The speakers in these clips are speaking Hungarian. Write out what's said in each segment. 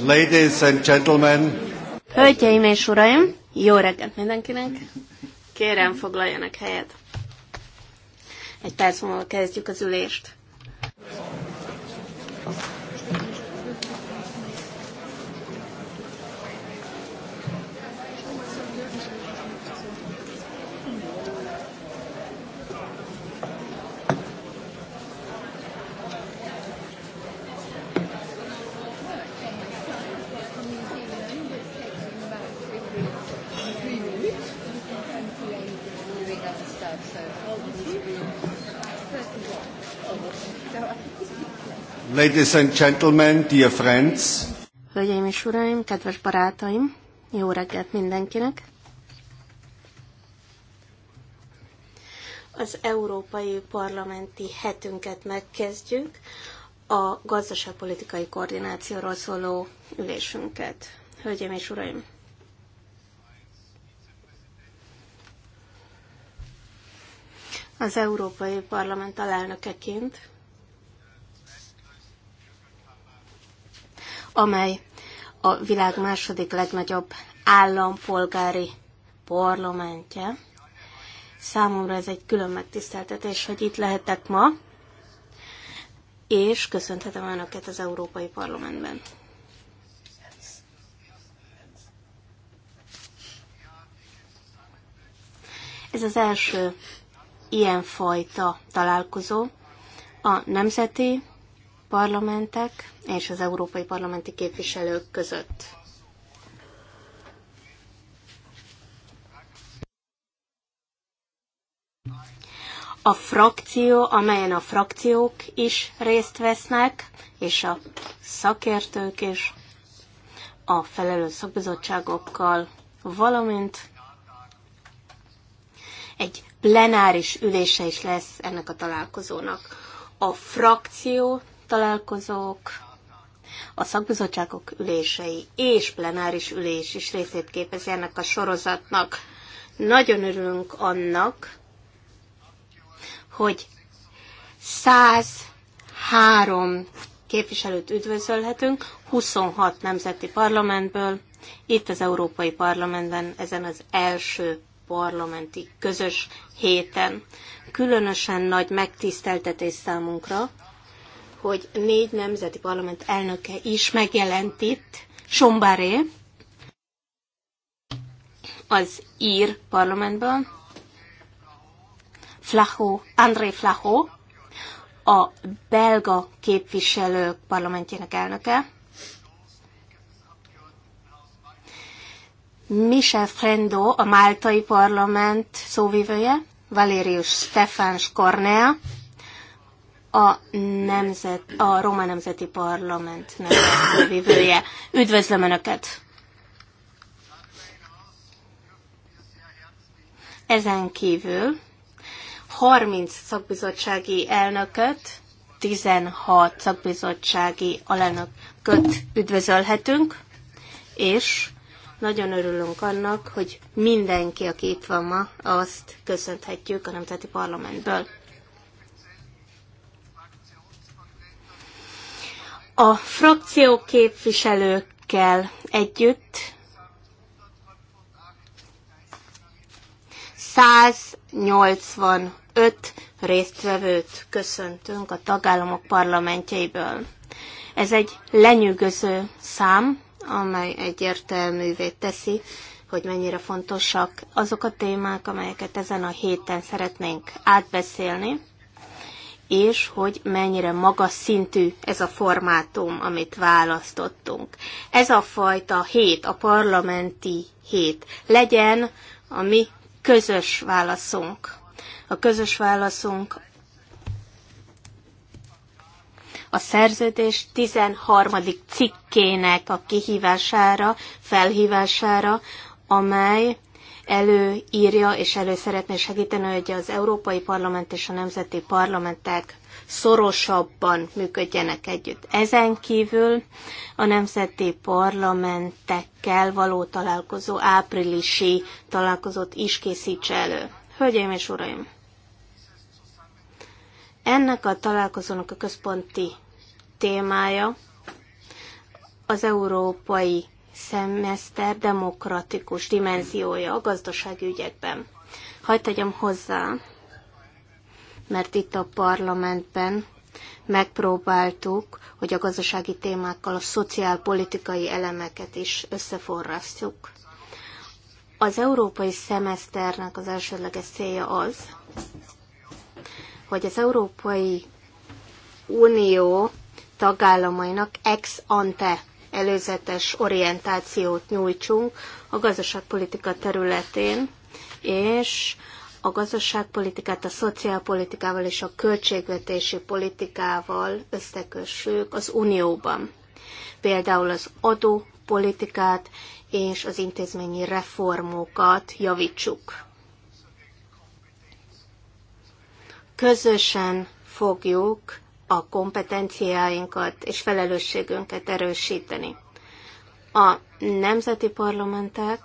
Ladies and gentlemen. Hölgyeim és uraim, jó reggelt mindenkinek. Kérem, foglaljanak helyet. Egy perc múlva kezdjük az ülést. Ladies and gentlemen, dear friends. Hölgyeim és uraim, kedves barátaim, jó reggelt mindenkinek! Az Európai Parlamenti hetünket megkezdjük, a gazdaságpolitikai koordinációról szóló ülésünket. Hölgyeim és uraim! Az Európai Parlament alelnökeként amely a világ második legnagyobb állampolgári parlamentje. Számomra ez egy külön megtiszteltetés, hogy itt lehetek ma, és köszönhetem Önöket az Európai Parlamentben. Ez az első ilyenfajta találkozó a nemzeti parlamentek és az európai parlamenti képviselők között. A frakció, amelyen a frakciók is részt vesznek, és a szakértők is, a felelős szakbizottságokkal, valamint egy plenáris ülése is lesz ennek a találkozónak. A frakció találkozók, a szakbizottságok ülései és plenáris ülés is részét képezi ennek a sorozatnak. Nagyon örülünk annak, hogy 103 képviselőt üdvözölhetünk, 26 nemzeti parlamentből, itt az Európai Parlamentben, ezen az első parlamenti közös héten. Különösen nagy megtiszteltetés számunkra, hogy négy nemzeti parlament elnöke is megjelent itt, Sombaré, az ír parlamentben, Flaho, André Flaho, a belga képviselők parlamentjének elnöke, Michel Frendo, a máltai parlament szóvivője, Valérius Stefáns Kornea, a, nemzet, a Roma Nemzeti parlament nevűvője. Üdvözlöm Önöket! Ezen kívül 30 szakbizottsági elnököt, 16 szakbizottsági alelnököt üdvözölhetünk, és nagyon örülünk annak, hogy mindenki, aki itt van ma, azt köszönhetjük a Nemzeti Parlamentből. A frakció képviselőkkel együtt 185 résztvevőt köszöntünk a tagállamok parlamentjeiből. Ez egy lenyűgöző szám, amely egyértelművé teszi, hogy mennyire fontosak azok a témák, amelyeket ezen a héten szeretnénk átbeszélni és hogy mennyire magas szintű ez a formátum, amit választottunk. Ez a fajta hét, a parlamenti hét legyen a mi közös válaszunk. A közös válaszunk a szerződés 13. cikkének a kihívására, felhívására, amely előírja és elő szeretné segíteni, hogy az Európai Parlament és a nemzeti parlamentek szorosabban működjenek együtt. Ezen kívül a nemzeti parlamentekkel való találkozó áprilisi találkozót is készítse elő. Hölgyeim és uraim! Ennek a találkozónak a központi témája az európai szemeszter demokratikus dimenziója a gazdasági ügyekben. Hagy tegyem hozzá, mert itt a parlamentben megpróbáltuk, hogy a gazdasági témákkal a szociálpolitikai elemeket is összeforrasztjuk. Az európai szemeszternek az elsődleges célja az, hogy az Európai Unió tagállamainak ex ante előzetes orientációt nyújtsunk a gazdaságpolitika területén, és a gazdaságpolitikát a szociálpolitikával és a költségvetési politikával összekössük az Unióban. Például az adópolitikát és az intézményi reformokat javítsuk. Közösen fogjuk a kompetenciáinkat és felelősségünket erősíteni. A nemzeti parlamentek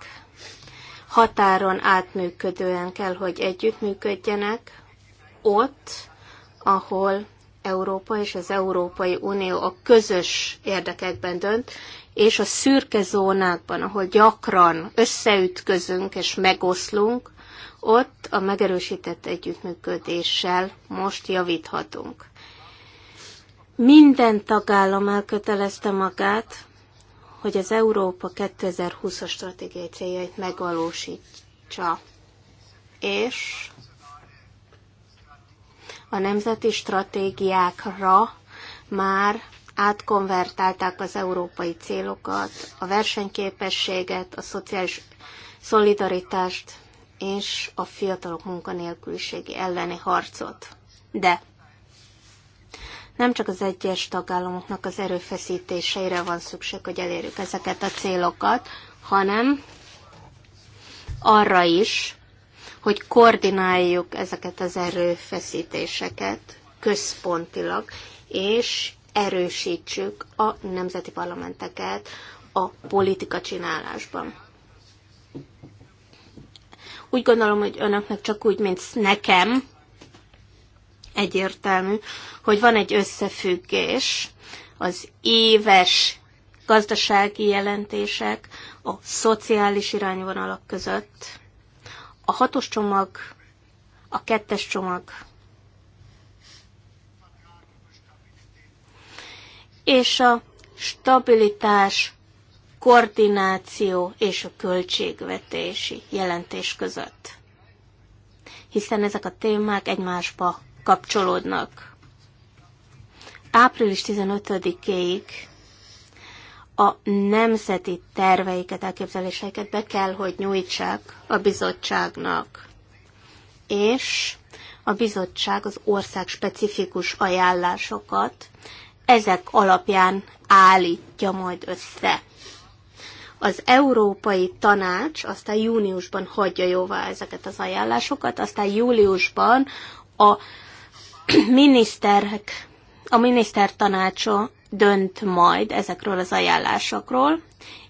határon átműködően kell, hogy együttműködjenek ott, ahol Európa és az Európai Unió a közös érdekekben dönt, és a szürke zónákban, ahol gyakran összeütközünk és megoszlunk, ott a megerősített együttműködéssel most javíthatunk. Minden tagállam elkötelezte magát, hogy az Európa 2020-as stratégiai céljait megvalósítsa. És a nemzeti stratégiákra már átkonvertálták az európai célokat, a versenyképességet, a szociális szolidaritást és a fiatalok munkanélküliségi elleni harcot. De nem csak az egyes tagállamoknak az erőfeszítéseire van szükség, hogy elérjük ezeket a célokat, hanem arra is, hogy koordináljuk ezeket az erőfeszítéseket központilag, és erősítsük a nemzeti parlamenteket a politika csinálásban. Úgy gondolom, hogy önöknek csak úgy, mint nekem, egyértelmű, hogy van egy összefüggés az éves gazdasági jelentések, a szociális irányvonalak között, a hatos csomag, a kettes csomag, és a stabilitás, koordináció és a költségvetési jelentés között. Hiszen ezek a témák egymásba kapcsolódnak. Április 15 ig a nemzeti terveiket, elképzeléseiket be kell, hogy nyújtsák a bizottságnak. És a bizottság az ország specifikus ajánlásokat ezek alapján állítja majd össze. Az Európai Tanács aztán júniusban hagyja jóvá ezeket az ajánlásokat, aztán júliusban a miniszterek, a minisztertanácsa dönt majd ezekről az ajánlásokról,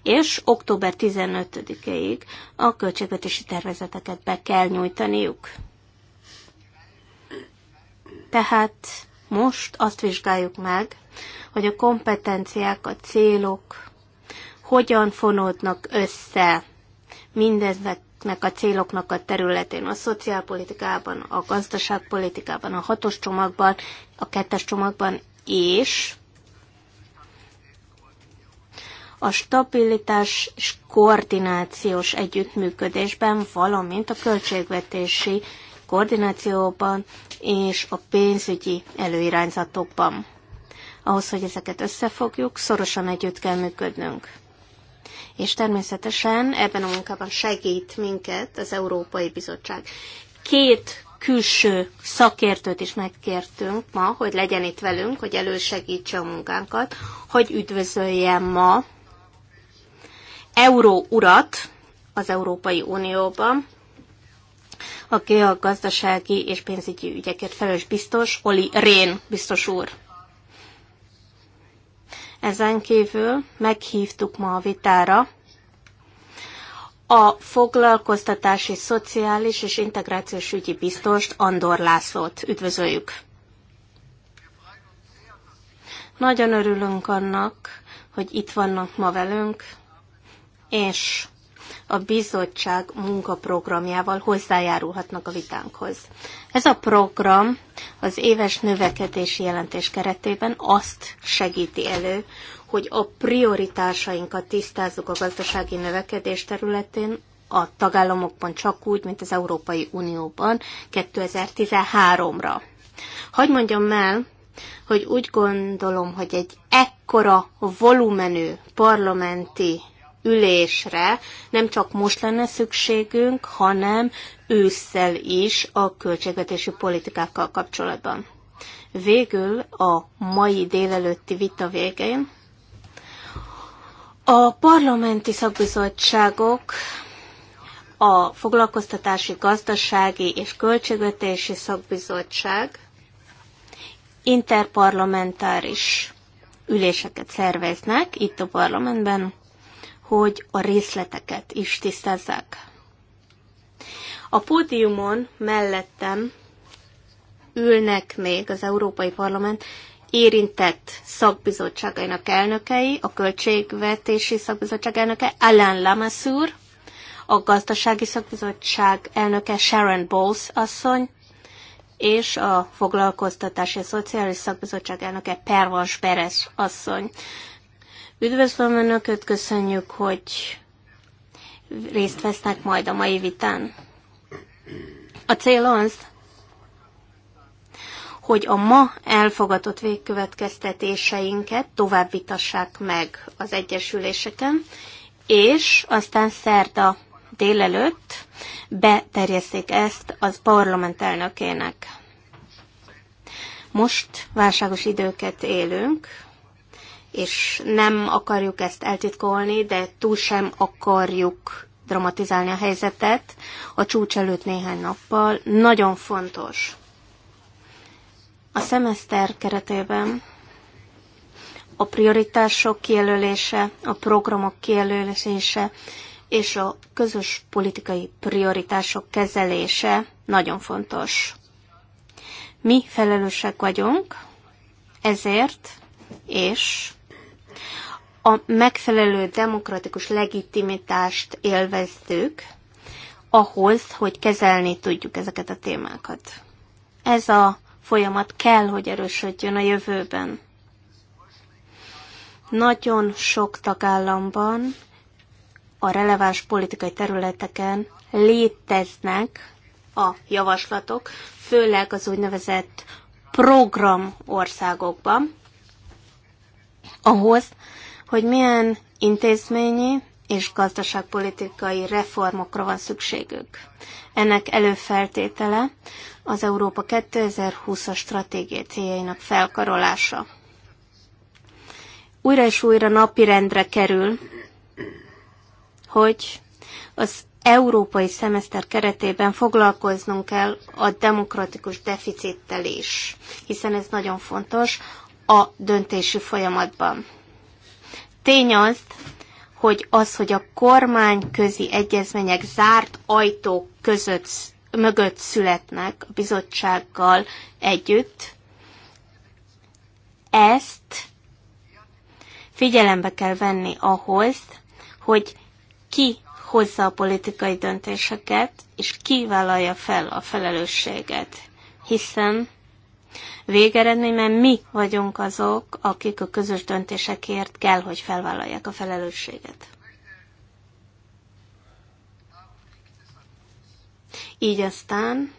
és október 15-ig a költségvetési tervezeteket be kell nyújtaniuk. Tehát most azt vizsgáljuk meg, hogy a kompetenciák, a célok hogyan fonódnak össze mindezek ezeknek a céloknak a területén, a szociálpolitikában, a gazdaságpolitikában, a hatos csomagban, a kettes csomagban, és a stabilitás és koordinációs együttműködésben, valamint a költségvetési koordinációban és a pénzügyi előirányzatokban. Ahhoz, hogy ezeket összefogjuk, szorosan együtt kell működnünk és természetesen ebben a munkában segít minket az Európai Bizottság. Két külső szakértőt is megkértünk ma, hogy legyen itt velünk, hogy elősegítse a munkánkat, hogy üdvözöljem ma Euró urat az Európai Unióban, aki a gazdasági és pénzügyi ügyeket felelős biztos, Oli Rén biztos úr. Ezen kívül meghívtuk ma a vitára a foglalkoztatási, szociális és integrációs ügyi biztost Andor Lászlót. Üdvözöljük! Nagyon örülünk annak, hogy itt vannak ma velünk, és a bizottság munkaprogramjával hozzájárulhatnak a vitánkhoz. Ez a program az éves növekedési jelentés keretében azt segíti elő, hogy a prioritásainkat tisztázzuk a gazdasági növekedés területén, a tagállamokban csak úgy, mint az Európai Unióban 2013-ra. Hogy mondjam el, hogy úgy gondolom, hogy egy ekkora volumenű parlamenti ülésre nem csak most lenne szükségünk, hanem ősszel is a költségvetési politikákkal kapcsolatban. Végül a mai délelőtti vita végén a parlamenti szakbizottságok a foglalkoztatási, gazdasági és költségvetési szakbizottság interparlamentáris üléseket szerveznek itt a parlamentben, hogy a részleteket is tisztázzák. A pódiumon mellettem ülnek még az Európai Parlament érintett szakbizottságainak elnökei, a Költségvetési Szakbizottság elnöke Alain Lamassur, a Gazdasági Szakbizottság elnöke Sharon Bowles asszony, és a Foglalkoztatási Szociális Szakbizottság elnöke Pervans Beres asszony. Üdvözlöm Önöket, köszönjük, hogy részt vesznek majd a mai vitán. A cél az, hogy a ma elfogadott végkövetkeztetéseinket tovább vitassák meg az egyesüléseken, és aztán szerda délelőtt beterjeszik ezt az parlament elnökének. Most válságos időket élünk, és nem akarjuk ezt eltitkolni, de túl sem akarjuk dramatizálni a helyzetet a csúcs előtt néhány nappal. Nagyon fontos. A szemeszter keretében a prioritások kijelölése, a programok kijelölése és a közös politikai prioritások kezelése nagyon fontos. Mi felelősek vagyunk ezért, és a megfelelő demokratikus legitimitást élveztük ahhoz, hogy kezelni tudjuk ezeket a témákat. Ez a folyamat kell, hogy erősödjön a jövőben. Nagyon sok tagállamban a releváns politikai területeken léteznek a javaslatok, főleg az úgynevezett programországokban, ahhoz, hogy milyen intézményi és gazdaságpolitikai reformokra van szükségük. Ennek előfeltétele az Európa 2020-as stratégiai céljainak felkarolása. Újra és újra napirendre kerül, hogy az európai szemeszter keretében foglalkoznunk kell a demokratikus deficittel is, hiszen ez nagyon fontos a döntési folyamatban. Tény az, hogy az, hogy a kormányközi egyezmények zárt ajtók között, mögött születnek a bizottsággal együtt, ezt figyelembe kell venni ahhoz, hogy ki hozza a politikai döntéseket, és ki vállalja fel a felelősséget. Hiszen Végeredményben mi vagyunk azok, akik a közös döntésekért kell, hogy felvállalják a felelősséget. Így aztán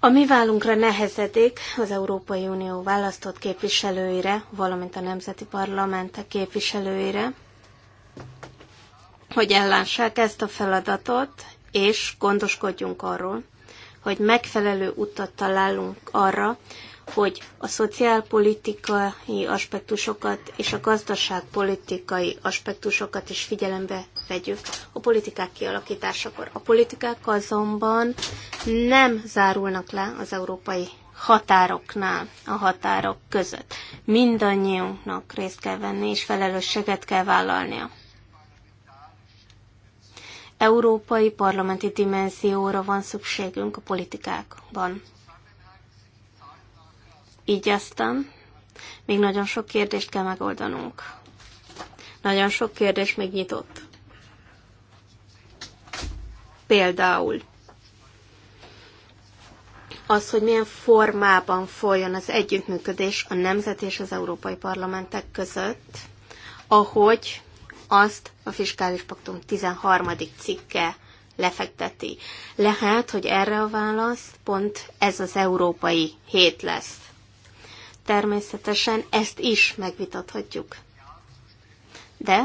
a mi válunkra nehezedik az Európai Unió választott képviselőire, valamint a nemzeti parlamentek képviselőire, hogy ellássák ezt a feladatot, és gondoskodjunk arról, hogy megfelelő utat találunk arra, hogy a szociálpolitikai aspektusokat és a gazdaságpolitikai aspektusokat is figyelembe vegyük a politikák kialakításakor. A politikák azonban nem zárulnak le az európai határoknál, a határok között. Mindannyiunknak részt kell venni, és felelősséget kell vállalnia. Európai parlamenti dimenzióra van szükségünk a politikákban. Így aztán még nagyon sok kérdést kell megoldanunk. Nagyon sok kérdés még nyitott. Például az, hogy milyen formában folyjon az együttműködés a nemzet és az európai parlamentek között, ahogy azt a fiskális paktum 13. cikke lefekteti. Lehet, hogy erre a válasz pont ez az európai hét lesz. Természetesen ezt is megvitathatjuk. De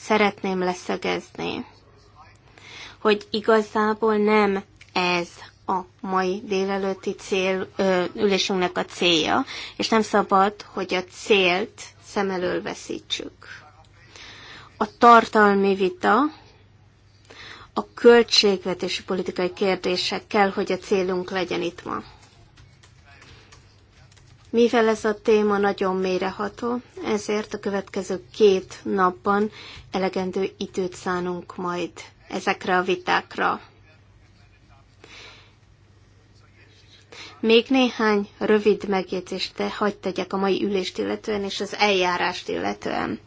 szeretném leszögezni, hogy igazából nem ez a mai délelőtti cél, ö, ülésünknek a célja, és nem szabad, hogy a célt szem elől veszítsük a tartalmi vita, a költségvetési politikai kérdések kell, hogy a célunk legyen itt ma. Mivel ez a téma nagyon mélyreható, ezért a következő két napban elegendő időt szánunk majd ezekre a vitákra. Még néhány rövid megjegyzést te hagyd tegyek a mai ülést illetően és az eljárást illetően.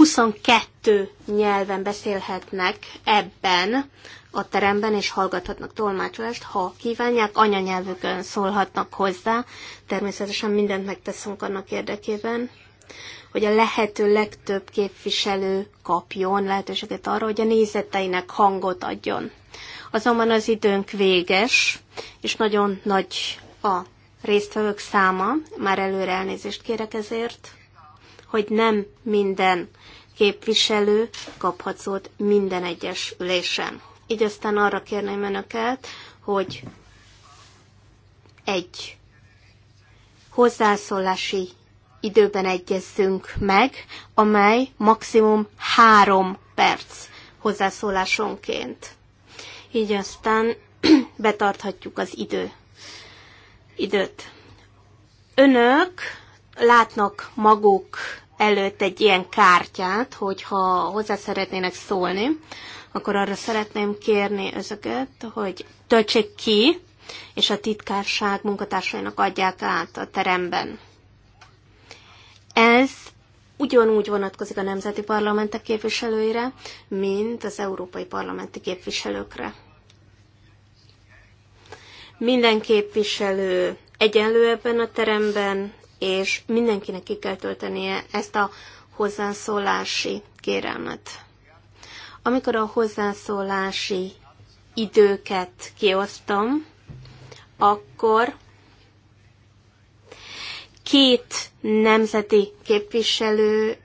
22 nyelven beszélhetnek ebben a teremben, és hallgathatnak tolmácsolást, ha kívánják, anyanyelvükön szólhatnak hozzá. Természetesen mindent megteszünk annak érdekében, hogy a lehető legtöbb képviselő kapjon lehetőséget arra, hogy a nézeteinek hangot adjon. Azonban az időnk véges, és nagyon nagy a résztvevők száma, már előre elnézést kérek ezért hogy nem minden képviselő kaphat szót minden egyes ülésen. Így aztán arra kérném önöket, hogy egy hozzászólási időben egyezzünk meg, amely maximum három perc hozzászólásonként. Így aztán betarthatjuk az idő. időt. Önök látnak maguk előtt egy ilyen kártyát, hogyha hozzá szeretnének szólni, akkor arra szeretném kérni ezeket, hogy töltsék ki, és a titkárság munkatársainak adják át a teremben. Ez ugyanúgy vonatkozik a nemzeti parlamentek képviselőire, mint az európai parlamenti képviselőkre. Minden képviselő egyenlő ebben a teremben, és mindenkinek ki kell töltenie ezt a hozzászólási kérelmet. Amikor a hozzászólási időket kiosztom, akkor két nemzeti képviselő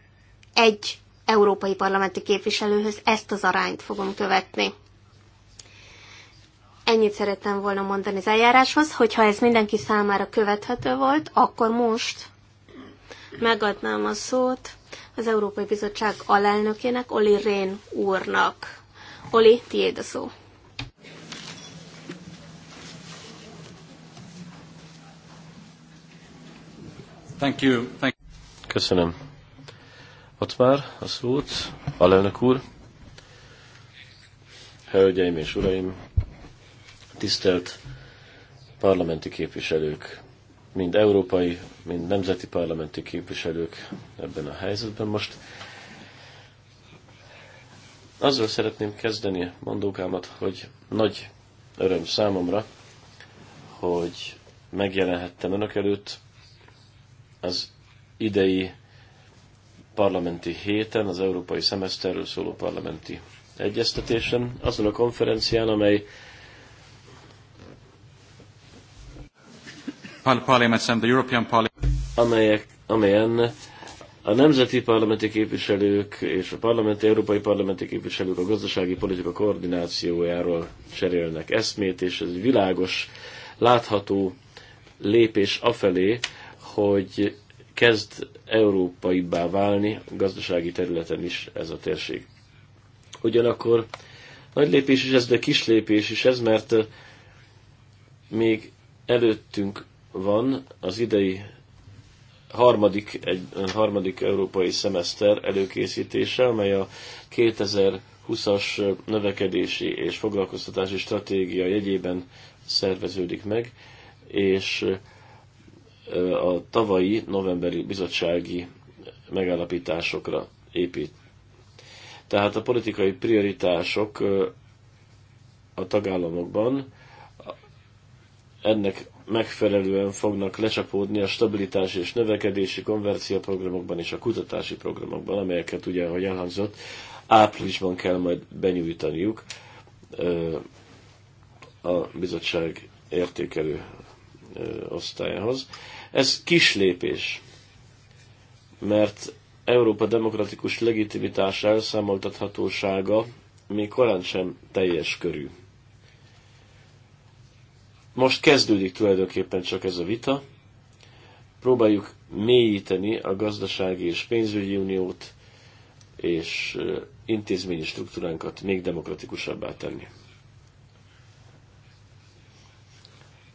egy európai parlamenti képviselőhöz ezt az arányt fogom követni. Ennyit szerettem volna mondani az eljáráshoz, hogyha ez mindenki számára követhető volt, akkor most megadnám a szót az Európai Bizottság alelnökének, Oli Rén úrnak. Oli, tiéd a szó. Thank you. Thank Köszönöm. Ott már a szót, alelnök úr. Hölgyeim és uraim, tisztelt parlamenti képviselők, mind európai, mind nemzeti parlamenti képviselők ebben a helyzetben most. Azzal szeretném kezdeni mondókámat, hogy nagy öröm számomra, hogy megjelenhettem önök előtt az idei parlamenti héten, az európai szemeszterről szóló parlamenti egyeztetésen, azon a konferencián, amely Amelyek, amelyen a nemzeti parlamenti képviselők és a parlamenti, európai parlamenti képviselők a gazdasági politika koordinációjáról cserélnek eszmét, és ez egy világos, látható lépés afelé, hogy kezd európaibbá válni a gazdasági területen is ez a térség. Ugyanakkor nagy lépés is ez, de kis lépés is ez, mert még előttünk van az idei harmadik, egy, harmadik európai szemeszter előkészítése, amely a 2020-as növekedési és foglalkoztatási stratégia jegyében szerveződik meg, és a tavalyi novemberi bizottsági megállapításokra épít. Tehát a politikai prioritások a tagállamokban ennek megfelelően fognak lecsapódni a stabilitási és növekedési konverzió programokban és a kutatási programokban, amelyeket ugye, ahogy elhangzott, áprilisban kell majd benyújtaniuk a bizottság értékelő osztályához. Ez kis lépés, mert Európa demokratikus legitimitás elszámoltathatósága még korán sem teljes körű. Most kezdődik tulajdonképpen csak ez a vita. Próbáljuk mélyíteni a gazdasági és pénzügyi uniót, és intézményi struktúránkat még demokratikusabbá tenni.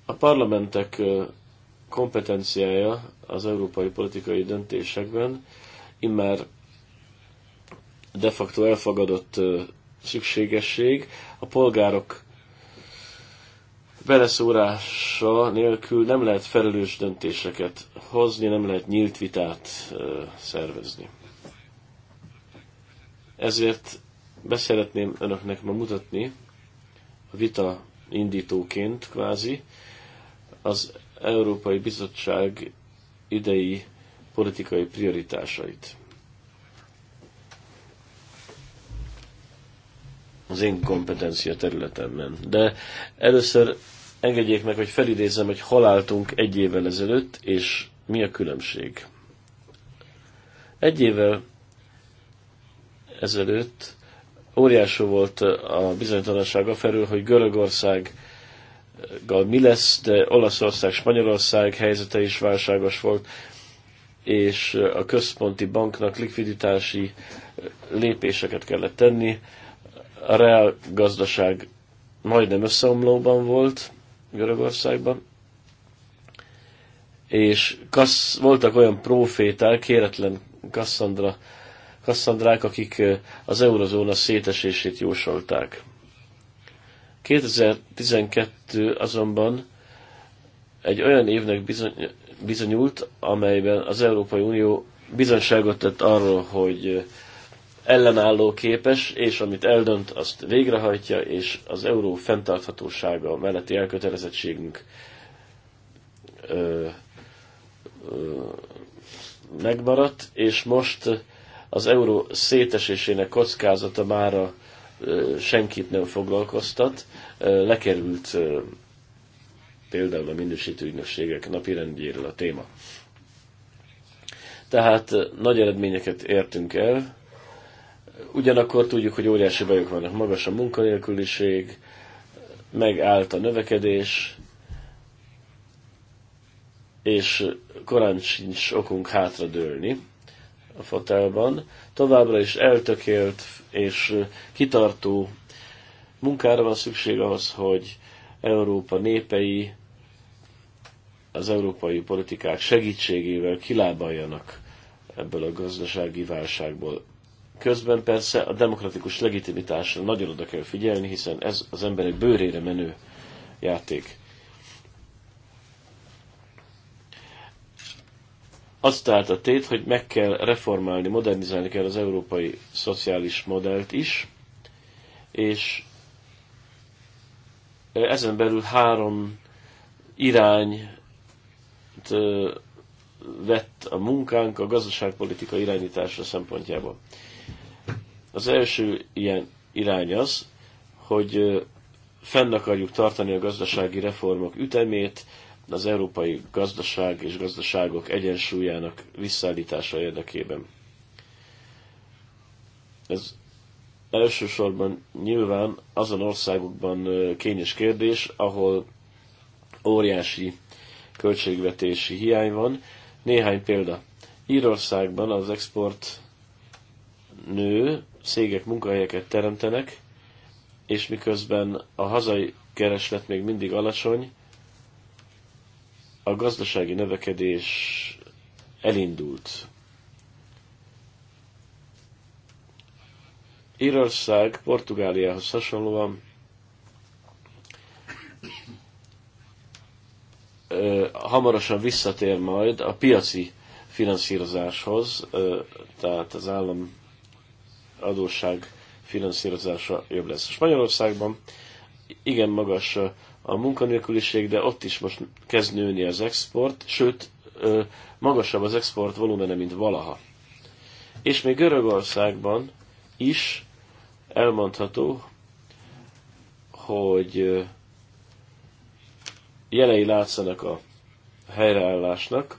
A parlamentek kompetenciája az európai politikai döntésekben immár de facto elfogadott szükségesség, a polgárok beleszórása nélkül nem lehet felelős döntéseket hozni, nem lehet nyílt vitát szervezni. Ezért beszeretném önöknek ma mutatni a vita indítóként kvázi az Európai Bizottság idei politikai prioritásait. Az én kompetencia területemben. De először engedjék meg, hogy felidézem, hogy hol álltunk egy évvel ezelőtt, és mi a különbség. Egy évvel ezelőtt óriású volt a bizonytalansága felül, hogy Görögország mi lesz, de Olaszország, Spanyolország helyzete is válságos volt, és a központi banknak likviditási lépéseket kellett tenni. A reál gazdaság majdnem összeomlóban volt, Görögországban, és kassz, voltak olyan proféták, kéretlen Kassandra, Kassandrák, akik az eurozóna szétesését jósolták. 2012 azonban egy olyan évnek bizony, bizonyult, amelyben az Európai Unió bizonyságot tett arról, hogy ellenálló képes, és amit eldönt, azt végrehajtja, és az euró fenntarthatósága melletti elkötelezettségünk ö, ö, megmaradt, és most az euró szétesésének kockázata már senkit nem foglalkoztat, ö, lekerült ö, például a minősítő ügynökségek napirendjéről a téma. Tehát nagy eredményeket értünk el, Ugyanakkor tudjuk, hogy óriási bajok vannak. Magas a munkanélküliség, megállt a növekedés, és korán sincs okunk hátradőlni a fotelban. Továbbra is eltökélt és kitartó munkára van szükség ahhoz, hogy Európa népei az európai politikák segítségével kilábaljanak ebből a gazdasági válságból. Közben persze a demokratikus legitimitásra nagyon oda kell figyelni, hiszen ez az emberek bőrére menő játék. Azt tehát a tét, hogy meg kell reformálni, modernizálni kell az európai szociális modellt is, és ezen belül három irány vett a munkánk a gazdaságpolitika irányítása szempontjából. Az első ilyen irány az, hogy fenn akarjuk tartani a gazdasági reformok ütemét, az európai gazdaság és gazdaságok egyensúlyának visszaállítása érdekében. Ez elsősorban nyilván azon országokban kényes kérdés, ahol óriási költségvetési hiány van. Néhány példa. Írországban az export nő cégek munkahelyeket teremtenek, és miközben a hazai kereslet még mindig alacsony, a gazdasági növekedés elindult. Írország Portugáliához hasonlóan ö, hamarosan visszatér majd a piaci finanszírozáshoz, ö, tehát az állam adósság finanszírozása jobb lesz. Spanyolországban igen magas a munkanélküliség, de ott is most kezd nőni az export, sőt, magasabb az export volumene, mint valaha. És még Görögországban is elmondható, hogy jelei látszanak a helyreállásnak,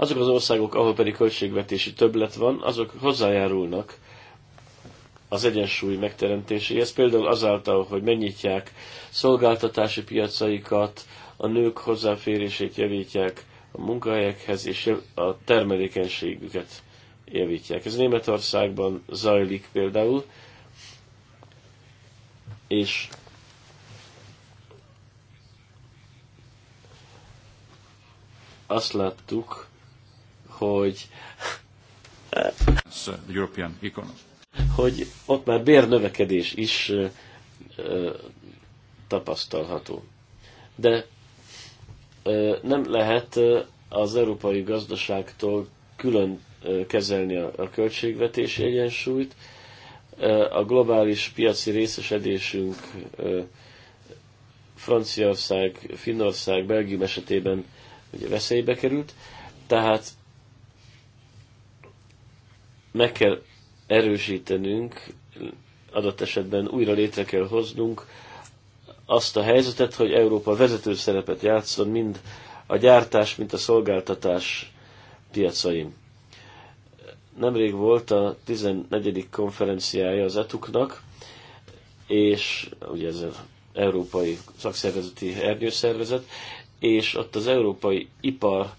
azok az országok, ahol pedig költségvetési többlet van, azok hozzájárulnak az egyensúly megteremtéséhez, például azáltal, hogy megnyitják szolgáltatási piacaikat, a nők hozzáférését javítják a munkahelyekhez, és a termelékenységüket javítják. Ez Németországban zajlik például, és azt láttuk, hogy hogy ott már bérnövekedés is tapasztalható. De nem lehet az európai gazdaságtól külön kezelni a, a költségvetési egyensúlyt. A globális piaci részesedésünk Franciaország, Finnország, Belgium esetében ugye veszélybe került, tehát meg kell erősítenünk, adott esetben újra létre kell hoznunk azt a helyzetet, hogy Európa vezető szerepet játszon mind a gyártás, mint a szolgáltatás piacain. Nemrég volt a 14. konferenciája az ETUK-nak, és ugye ez az Európai Szakszervezeti Ernyőszervezet, és ott az európai ipar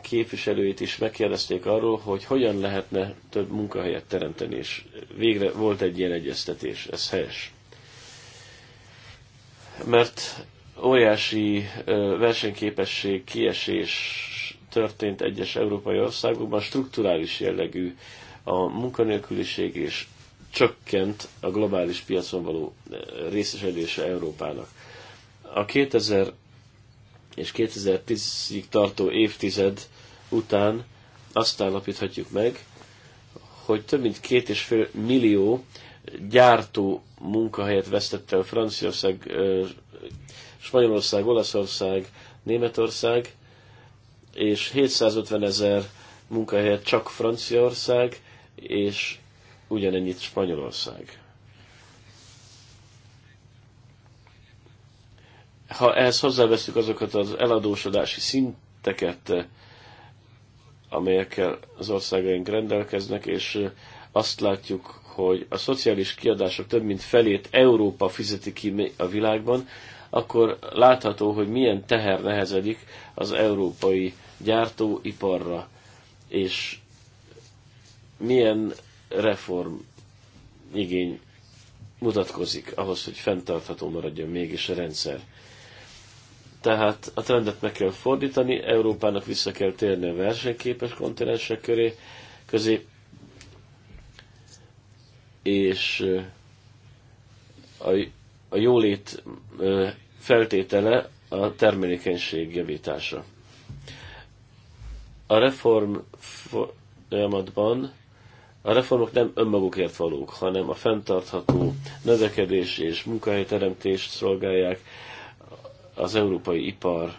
képviselőit is megkérdezték arról, hogy hogyan lehetne több munkahelyet teremteni, és végre volt egy ilyen egyeztetés, ez helyes. Mert óriási versenyképesség kiesés történt egyes európai országokban, strukturális jellegű a munkanélküliség, és csökkent a globális piacon való részesedése Európának. A 2000 és 2010-ig tartó évtized után azt állapíthatjuk meg, hogy több mint két és fél millió gyártó munkahelyet vesztette a Franciaország, Spanyolország, Olaszország, Németország, és 750 ezer munkahelyet csak Franciaország, és ugyanennyit Spanyolország. Ha ehhez hozzáveszünk azokat az eladósodási szinteket, eh, amelyekkel az országaink rendelkeznek, és eh, azt látjuk, hogy a szociális kiadások több mint felét Európa fizeti ki a világban, akkor látható, hogy milyen teher nehezedik az európai gyártóiparra, és milyen reform igény mutatkozik ahhoz, hogy fenntartható maradjon mégis a rendszer. Tehát a trendet meg kell fordítani, Európának vissza kell térni a versenyképes kontinensek köré, közé, és a, a jólét feltétele a termelékenység javítása. A reform folyamatban a reformok nem önmagukért valók, hanem a fenntartható növekedés és munkahelyteremtést szolgálják, az európai ipar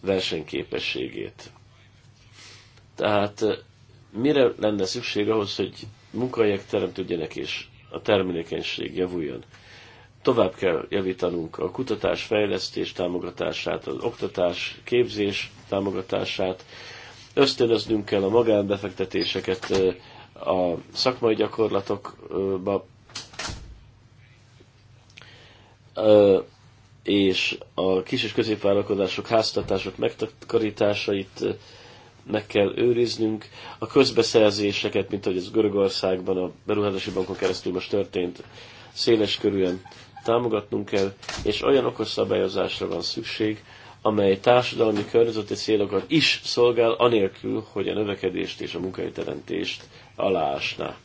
versenyképességét. Tehát mire lenne szükség ahhoz, hogy munkahelyek teremtődjenek és a termelékenység javuljon? Tovább kell javítanunk a kutatás, fejlesztés támogatását, az oktatás, képzés támogatását, ösztönöznünk kell a magánbefektetéseket a szakmai gyakorlatokba, és a kis és középvállalkozások háztartások megtakarításait eh, meg kell őriznünk. A közbeszerzéseket, mint ahogy ez Görögországban a beruházási bankon keresztül most történt, széles körűen támogatnunk kell, és olyan okos szabályozásra van szükség, amely társadalmi környezeti célokat is szolgál, anélkül, hogy a növekedést és a munkahelyteremtést aláásná.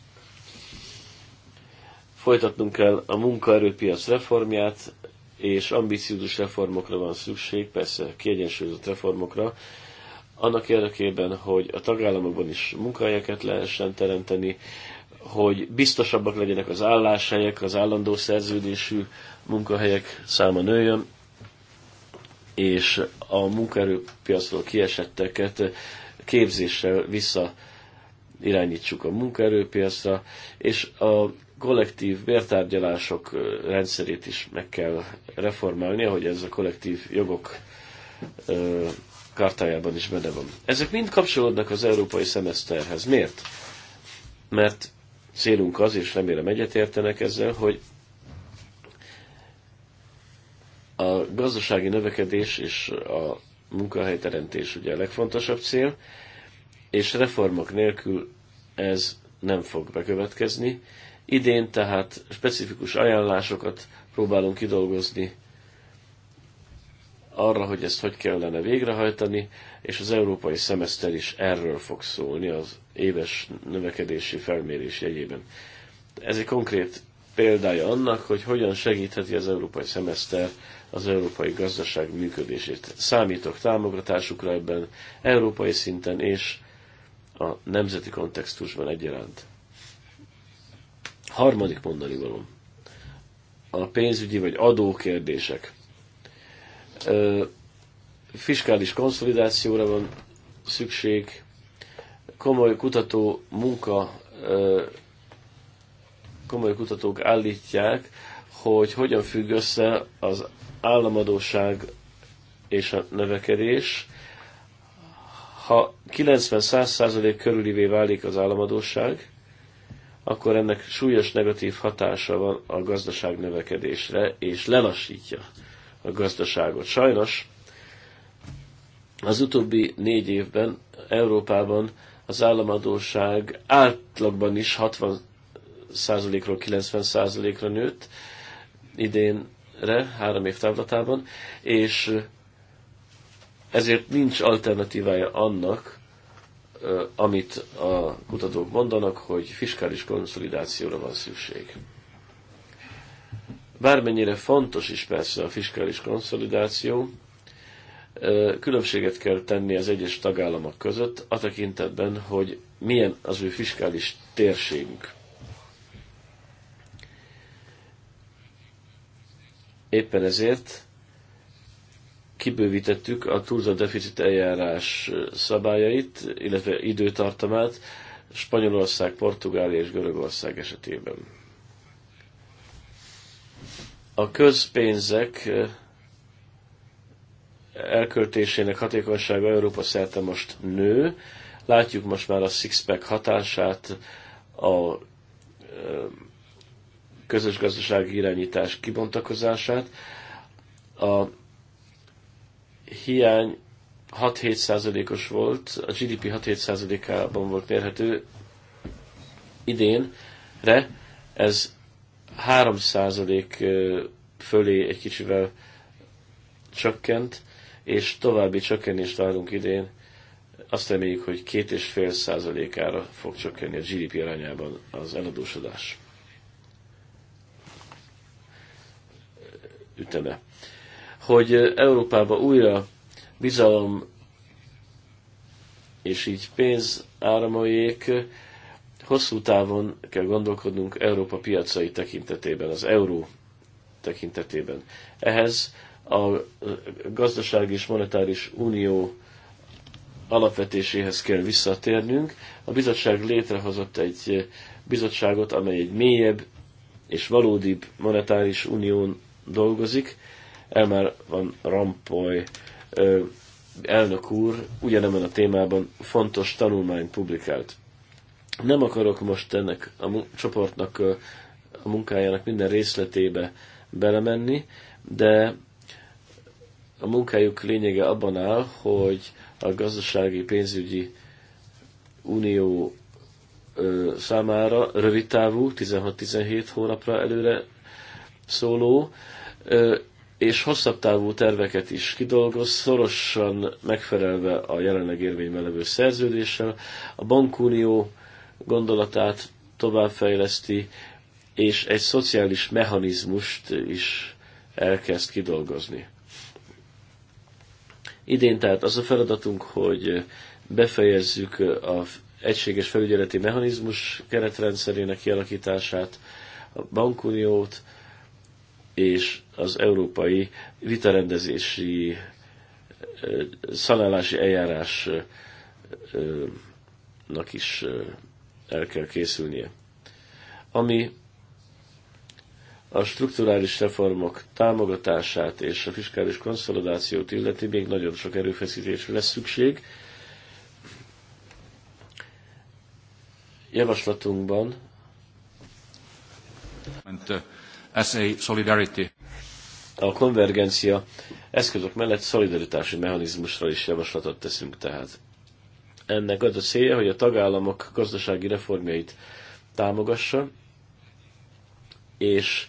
Folytatnunk kell a munkaerőpiac reformját, és ambiciózus reformokra van szükség, persze kiegyensúlyozott reformokra, annak érdekében, hogy a tagállamokban is munkahelyeket lehessen teremteni, hogy biztosabbak legyenek az álláshelyek, az állandó szerződésű munkahelyek száma nőjön, és a munkaerőpiacról kiesetteket képzéssel vissza irányítsuk a munkaerőpiacra, és a kollektív bértárgyalások rendszerét is meg kell reformálni, ahogy ez a kollektív jogok kartájában is benne van. Ezek mind kapcsolódnak az európai szemeszterhez. Miért? Mert célunk az, és remélem egyetértenek ezzel, hogy a gazdasági növekedés és a munkahelyteremtés ugye a legfontosabb cél, és reformok nélkül ez nem fog bekövetkezni, Idén tehát specifikus ajánlásokat próbálunk kidolgozni arra, hogy ezt hogy kellene végrehajtani, és az európai szemeszter is erről fog szólni az éves növekedési felmérés jegyében. Ez egy konkrét példája annak, hogy hogyan segítheti az európai szemeszter az európai gazdaság működését. Számítok támogatásukra ebben európai szinten és a nemzeti kontextusban egyaránt. Harmadik mondani valom. A pénzügyi vagy adó kérdések, Fiskális konszolidációra van szükség, komoly kutató munka, komoly kutatók állítják, hogy hogyan függ össze az államadóság és a növekedés. Ha 90-100% körülivé válik az államadóság, akkor ennek súlyos negatív hatása van a gazdaság növekedésre, és lelassítja a gazdaságot. Sajnos az utóbbi négy évben Európában az államadóság átlagban is 60%-ról 90%-ra nőtt idénre, három év távlatában, és ezért nincs alternatívája annak, amit a kutatók mondanak, hogy fiskális konszolidációra van szükség. Bármennyire fontos is persze a fiskális konszolidáció, különbséget kell tenni az egyes tagállamok között a tekintetben, hogy milyen az ő fiskális térségünk. Éppen ezért kibővítettük a túlzott deficit eljárás szabályait, illetve időtartamát Spanyolország, Portugália és Görögország esetében. A közpénzek elköltésének hatékonysága Európa szerte most nő. Látjuk most már a six-pack hatását, a közös gazdasági irányítás kibontakozását. A hiány 6-7%-os volt, a GDP 6-7%-ában volt mérhető idénre, ez 3% fölé egy kicsivel csökkent, és további csökkenést várunk idén. Azt reméljük, hogy 2,5%-ára fog csökkenni a GDP arányában az eladósodás üteme hogy Európába újra bizalom és így pénz áramoljék, hosszú távon kell gondolkodnunk Európa piacai tekintetében, az euró tekintetében. Ehhez a gazdasági és monetáris unió alapvetéséhez kell visszatérnünk. A bizottság létrehozott egy bizottságot, amely egy mélyebb és valódibb monetáris unión dolgozik, Elmer van Rampoy elnök úr ugyanebben a témában fontos tanulmányt publikált. Nem akarok most ennek a csoportnak a munkájának minden részletébe belemenni, de a munkájuk lényege abban áll, hogy a gazdasági pénzügyi unió számára rövidtávú, 16-17 hónapra előre szóló és hosszabb távú terveket is kidolgoz, szorosan megfelelve a jelenleg érvényben levő szerződéssel, a bankunió gondolatát továbbfejleszti, és egy szociális mechanizmust is elkezd kidolgozni. Idén tehát az a feladatunk, hogy befejezzük a egységes felügyeleti mechanizmus keretrendszerének kialakítását, a bankuniót, és az európai vitarendezési szállási eljárásnak is el kell készülnie. Ami a strukturális reformok támogatását és a fiskális konszolidációt illeti, még nagyon sok erőfeszítésre lesz szükség. Javaslatunkban as a solidarity. A konvergencia eszközök mellett szolidaritási mechanizmusra is javaslatot teszünk tehát. Ennek az a célja, hogy a tagállamok gazdasági reformjait támogassa, és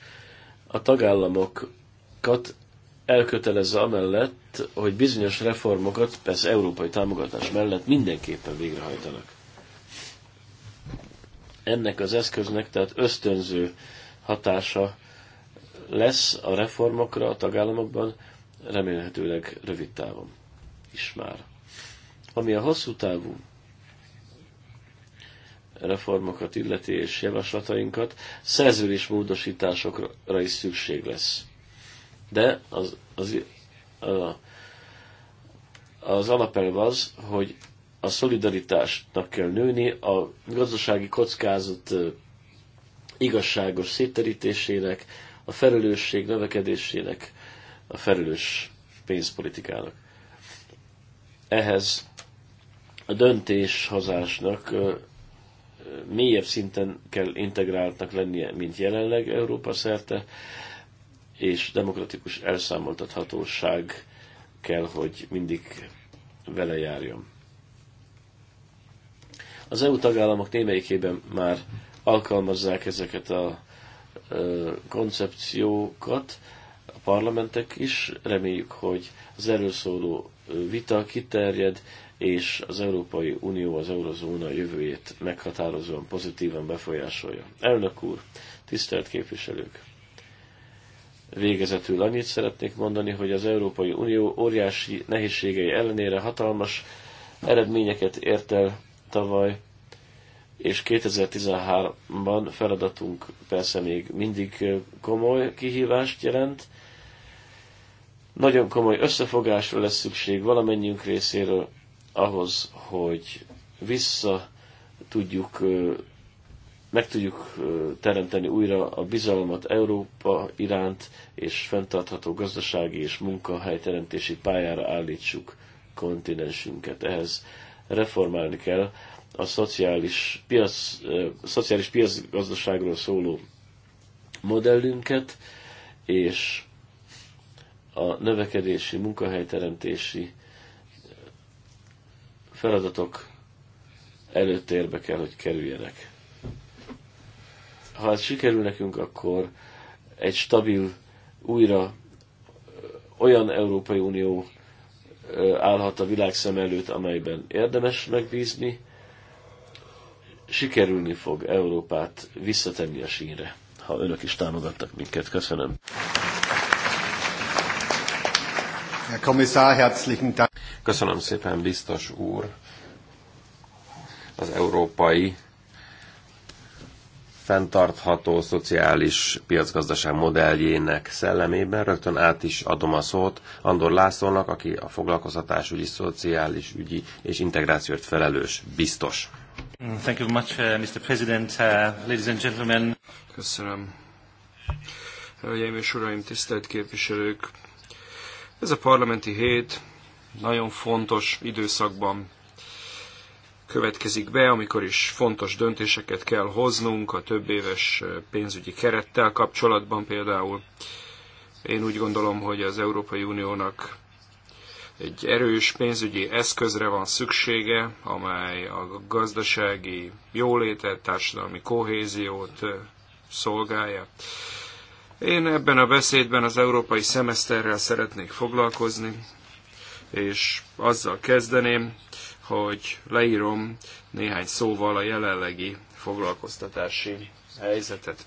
a tagállamokat elkötelezze amellett, hogy bizonyos reformokat, persze európai támogatás mellett mindenképpen végrehajtanak. Ennek az eszköznek tehát ösztönző hatása lesz a reformokra a tagállamokban, remélhetőleg rövid távon is már. Ami a hosszú távú reformokat illeti és javaslatainkat, szerződés módosításokra is szükség lesz. De az, az, a, az alapelv az, hogy a szolidaritásnak kell nőni, a gazdasági kockázat igazságos széterítésének, a felelősség növekedésének, a felelős pénzpolitikának. Ehhez a döntéshozásnak mélyebb szinten kell integráltnak lennie, mint jelenleg Európa szerte, és demokratikus elszámoltathatóság kell, hogy mindig vele járjon. Az EU tagállamok némelyikében már alkalmazzák ezeket a koncepciókat a parlamentek is. Reméljük, hogy az erről szóló vita kiterjed, és az Európai Unió, az Eurozóna jövőjét meghatározóan pozitívan befolyásolja. Elnök úr, tisztelt képviselők! Végezetül annyit szeretnék mondani, hogy az Európai Unió óriási nehézségei ellenére hatalmas eredményeket ért el tavaly és 2013-ban feladatunk persze még mindig komoly kihívást jelent. Nagyon komoly összefogásra lesz szükség valamennyünk részéről ahhoz, hogy vissza tudjuk, meg tudjuk teremteni újra a bizalmat Európa iránt, és fenntartható gazdasági és munkahelyteremtési pályára állítsuk kontinensünket. Ehhez reformálni kell a szociális, piac, szociális piacgazdaságról szóló modellünket, és a növekedési, munkahelyteremtési feladatok előtérbe kell, hogy kerüljenek. Ha ez sikerül nekünk, akkor egy stabil, újra olyan Európai Unió állhat a világ szem előtt, amelyben érdemes megbízni, sikerülni fog Európát visszatenni a sínre, ha önök is támogattak minket. Köszönöm. Herr Kommissar, herzlichen Dank. Köszönöm szépen, biztos úr, az európai fenntartható szociális piacgazdaság modelljének szellemében. Rögtön át is adom a szót Andor Lászlónak, aki a foglalkoztatásügyi, szociális ügyi és integrációt felelős biztos. Mm, thank you much, uh, Mr. President, uh, ladies and gentlemen. Köszönöm. Hölgyeim és uraim, tisztelt képviselők! Ez a parlamenti hét nagyon fontos időszakban következik be, amikor is fontos döntéseket kell hoznunk a több éves uh, pénzügyi kerettel kapcsolatban például. Én úgy gondolom, hogy az Európai Uniónak egy erős pénzügyi eszközre van szüksége, amely a gazdasági jólétet, társadalmi kohéziót szolgálja. Én ebben a beszédben az európai szemeszterrel szeretnék foglalkozni, és azzal kezdeném, hogy leírom néhány szóval a jelenlegi foglalkoztatási helyzetet.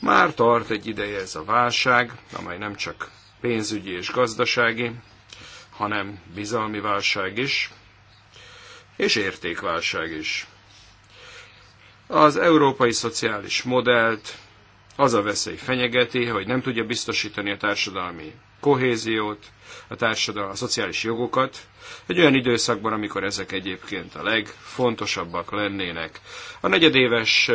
Már tart egy ideje ez a válság, amely nem csak pénzügyi és gazdasági, hanem bizalmi válság is, és értékválság is. Az európai szociális modellt az a veszély fenyegeti, hogy nem tudja biztosítani a társadalmi kohéziót, a társadalmi, a szociális jogokat, egy olyan időszakban, amikor ezek egyébként a legfontosabbak lennének. A negyedéves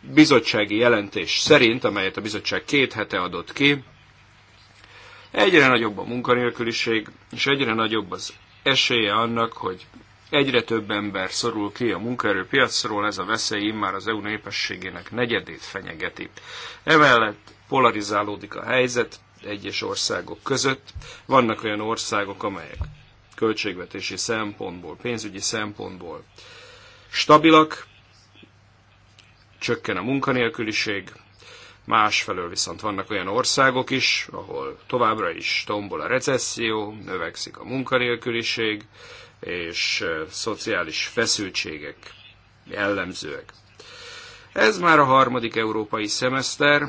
bizottsági jelentés szerint, amelyet a bizottság két hete adott ki, Egyre nagyobb a munkanélküliség, és egyre nagyobb az esélye annak, hogy egyre több ember szorul ki a munkaerőpiacról, ez a veszély már az EU népességének negyedét fenyegeti. Emellett polarizálódik a helyzet egyes országok között. Vannak olyan országok, amelyek költségvetési szempontból, pénzügyi szempontból stabilak, csökken a munkanélküliség, Másfelől viszont vannak olyan országok is, ahol továbbra is tombol a recesszió, növekszik a munkanélküliség, és szociális feszültségek jellemzőek. Ez már a harmadik európai szemeszter,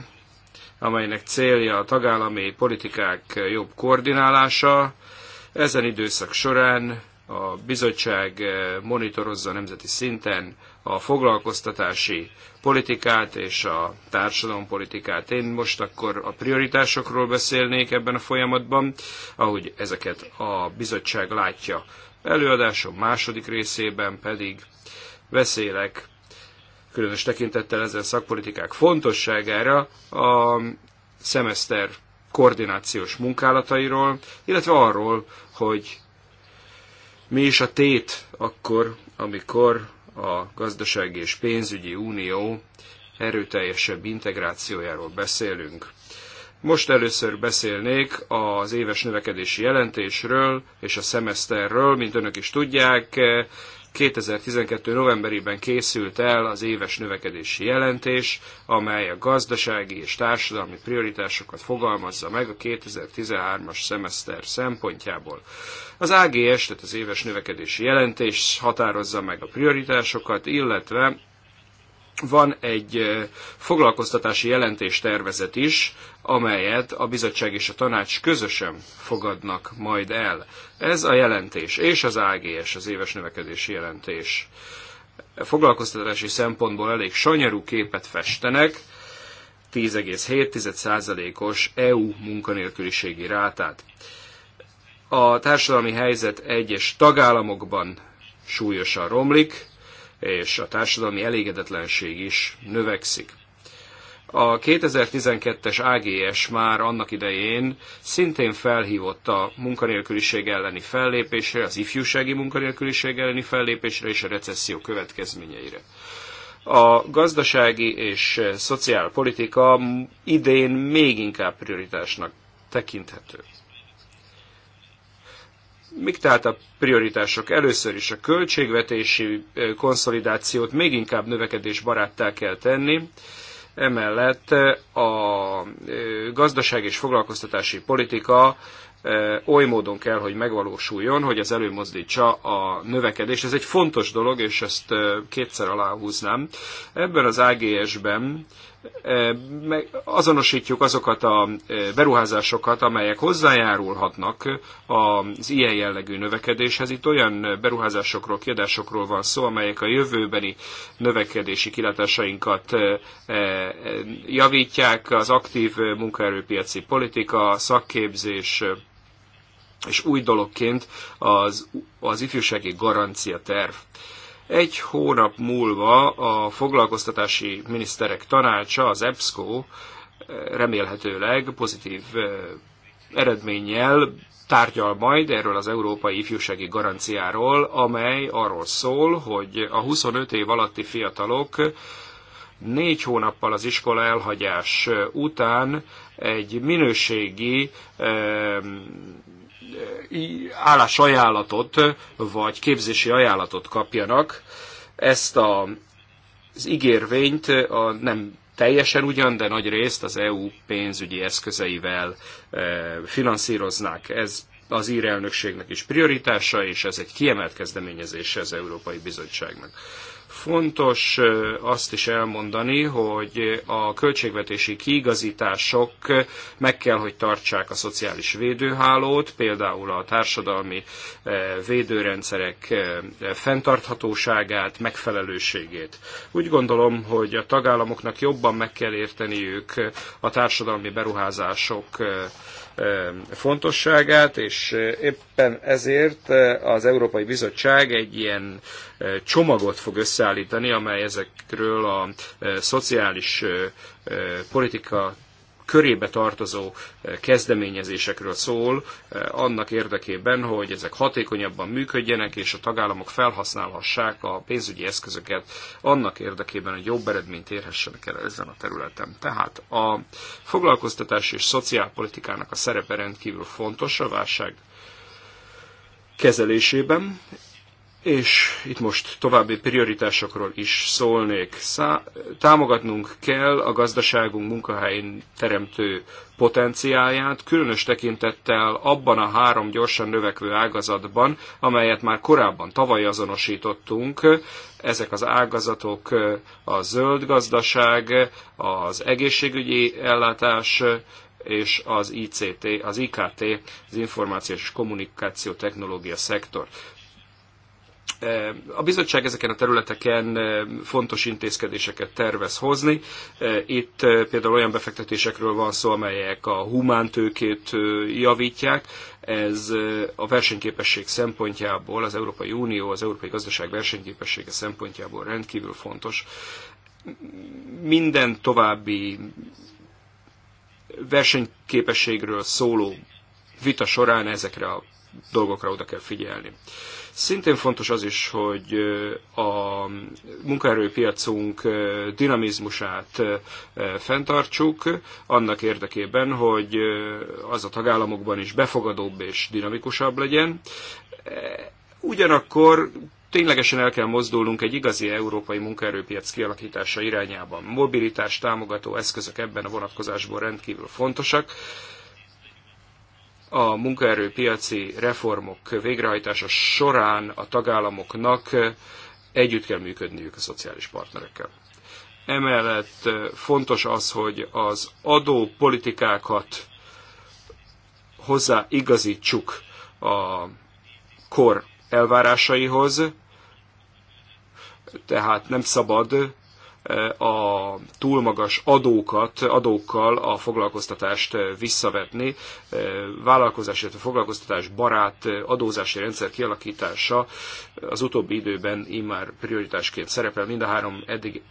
amelynek célja a tagállami politikák jobb koordinálása. Ezen időszak során a bizottság monitorozza nemzeti szinten a foglalkoztatási politikát és a politikát. Én most akkor a prioritásokról beszélnék ebben a folyamatban, ahogy ezeket a bizottság látja. Előadásom második részében pedig beszélek különös tekintettel ezen szakpolitikák fontosságára a szemeszter koordinációs munkálatairól, illetve arról, hogy mi is a tét akkor, amikor a gazdasági és pénzügyi unió erőteljesebb integrációjáról beszélünk. Most először beszélnék az éves növekedési jelentésről és a szemeszterről, mint önök is tudják. 2012. novemberében készült el az éves növekedési jelentés, amely a gazdasági és társadalmi prioritásokat fogalmazza meg a 2013-as szemeszter szempontjából. Az AGS, tehát az éves növekedési jelentés határozza meg a prioritásokat, illetve van egy foglalkoztatási jelentés tervezet is, amelyet a bizottság és a tanács közösen fogadnak majd el. Ez a jelentés és az AGS, az éves növekedési jelentés foglalkoztatási szempontból elég sanyarú képet festenek, 10,7%-os EU munkanélküliségi rátát. A társadalmi helyzet egyes tagállamokban súlyosan romlik, és a társadalmi elégedetlenség is növekszik. A 2012-es AGS már annak idején szintén felhívott a munkanélküliség elleni fellépésre, az ifjúsági munkanélküliség elleni fellépésre és a recesszió következményeire. A gazdasági és szociálpolitika idén még inkább prioritásnak tekinthető. Mik tehát a prioritások? Először is a költségvetési konszolidációt még inkább növekedés baráttá kell tenni, emellett a gazdaság és foglalkoztatási politika oly módon kell, hogy megvalósuljon, hogy az előmozdítsa a növekedést. Ez egy fontos dolog, és ezt kétszer aláhúznám. Ebben az AGS-ben azonosítjuk azokat a beruházásokat, amelyek hozzájárulhatnak az ilyen jellegű növekedéshez. Itt olyan beruházásokról, kiadásokról van szó, amelyek a jövőbeni növekedési kilátásainkat javítják, az aktív munkaerőpiaci politika, szakképzés, és új dologként az, az ifjúsági garancia terv. Egy hónap múlva a foglalkoztatási miniszterek tanácsa, az EBSCO remélhetőleg pozitív eredménnyel tárgyal majd erről az Európai Ifjúsági Garanciáról, amely arról szól, hogy a 25 év alatti fiatalok négy hónappal az iskola elhagyás után egy minőségi állásajánlatot, vagy képzési ajánlatot kapjanak. Ezt a, az ígérvényt a nem teljesen ugyan, de nagy részt az EU pénzügyi eszközeivel e, finanszíroznák. Ez az ír elnökségnek is prioritása, és ez egy kiemelt kezdeményezése az Európai Bizottságnak. Fontos azt is elmondani, hogy a költségvetési kiigazítások meg kell, hogy tartsák a szociális védőhálót, például a társadalmi védőrendszerek fenntarthatóságát, megfelelőségét. Úgy gondolom, hogy a tagállamoknak jobban meg kell érteniük a társadalmi beruházások fontosságát, és éppen ezért az Európai Bizottság egy ilyen csomagot fog összeállítani, amely ezekről a szociális politika körébe tartozó eh, kezdeményezésekről szól, eh, annak érdekében, hogy ezek hatékonyabban működjenek, és a tagállamok felhasználhassák a pénzügyi eszközöket annak érdekében, hogy jobb eredményt érhessenek el ezen a területen. Tehát a foglalkoztatás és szociálpolitikának a szerepe rendkívül fontos a válság kezelésében, és itt most további prioritásokról is szólnék. Szá- támogatnunk kell a gazdaságunk munkahelyén teremtő potenciáját, különös tekintettel abban a három gyorsan növekvő ágazatban, amelyet már korábban tavaly azonosítottunk. Ezek az ágazatok a zöld gazdaság, az egészségügyi ellátás, és az ICT, az IKT, az információs és kommunikáció technológia szektor. A bizottság ezeken a területeken fontos intézkedéseket tervez hozni. Itt például olyan befektetésekről van szó, amelyek a humántőkét javítják. Ez a versenyképesség szempontjából, az Európai Unió, az Európai Gazdaság versenyképessége szempontjából rendkívül fontos. Minden további versenyképességről szóló vita során ezekre a dolgokra oda kell figyelni. Szintén fontos az is, hogy a munkaerőpiacunk dinamizmusát fenntartsuk, annak érdekében, hogy az a tagállamokban is befogadóbb és dinamikusabb legyen. Ugyanakkor ténylegesen el kell mozdulnunk egy igazi európai munkaerőpiac kialakítása irányában. Mobilitás támogató eszközök ebben a vonatkozásban rendkívül fontosak a munkaerőpiaci reformok végrehajtása során a tagállamoknak együtt kell működniük a szociális partnerekkel. Emellett fontos az, hogy az adópolitikákat hozzáigazítsuk a kor elvárásaihoz, tehát nem szabad a túl magas adókat, adókkal a foglalkoztatást visszavetni. Vállalkozás, illetve foglalkoztatás barát adózási rendszer kialakítása az utóbbi időben immár prioritásként szerepel mind a három eddig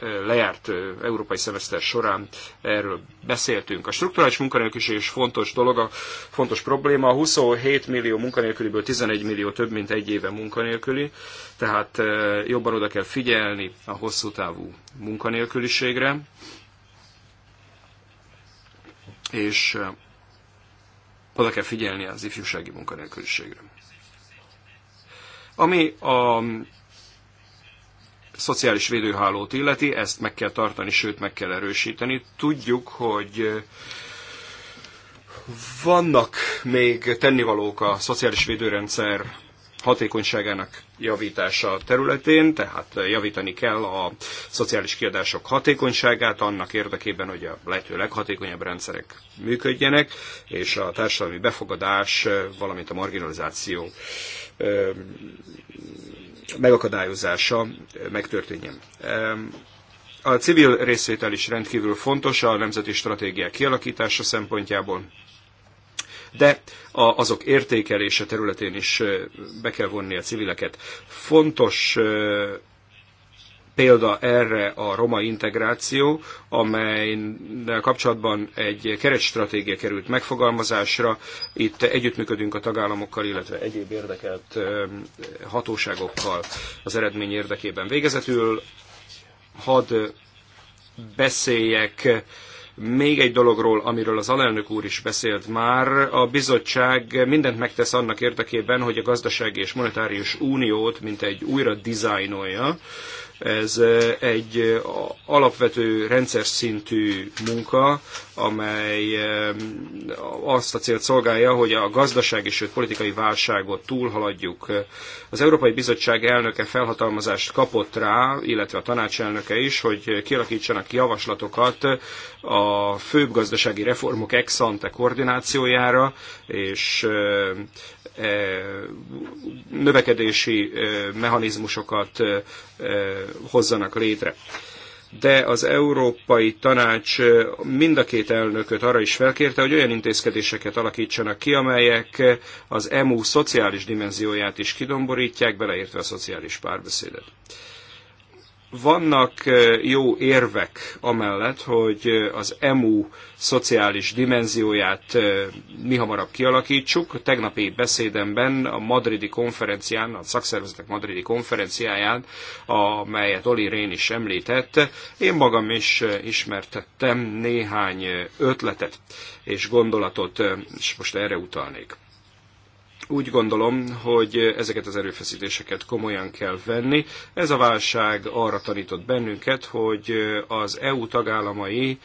lejárt európai szemeszter során erről beszéltünk. A strukturális munkanélküliség is fontos dolog, a fontos probléma. A 27 millió munkanélküliből 11 millió több mint egy éve munkanélküli, tehát jobban oda kell figyelni a hosszú távú munkanélküliségre. És oda kell figyelni az ifjúsági munkanélküliségre. Ami a szociális védőhálót illeti, ezt meg kell tartani, sőt meg kell erősíteni. Tudjuk, hogy vannak még tennivalók a szociális védőrendszer hatékonyságának javítása területén, tehát javítani kell a szociális kiadások hatékonyságát annak érdekében, hogy a lehető leghatékonyabb rendszerek működjenek, és a társadalmi befogadás, valamint a marginalizáció megakadályozása megtörténjen. A civil részvétel is rendkívül fontos a nemzeti stratégiák kialakítása szempontjából, de azok értékelése területén is be kell vonni a civileket. Fontos példa erre a roma integráció, amelynek kapcsolatban egy keretstratégia került megfogalmazásra. Itt együttműködünk a tagállamokkal, illetve egyéb érdekelt hatóságokkal az eredmény érdekében. Végezetül hadd beszéljek még egy dologról, amiről az alelnök úr is beszélt már, a bizottság mindent megtesz annak érdekében, hogy a gazdasági és monetárius uniót, mint egy újra dizájnolja, ez egy alapvető rendszer szintű munka, amely azt a célt szolgálja, hogy a gazdaság és a politikai válságot túlhaladjuk. Az Európai Bizottság elnöke felhatalmazást kapott rá, illetve a tanácselnöke is, hogy kialakítsanak javaslatokat a főbb gazdasági reformok ex ante koordinációjára, és növekedési mechanizmusokat hozzanak létre. De az Európai Tanács mind a két elnököt arra is felkérte, hogy olyan intézkedéseket alakítsanak ki, amelyek az EMU szociális dimenzióját is kidomborítják, beleértve a szociális párbeszédet vannak eh, jó érvek amellett, hogy eh, az EMU szociális dimenzióját eh, mi hamarabb kialakítsuk. Tegnapi beszédemben a madridi konferencián, a szakszervezetek madridi konferenciáján, amelyet Oli Rén is említett, én magam is ismertettem néhány ötletet és gondolatot, és most erre utalnék úgy gondolom, hogy ezeket az erőfeszítéseket komolyan kell venni. Ez a válság arra tanított bennünket, hogy az EU tagállamai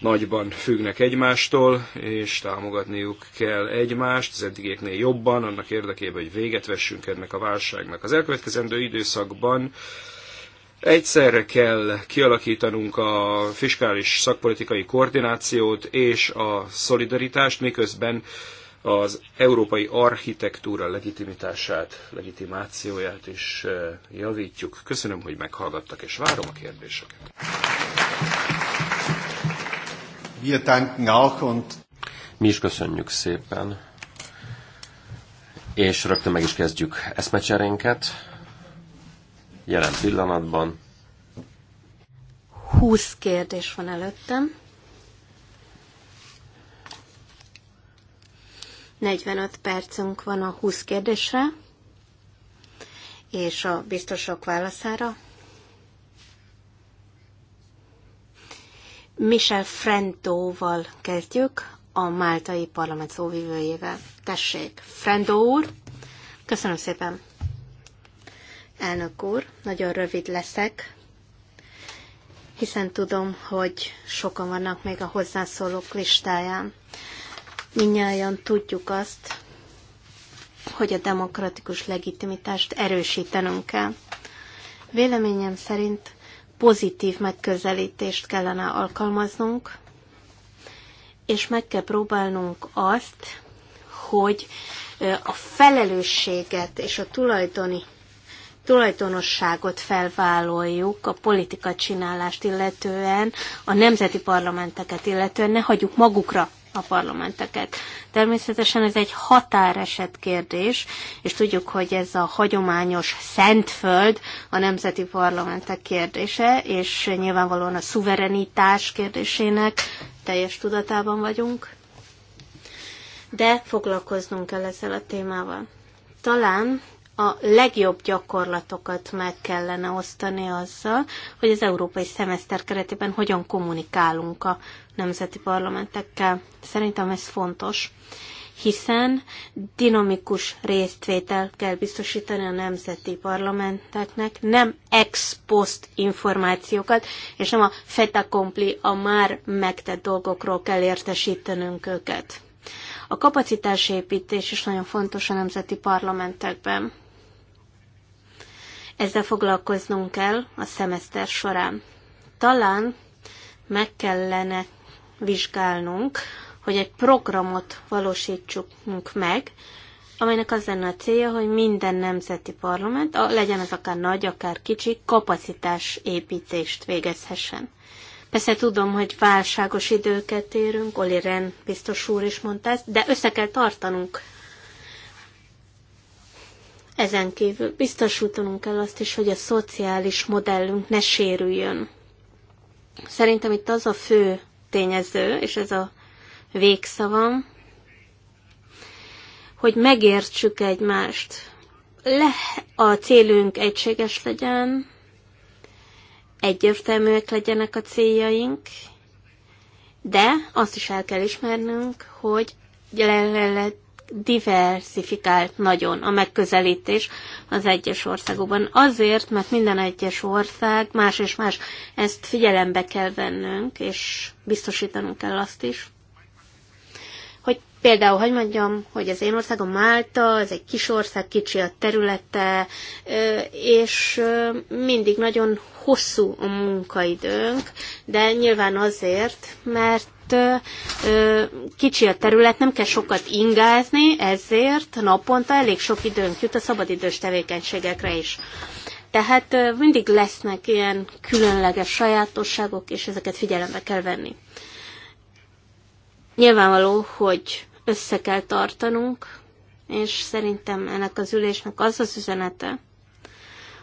nagyban függnek egymástól, és támogatniuk kell egymást, az eddigieknél jobban, annak érdekében, hogy véget vessünk ennek a válságnak. Az elkövetkezendő időszakban Egyszerre kell kialakítanunk a fiskális szakpolitikai koordinációt és a szolidaritást, miközben az európai architektúra legitimitását, legitimációját is eh, javítjuk. Köszönöm, hogy meghallgattak, és várom a kérdéseket. Mi is köszönjük szépen, és rögtön meg is kezdjük eszmecserénket. Jelen pillanatban 20 kérdés van előttem. 45 percünk van a 20 kérdésre, és a biztosok válaszára. Michel Frendóval kezdjük, a máltai parlament szóvivőjével. Tessék, Frendó úr, köszönöm szépen. Elnök úr, nagyon rövid leszek, hiszen tudom, hogy sokan vannak még a hozzászólók listáján. Minnyáján tudjuk azt, hogy a demokratikus legitimitást erősítenünk kell. Véleményem szerint pozitív megközelítést kellene alkalmaznunk, és meg kell próbálnunk azt, hogy a felelősséget és a tulajdoni tulajdonosságot felvállaljuk a politika csinálást illetően, a nemzeti parlamenteket illetően, ne hagyjuk magukra a parlamenteket. Természetesen ez egy határeset kérdés, és tudjuk, hogy ez a hagyományos szentföld a nemzeti parlamentek kérdése, és nyilvánvalóan a szuverenitás kérdésének teljes tudatában vagyunk. De foglalkoznunk kell ezzel a témával. Talán a legjobb gyakorlatokat meg kellene osztani azzal, hogy az európai szemeszter keretében hogyan kommunikálunk a nemzeti parlamentekkel. Szerintem ez fontos, hiszen dinamikus résztvétel kell biztosítani a nemzeti parlamenteknek, nem ex post információkat, és nem a feta kompli a már megtett dolgokról kell értesítenünk őket. A kapacitásépítés is nagyon fontos a nemzeti parlamentekben. Ezzel foglalkoznunk kell a szemeszter során. Talán meg kellene vizsgálnunk, hogy egy programot valósítsunk meg, amelynek az lenne a célja, hogy minden nemzeti parlament, legyen az akár nagy, akár kicsi, kapacitás építést végezhessen. Persze tudom, hogy válságos időket érünk, Oli Ren biztos úr is mondta ezt, de össze kell tartanunk ezen kívül biztosítanunk kell azt is, hogy a szociális modellünk ne sérüljön. Szerintem itt az a fő tényező, és ez a végszavam, hogy megértsük egymást. Le a célünk egységes legyen, egyértelműek legyenek a céljaink, de azt is el kell ismernünk, hogy jelenleg diversifikált nagyon a megközelítés az egyes országokban. Azért, mert minden egyes ország más és más. Ezt figyelembe kell vennünk, és biztosítanunk kell azt is, Például, hogy mondjam, hogy az én országom Málta, ez egy kis ország, kicsi a területe, és mindig nagyon hosszú a munkaidőnk, de nyilván azért, mert kicsi a terület, nem kell sokat ingázni, ezért naponta elég sok időnk jut a szabadidős tevékenységekre is. Tehát mindig lesznek ilyen különleges sajátosságok, és ezeket figyelembe kell venni. Nyilvánvaló, hogy össze kell tartanunk, és szerintem ennek az ülésnek az az üzenete,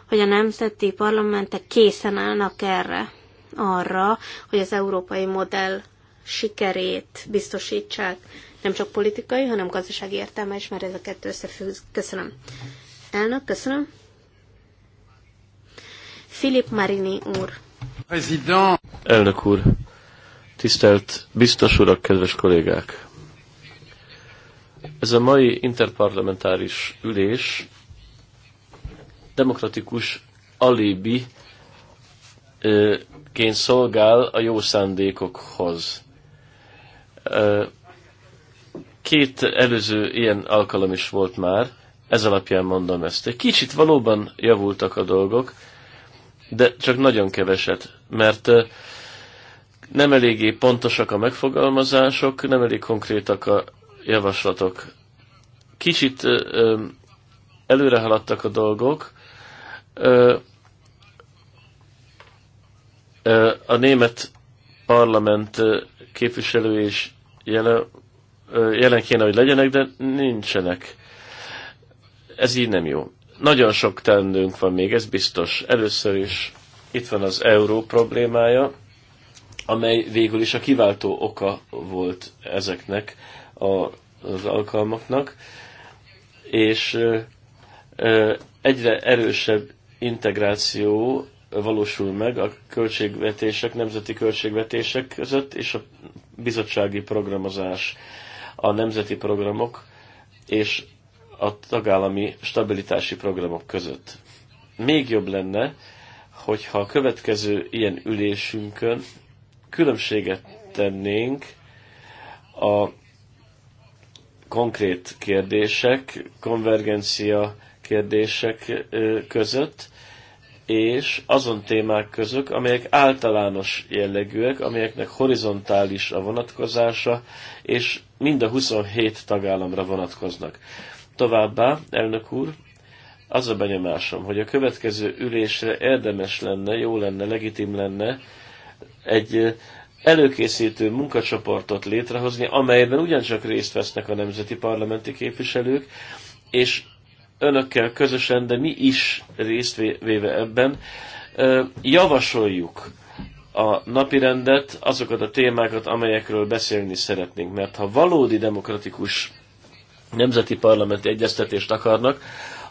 hogy a nemzeti parlamentek készen állnak erre, arra, hogy az európai modell sikerét biztosítsák, nem csak politikai, hanem gazdasági értelme is, mert ezeket összefügg. Köszönöm. Elnök, köszönöm. Filip Marini úr. President. Elnök úr, tisztelt biztos urak, kedves kollégák! Ez a mai interparlamentáris ülés demokratikus alibi ként szolgál a jó szándékokhoz. Két előző ilyen alkalom is volt már, ez alapján mondom ezt. Egy kicsit valóban javultak a dolgok, de csak nagyon keveset, mert nem eléggé pontosak a megfogalmazások, nem elég konkrétak a javaslatok. Kicsit előre haladtak a dolgok. A német parlament képviselő és jelen, jelen kéne, hogy legyenek, de nincsenek. Ez így nem jó. Nagyon sok tennünk van még, ez biztos. Először is itt van az euró problémája, amely végül is a kiváltó oka volt ezeknek a, az alkalmaknak, és egyre erősebb integráció valósul meg a költségvetések, nemzeti költségvetések között, és a bizottsági programozás, a nemzeti programok és a tagállami stabilitási programok között. Még jobb lenne, hogyha a következő ilyen ülésünkön különbséget tennénk a konkrét kérdések, konvergencia kérdések között, és azon témák között, amelyek általános jellegűek, amelyeknek horizontális a vonatkozása, és mind a 27 tagállamra vonatkoznak. Továbbá, elnök úr, az a benyomásom, hogy a következő ülésre érdemes lenne, jó lenne, legitim lenne egy előkészítő munkacsoportot létrehozni, amelyben ugyancsak részt vesznek a nemzeti parlamenti képviselők, és önökkel közösen, de mi is részt véve ebben, javasoljuk a napirendet, azokat a témákat, amelyekről beszélni szeretnénk, mert ha valódi demokratikus nemzeti parlamenti egyeztetést akarnak,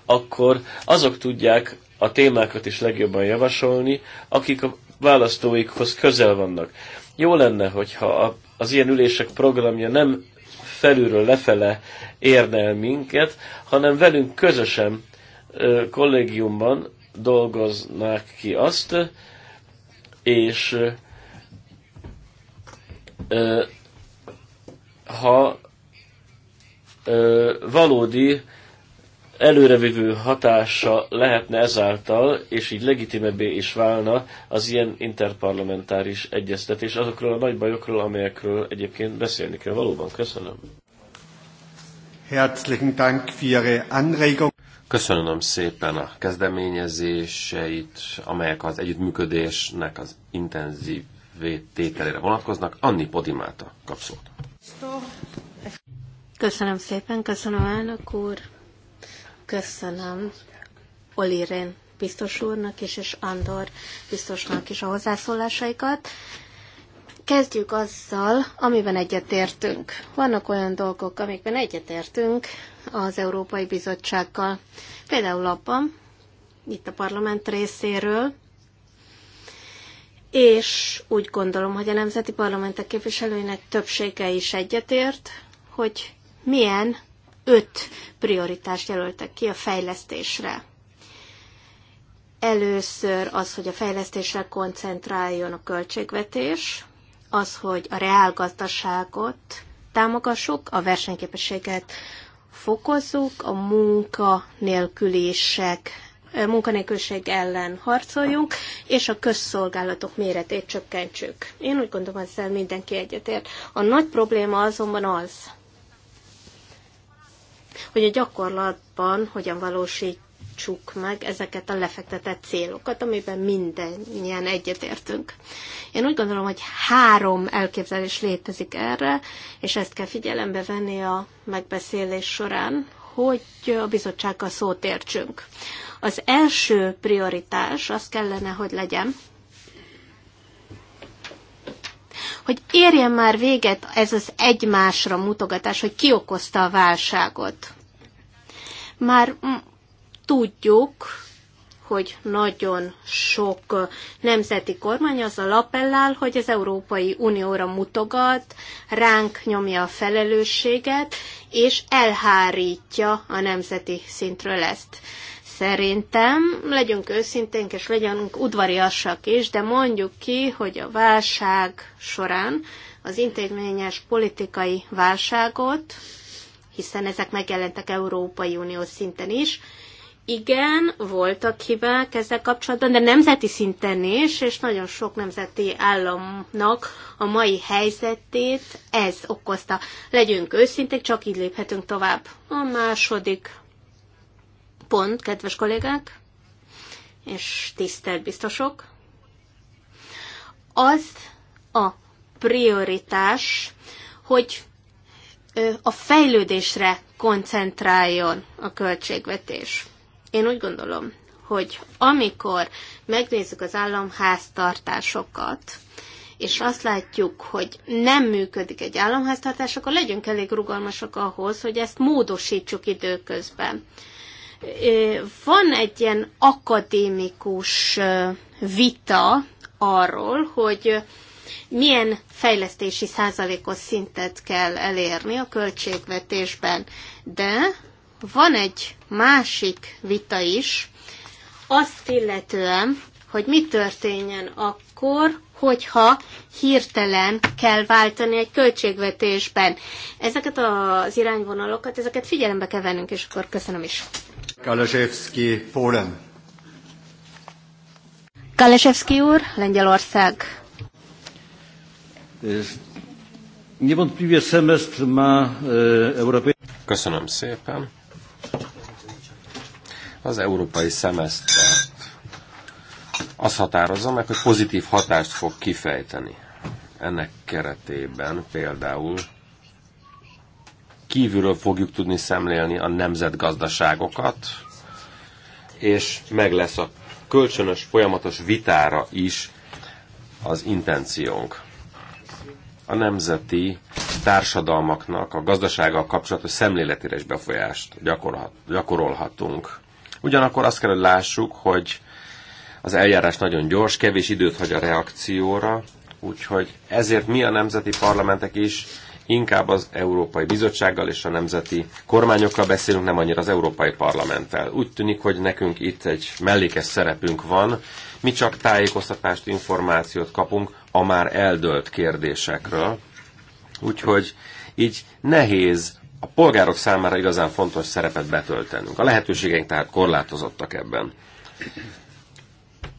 akkor azok tudják a témákat is legjobban javasolni, akik a választóikhoz közel vannak. Jó lenne, hogyha az ilyen ülések programja nem felülről lefele érne el minket, hanem velünk közösen kollégiumban dolgoznák ki azt, és ha valódi előrevívő hatása lehetne ezáltal, és így legitimebbé is válna az ilyen interparlamentáris egyeztetés azokról a nagy bajokról, amelyekről egyébként beszélni kell. Valóban köszönöm. Herzlichen Dank für Ihre Anregung. Köszönöm szépen a kezdeményezéseit, amelyek az együttműködésnek az intenzív tételére vonatkoznak. Anni Podimáta kap Köszönöm szépen, köszönöm elnök úr. Köszönöm Oli Rén biztos úrnak is, és Andor biztosnak is a hozzászólásaikat. Kezdjük azzal, amiben egyetértünk. Vannak olyan dolgok, amikben egyetértünk az Európai Bizottsággal. Például abban, itt a parlament részéről, és úgy gondolom, hogy a nemzeti parlamentek képviselőinek többsége is egyetért, hogy milyen öt prioritást jelöltek ki a fejlesztésre. Először az, hogy a fejlesztésre koncentráljon a költségvetés, az, hogy a reálgazdaságot támogassuk, a versenyképességet fokozzuk, a munka eh, munkanélküliség ellen harcoljunk, és a közszolgálatok méretét csökkentsük. Én úgy gondolom, hogy ezzel mindenki egyetért. A nagy probléma azonban az, hogy a gyakorlatban hogyan valósítsuk meg ezeket a lefektetett célokat, amiben mindannyian egyetértünk. Én úgy gondolom, hogy három elképzelés létezik erre, és ezt kell figyelembe venni a megbeszélés során, hogy a bizottsággal szót értsünk. Az első prioritás az kellene, hogy legyen, hogy érjen már véget ez az egymásra mutogatás, hogy ki okozta a válságot. Már tudjuk, hogy nagyon sok nemzeti kormány az a lapellál, hogy az Európai Unióra mutogat, ránk nyomja a felelősséget, és elhárítja a nemzeti szintről ezt. Szerintem legyünk őszinténk és legyünk udvariasak is, de mondjuk ki, hogy a válság során az intézményes politikai válságot, hiszen ezek megjelentek Európai Unió szinten is, igen, voltak hibák ezzel kapcsolatban, de nemzeti szinten is, és nagyon sok nemzeti államnak a mai helyzetét ez okozta. Legyünk őszinték, csak így léphetünk tovább. A második pont, kedves kollégák és tisztelt biztosok, az a prioritás, hogy a fejlődésre koncentráljon a költségvetés. Én úgy gondolom, hogy amikor megnézzük az államháztartásokat, és azt látjuk, hogy nem működik egy államháztartás, akkor legyünk elég rugalmasak ahhoz, hogy ezt módosítsuk időközben. Van egy ilyen akadémikus vita arról, hogy milyen fejlesztési százalékos szintet kell elérni a költségvetésben, de van egy másik vita is, azt illetően, hogy mi történjen akkor, hogyha hirtelen kell váltani egy költségvetésben. Ezeket az irányvonalokat, ezeket figyelembe kell vennünk, és akkor köszönöm is. Kaleszewski, Polen. Kaleszewski úr, Lengyelország. Niewątpliwie semestr ma europejski... Köszönöm szépen. Az európai szemesztert az határozza meg, hogy pozitív hatást fog kifejteni. Ennek keretében például kívülről fogjuk tudni szemlélni a nemzetgazdaságokat, és meg lesz a kölcsönös, folyamatos vitára is az intenciónk. A nemzeti társadalmaknak a gazdasággal kapcsolatos szemléletére is befolyást gyakorolhatunk. Ugyanakkor azt kell, hogy lássuk, hogy az eljárás nagyon gyors, kevés időt hagy a reakcióra, úgyhogy ezért mi a nemzeti parlamentek is Inkább az Európai Bizottsággal és a nemzeti kormányokkal beszélünk, nem annyira az Európai Parlamenttel. Úgy tűnik, hogy nekünk itt egy mellékes szerepünk van, mi csak tájékoztatást, információt kapunk a már eldölt kérdésekről. Úgyhogy így nehéz a polgárok számára igazán fontos szerepet betöltenünk. A lehetőségeink tehát korlátozottak ebben.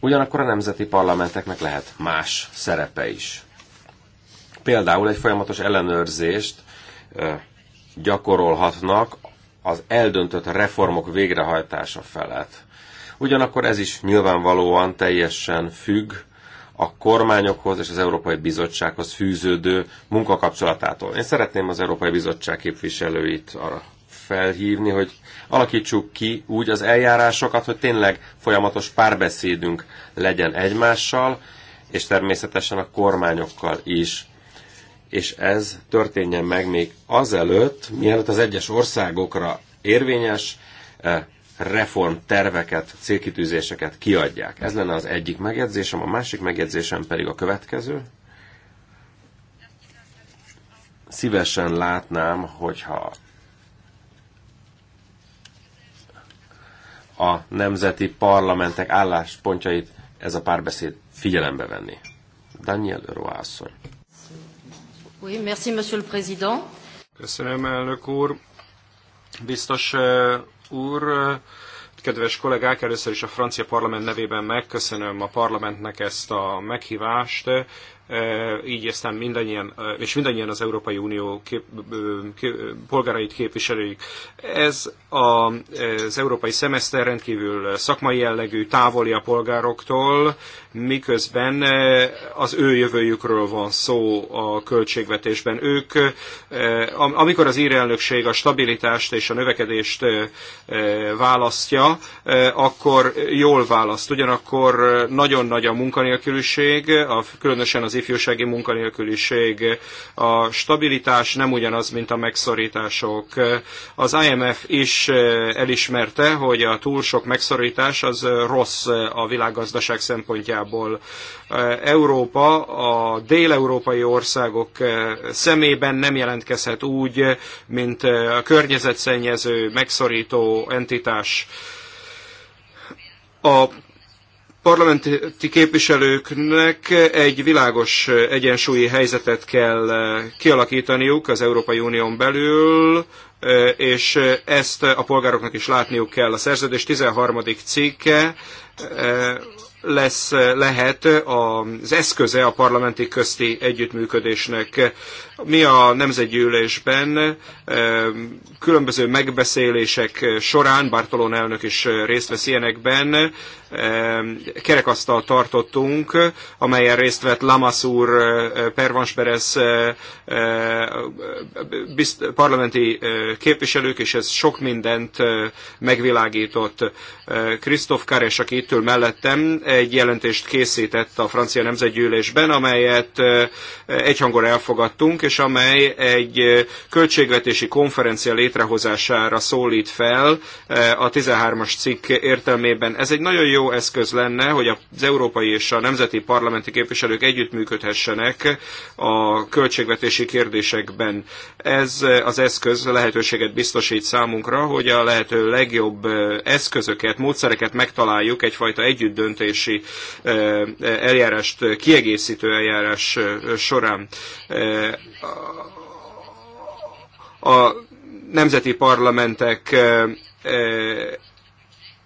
Ugyanakkor a nemzeti parlamenteknek lehet más szerepe is például egy folyamatos ellenőrzést gyakorolhatnak az eldöntött reformok végrehajtása felett. Ugyanakkor ez is nyilvánvalóan teljesen függ a kormányokhoz és az Európai Bizottsághoz fűződő munkakapcsolatától. Én szeretném az Európai Bizottság képviselőit arra felhívni, hogy alakítsuk ki úgy az eljárásokat, hogy tényleg folyamatos párbeszédünk legyen egymással, és természetesen a kormányokkal is és ez történjen meg még azelőtt, mielőtt az egyes országokra érvényes eh, reformterveket, célkitűzéseket kiadják. Ez lenne az egyik megjegyzésem, a másik megjegyzésem pedig a következő. Szívesen látnám, hogyha a nemzeti parlamentek álláspontjait ez a párbeszéd figyelembe venni. Daniel Roászony. Oui, merci, monsieur le président. Köszönöm, elnök úr. Biztos eh, úr, eh, kedves kollégák, először is a francia parlament nevében megköszönöm a parlamentnek ezt a meghívást így aztán mindannyian, és mindannyian az Európai Unió kép, kép, polgárait képviseljük. Ez a, az európai szemeszter rendkívül szakmai jellegű, távoli a polgároktól, miközben az ő jövőjükről van szó a költségvetésben. Ők, amikor az elnökség a stabilitást és a növekedést választja, akkor jól választ. Ugyanakkor nagyon nagy a munkanélküliség, a, különösen az ifjúsági munkanélküliség. A stabilitás nem ugyanaz, mint a megszorítások. Az IMF is eh, elismerte, hogy a túl sok megszorítás az eh, rossz eh, a világgazdaság szempontjából. Európa, a déleurópai országok szemében nem jelentkezhet úgy, mint a környezetszennyező, megszorító entitás. A parlamenti képviselőknek egy világos egyensúlyi helyzetet kell eh, kialakítaniuk az Európai Unión belül, eh, és ezt a polgároknak is látniuk kell. A szerződés 13. cikke eh, lesz, lehet az eszköze a parlamenti közti együttműködésnek. Mi a nemzetgyűlésben eh, különböző megbeszélések során, Bartolón elnök is részt vesz ilyenekben, eh, kerekasztal tartottunk, amelyen részt vett Lamas úr, eh, Pervans parlamenti képviselők, és ez sok mindent megvilágított. Krisztof Kares, aki itt ül mellettem, egy jelentést készített a francia nemzetgyűlésben, amelyet egyhangon elfogadtunk, és amely egy költségvetési konferencia létrehozására szólít fel a 13-as cikk értelmében. Ez egy nagyon jó eszköz lenne, hogy az európai és a nemzeti parlamenti képviselők együttműködhessenek a költségvetési kérdésekben. Ez az eszköz lehetőséget biztosít számunkra, hogy a lehető legjobb eszközöket, módszereket megtaláljuk egyfajta együttdöntés együttdöntési eljárást, kiegészítő eljárás során a nemzeti parlamentek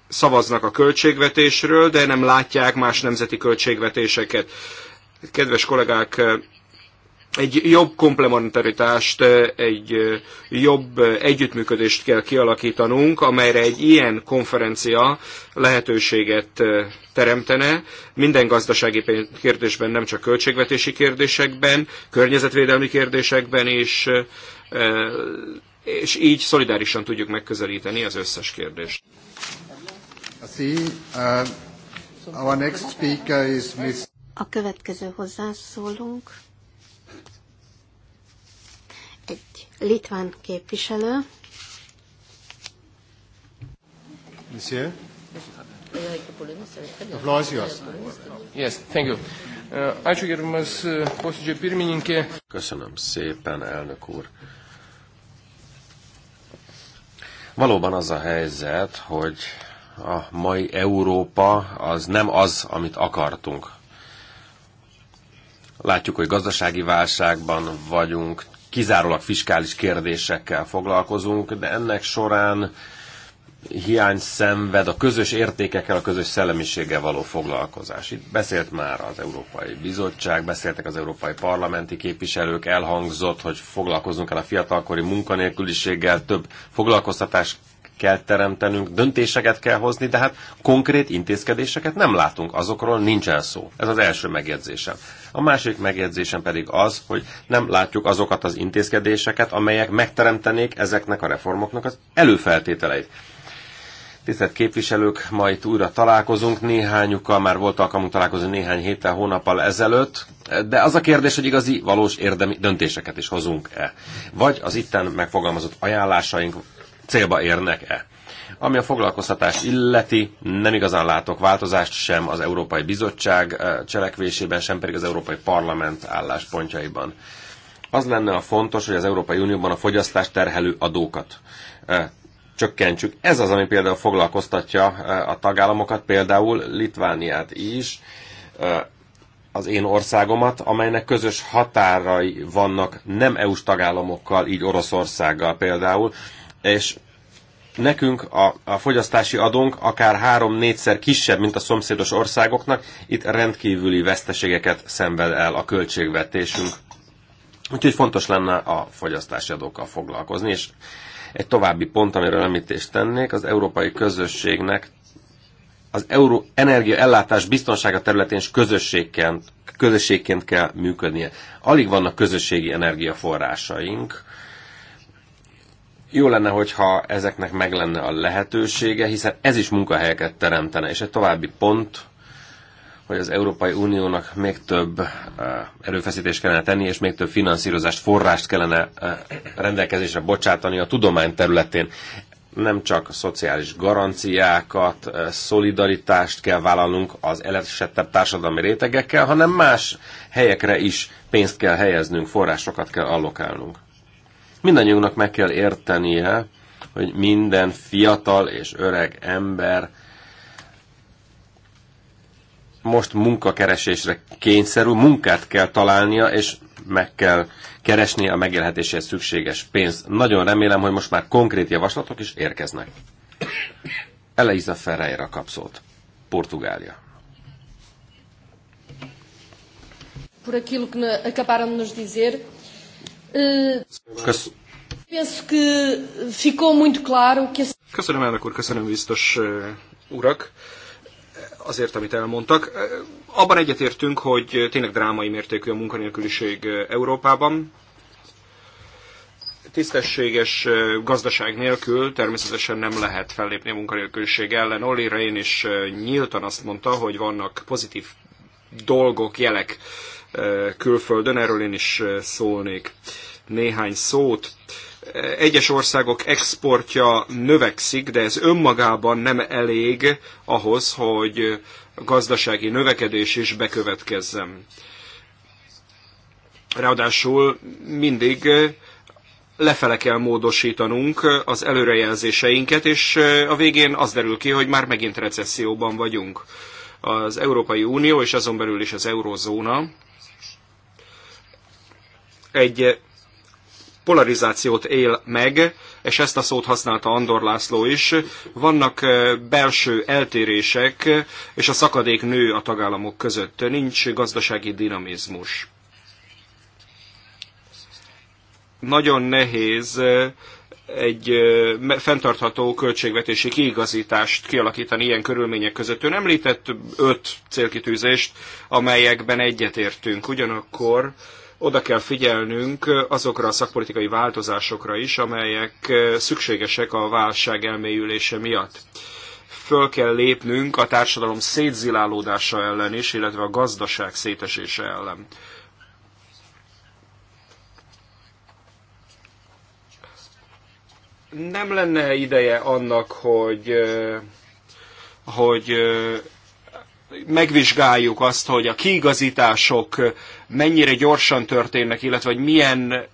szavaznak a költségvetésről, de nem látják más nemzeti költségvetéseket. Kedves kollégák, egy jobb komplementaritást, egy jobb együttműködést kell kialakítanunk, amelyre egy ilyen konferencia lehetőséget teremtene minden gazdasági kérdésben, nem csak költségvetési kérdésekben, környezetvédelmi kérdésekben is, és így szolidárisan tudjuk megközelíteni az összes kérdést. Uh, A következő hozzászólunk egy litván képviselő. Monsieur? Yes, thank you. Uh, uh, Köszönöm szépen, elnök úr. Valóban az a helyzet, hogy a mai Európa az nem az, amit akartunk. Látjuk, hogy gazdasági válságban vagyunk, kizárólag fiskális kérdésekkel foglalkozunk, de ennek során hiány szenved a közös értékekkel, a közös szellemiséggel való foglalkozás. Itt beszélt már az Európai Bizottság, beszéltek az Európai Parlamenti képviselők, elhangzott, hogy foglalkozunk el a fiatalkori munkanélküliséggel, több foglalkoztatás kell teremtenünk, döntéseket kell hozni, de hát konkrét intézkedéseket nem látunk, azokról nincsen szó. Ez az első megjegyzésem. A másik megjegyzésem pedig az, hogy nem látjuk azokat az intézkedéseket, amelyek megteremtenék ezeknek a reformoknak az előfeltételeit. Tisztelt képviselők, ma itt újra találkozunk, néhányukkal már volt alkalmunk találkozni néhány héttel, hónappal ezelőtt, de az a kérdés, hogy igazi, valós érdemi döntéseket is hozunk-e. Vagy az itten megfogalmazott ajánlásaink célba érnek-e. Ami a foglalkoztatás illeti, nem igazán látok változást sem az Európai Bizottság eh, cselekvésében, sem pedig az Európai Parlament álláspontjaiban. Az lenne a fontos, hogy az Európai Unióban a fogyasztást terhelő adókat eh, csökkentsük. Ez az, ami például foglalkoztatja eh, a tagállamokat, például Litvániát is, az én országomat, amelynek közös határai vannak nem EU-s tagállamokkal, így Oroszországgal például, és nekünk a, a fogyasztási adónk akár három-négyszer kisebb, mint a szomszédos országoknak, itt rendkívüli veszteségeket szenved el a költségvetésünk. Úgyhogy fontos lenne a fogyasztási adókkal foglalkozni, és egy további pont, amiről említést tennék, az európai közösségnek az euró energiaellátás biztonsága területén is közösségként, közösségként kell működnie. Alig vannak közösségi energiaforrásaink, jó lenne, hogyha ezeknek meg lenne a lehetősége, hiszen ez is munkahelyeket teremtene. És egy további pont, hogy az Európai Uniónak még több eh, erőfeszítést kellene tenni, és még több finanszírozást, forrást kellene eh, rendelkezésre bocsátani a tudomány területén. Nem csak szociális garanciákat, eh, szolidaritást kell vállalnunk az elesettebb társadalmi rétegekkel, hanem más helyekre is pénzt kell helyeznünk, forrásokat kell allokálnunk. Mindannyiunknak meg kell értenie, hogy minden fiatal és öreg ember most munkakeresésre kényszerül, munkát kell találnia, és meg kell keresni a megélhetéséhez szükséges pénzt. Nagyon remélem, hogy most már konkrét javaslatok is érkeznek. Eleiza Ferreira kapszót. Portugália. Por aquilo que acabaram de nos dizer, Köszönöm, elnök úr, köszönöm, biztos urak azért, amit elmondtak. Abban egyetértünk, hogy tényleg drámai mértékű a munkanélküliség Európában. Tisztességes gazdaság nélkül természetesen nem lehet fellépni a munkanélküliség ellen. Olli Rain is nyíltan azt mondta, hogy vannak pozitív dolgok, jelek külföldön, erről én is szólnék néhány szót. Egyes országok exportja növekszik, de ez önmagában nem elég ahhoz, hogy gazdasági növekedés is bekövetkezzen. Ráadásul mindig lefele kell módosítanunk az előrejelzéseinket, és a végén az derül ki, hogy már megint recesszióban vagyunk. Az Európai Unió és azon belül is az Eurózóna egy polarizációt él meg, és ezt a szót használta Andor László is. Vannak belső eltérések, és a szakadék nő a tagállamok között. Nincs gazdasági dinamizmus. Nagyon nehéz egy fenntartható költségvetési kiigazítást kialakítani ilyen körülmények között. Ön említett öt célkitűzést, amelyekben egyetértünk. Ugyanakkor oda kell figyelnünk azokra a szakpolitikai változásokra is, amelyek eh, szükségesek a válság elmélyülése miatt. Föl kell lépnünk a társadalom szétzilálódása ellen is, illetve a gazdaság szétesése ellen. Nem lenne ideje annak, hogy eh, hogy eh, megvizsgáljuk azt, hogy a kiigazítások mennyire gyorsan történnek, illetve hogy milyen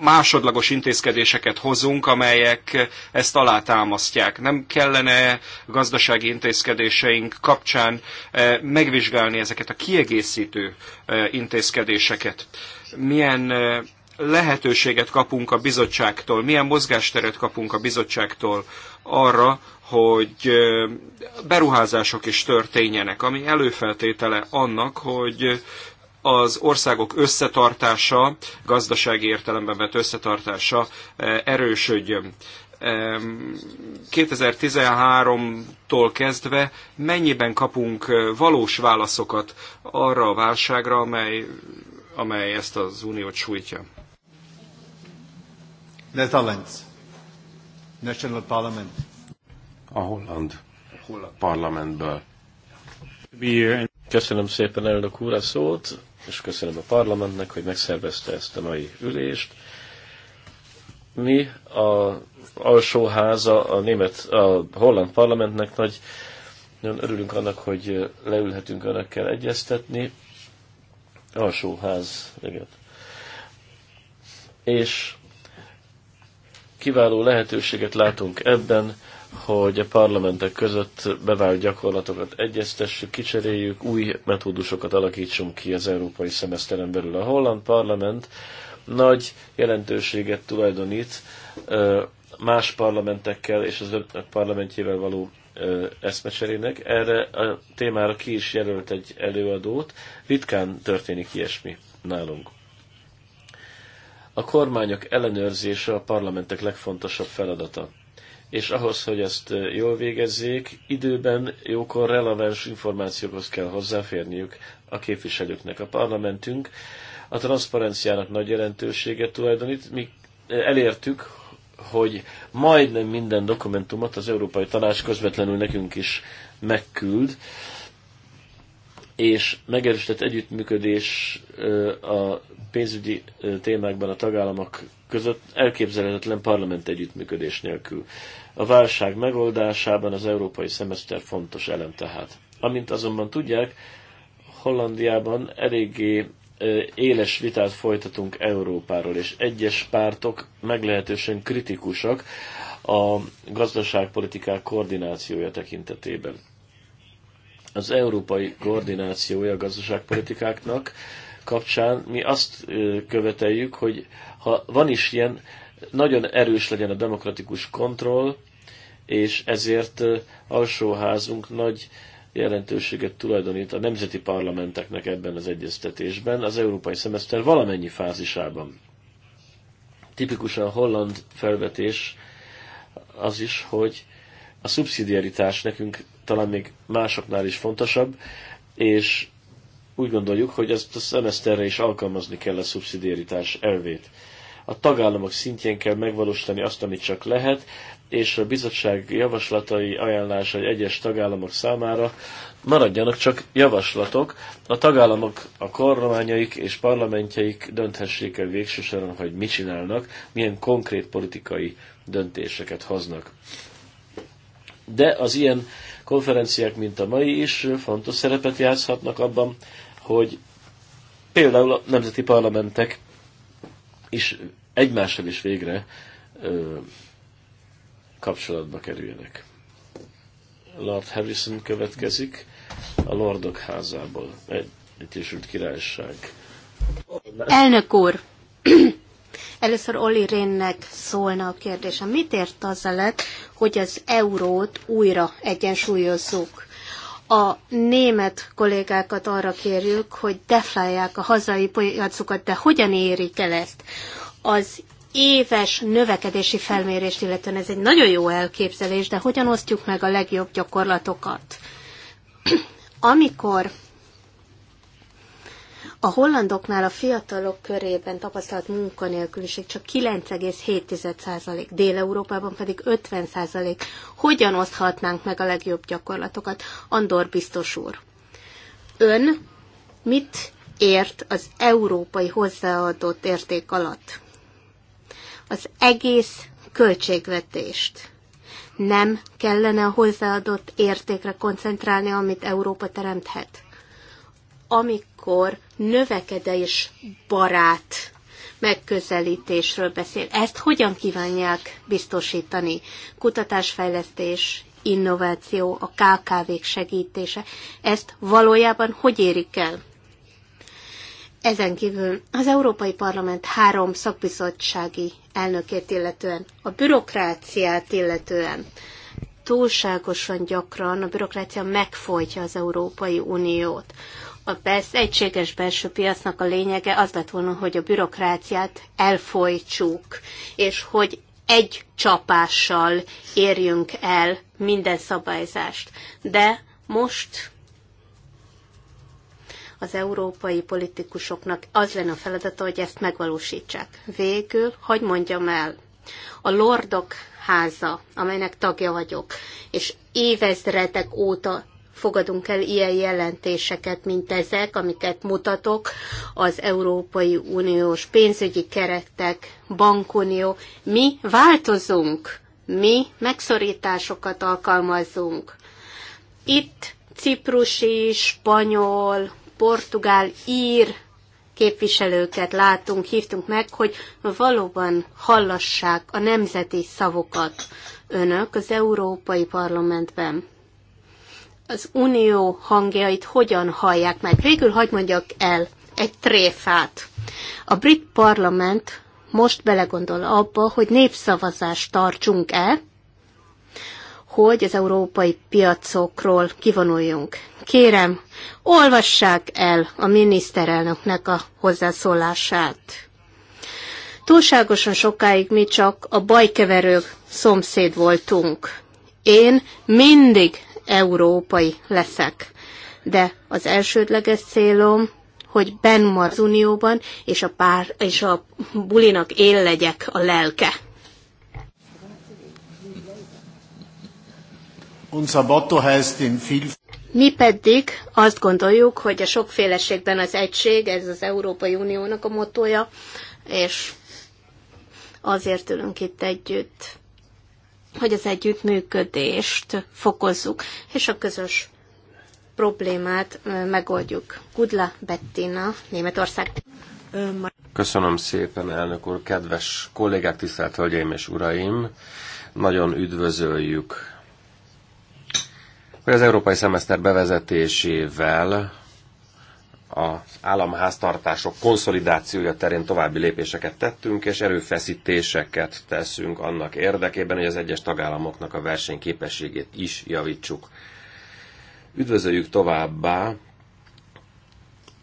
másodlagos intézkedéseket hozunk, amelyek ezt alátámasztják. Nem kellene gazdasági intézkedéseink kapcsán eh, megvizsgálni ezeket a kiegészítő eh, intézkedéseket. Milyen eh, lehetőséget kapunk a bizottságtól, milyen mozgásteret kapunk a bizottságtól arra, hogy beruházások is történjenek, ami előfeltétele annak, hogy az országok összetartása, gazdasági értelemben vett összetartása erősödjön. 2013-tól kezdve mennyiben kapunk valós válaszokat arra a válságra, amely, amely ezt az uniót sújtja? Netherlands. National Parliament. A holland, a holland parlamentből. Köszönöm szépen elnök úr a szót, és köszönöm a parlamentnek, hogy megszervezte ezt a mai ülést. Mi a alsóháza a, német, a holland parlamentnek nagy nagyon örülünk annak, hogy leülhetünk önökkel egyeztetni. Alsóház, igen. És Kiváló lehetőséget látunk ebben, hogy a parlamentek között bevált gyakorlatokat egyeztessük, kicseréljük, új metódusokat alakítsunk ki az európai szemeszteren belül. A holland parlament nagy jelentőséget tulajdonít más parlamentekkel és az önök parlamentjével való eszmecserének. Erre a témára ki is jelölt egy előadót. Ritkán történik ilyesmi nálunk. A kormányok ellenőrzése a parlamentek legfontosabb feladata. És ahhoz, hogy ezt jól végezzék, időben jókor releváns információkhoz kell hozzáférniük a képviselőknek. A parlamentünk a transzparenciának nagy jelentőséget tulajdonít. Mi elértük, hogy majdnem minden dokumentumot az Európai Tanács közvetlenül nekünk is megküld és megerősített együttműködés a pénzügyi témákban a tagállamok között elképzelhetetlen parlament együttműködés nélkül. A válság megoldásában az európai szemeszter fontos elem tehát. Amint azonban tudják, Hollandiában eléggé éles vitát folytatunk Európáról, és egyes pártok meglehetősen kritikusak a gazdaságpolitikák koordinációja tekintetében az európai koordinációja a gazdaságpolitikáknak kapcsán mi azt követeljük, hogy ha van is ilyen, nagyon erős legyen a demokratikus kontroll, és ezért alsóházunk nagy jelentőséget tulajdonít a nemzeti parlamenteknek ebben az egyeztetésben, az európai szemeszter valamennyi fázisában. Tipikusan holland felvetés az is, hogy a szubszidiaritás nekünk talán még másoknál is fontosabb, és úgy gondoljuk, hogy ezt a szemeszterre is alkalmazni kell a szubszidiaritás elvét. A tagállamok szintjén kell megvalósítani azt, amit csak lehet, és a bizottság javaslatai, ajánlásai egyes tagállamok számára maradjanak csak javaslatok. A tagállamok, a kormányaik és parlamentjeik dönthessék el végsősoron, hogy mit csinálnak, milyen konkrét politikai döntéseket hoznak de az ilyen konferenciák, mint a mai is, fontos szerepet játszhatnak abban, hogy például a nemzeti parlamentek is egymással is végre ö, kapcsolatba kerüljenek. Lord Harrison következik a Lordok házából, egy Egyesült Királyság. Elnök úr, Először Olli Rénnek szólna a kérdése. Mit ért az lett, hogy az eurót újra egyensúlyozzuk? A német kollégákat arra kérjük, hogy deflálják a hazai piacukat, de hogyan érik el ezt? Az éves növekedési felmérést, illetően ez egy nagyon jó elképzelés, de hogyan osztjuk meg a legjobb gyakorlatokat? Amikor a hollandoknál a fiatalok körében tapasztalt munkanélküliség csak 9,7%, Dél-Európában pedig 50%. Hogyan oszthatnánk meg a legjobb gyakorlatokat? Andor biztos úr. Ön mit ért az európai hozzáadott érték alatt? Az egész költségvetést nem kellene a hozzáadott értékre koncentrálni, amit Európa teremthet. Amik amikor növekedés barát megközelítésről beszél. Ezt hogyan kívánják biztosítani? Kutatásfejlesztés, innováció, a KKV-k segítése. Ezt valójában hogy érik el? Ezen kívül az Európai Parlament három szakbizottsági elnökét illetően, a bürokráciát illetően, túlságosan gyakran a bürokrácia megfojtja az Európai Uniót a best, egységes belső piacnak a lényege az lett volna, hogy a bürokráciát elfolytsuk, és hogy egy csapással érjünk el minden szabályzást. De most az európai politikusoknak az lenne a feladata, hogy ezt megvalósítsák. Végül, hogy mondjam el, a Lordok háza, amelynek tagja vagyok, és évezredek óta fogadunk el ilyen jelentéseket, mint ezek, amiket mutatok, az Európai Uniós pénzügyi keretek, bankunió. Mi változunk, mi megszorításokat alkalmazunk. Itt ciprusi, spanyol, portugál, ír képviselőket látunk, hívtunk meg, hogy valóban hallassák a nemzeti szavokat önök az Európai Parlamentben az unió hangjait hogyan hallják meg. Végül hagyd mondjak el egy tréfát. A brit parlament most belegondol abba, hogy népszavazást tartsunk-e, hogy az európai piacokról kivonuljunk. Kérem, olvassák el a miniszterelnöknek a hozzászólását. Túlságosan sokáig mi csak a bajkeverő szomszéd voltunk. Én mindig európai leszek. De az elsődleges célom, hogy benn az unióban, és a, pár, és a bulinak él legyek a lelke. Mi pedig azt gondoljuk, hogy a sokféleségben az egység, ez az Európai Uniónak a motója, és azért ülünk itt együtt hogy az együttműködést fokozzuk, és a közös problémát megoldjuk. Gudla Bettina, Németország. Köszönöm szépen, elnök úr, kedves kollégák, tisztelt hölgyeim és uraim! Nagyon üdvözöljük, hogy az európai szemeszter bevezetésével az államháztartások konszolidációja terén további lépéseket tettünk, és erőfeszítéseket teszünk annak érdekében, hogy az egyes tagállamoknak a versenyképességét is javítsuk. Üdvözöljük továbbá,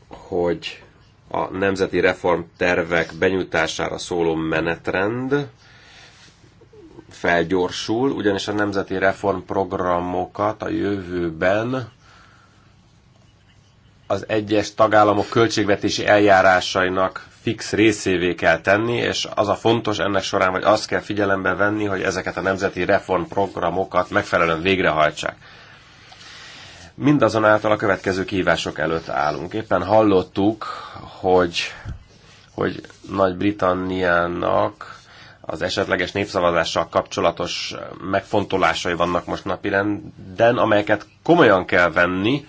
hogy a nemzeti reformtervek benyújtására szóló menetrend felgyorsul, ugyanis a nemzeti reformprogramokat a jövőben az egyes tagállamok költségvetési eljárásainak fix részévé kell tenni, és az a fontos ennek során, vagy azt kell figyelembe venni, hogy ezeket a nemzeti reformprogramokat megfelelően végrehajtsák. Mindazonáltal a következő kihívások előtt állunk. Éppen hallottuk, hogy, hogy Nagy-Britanniának az esetleges népszavazással kapcsolatos megfontolásai vannak most napirenden, amelyeket komolyan kell venni,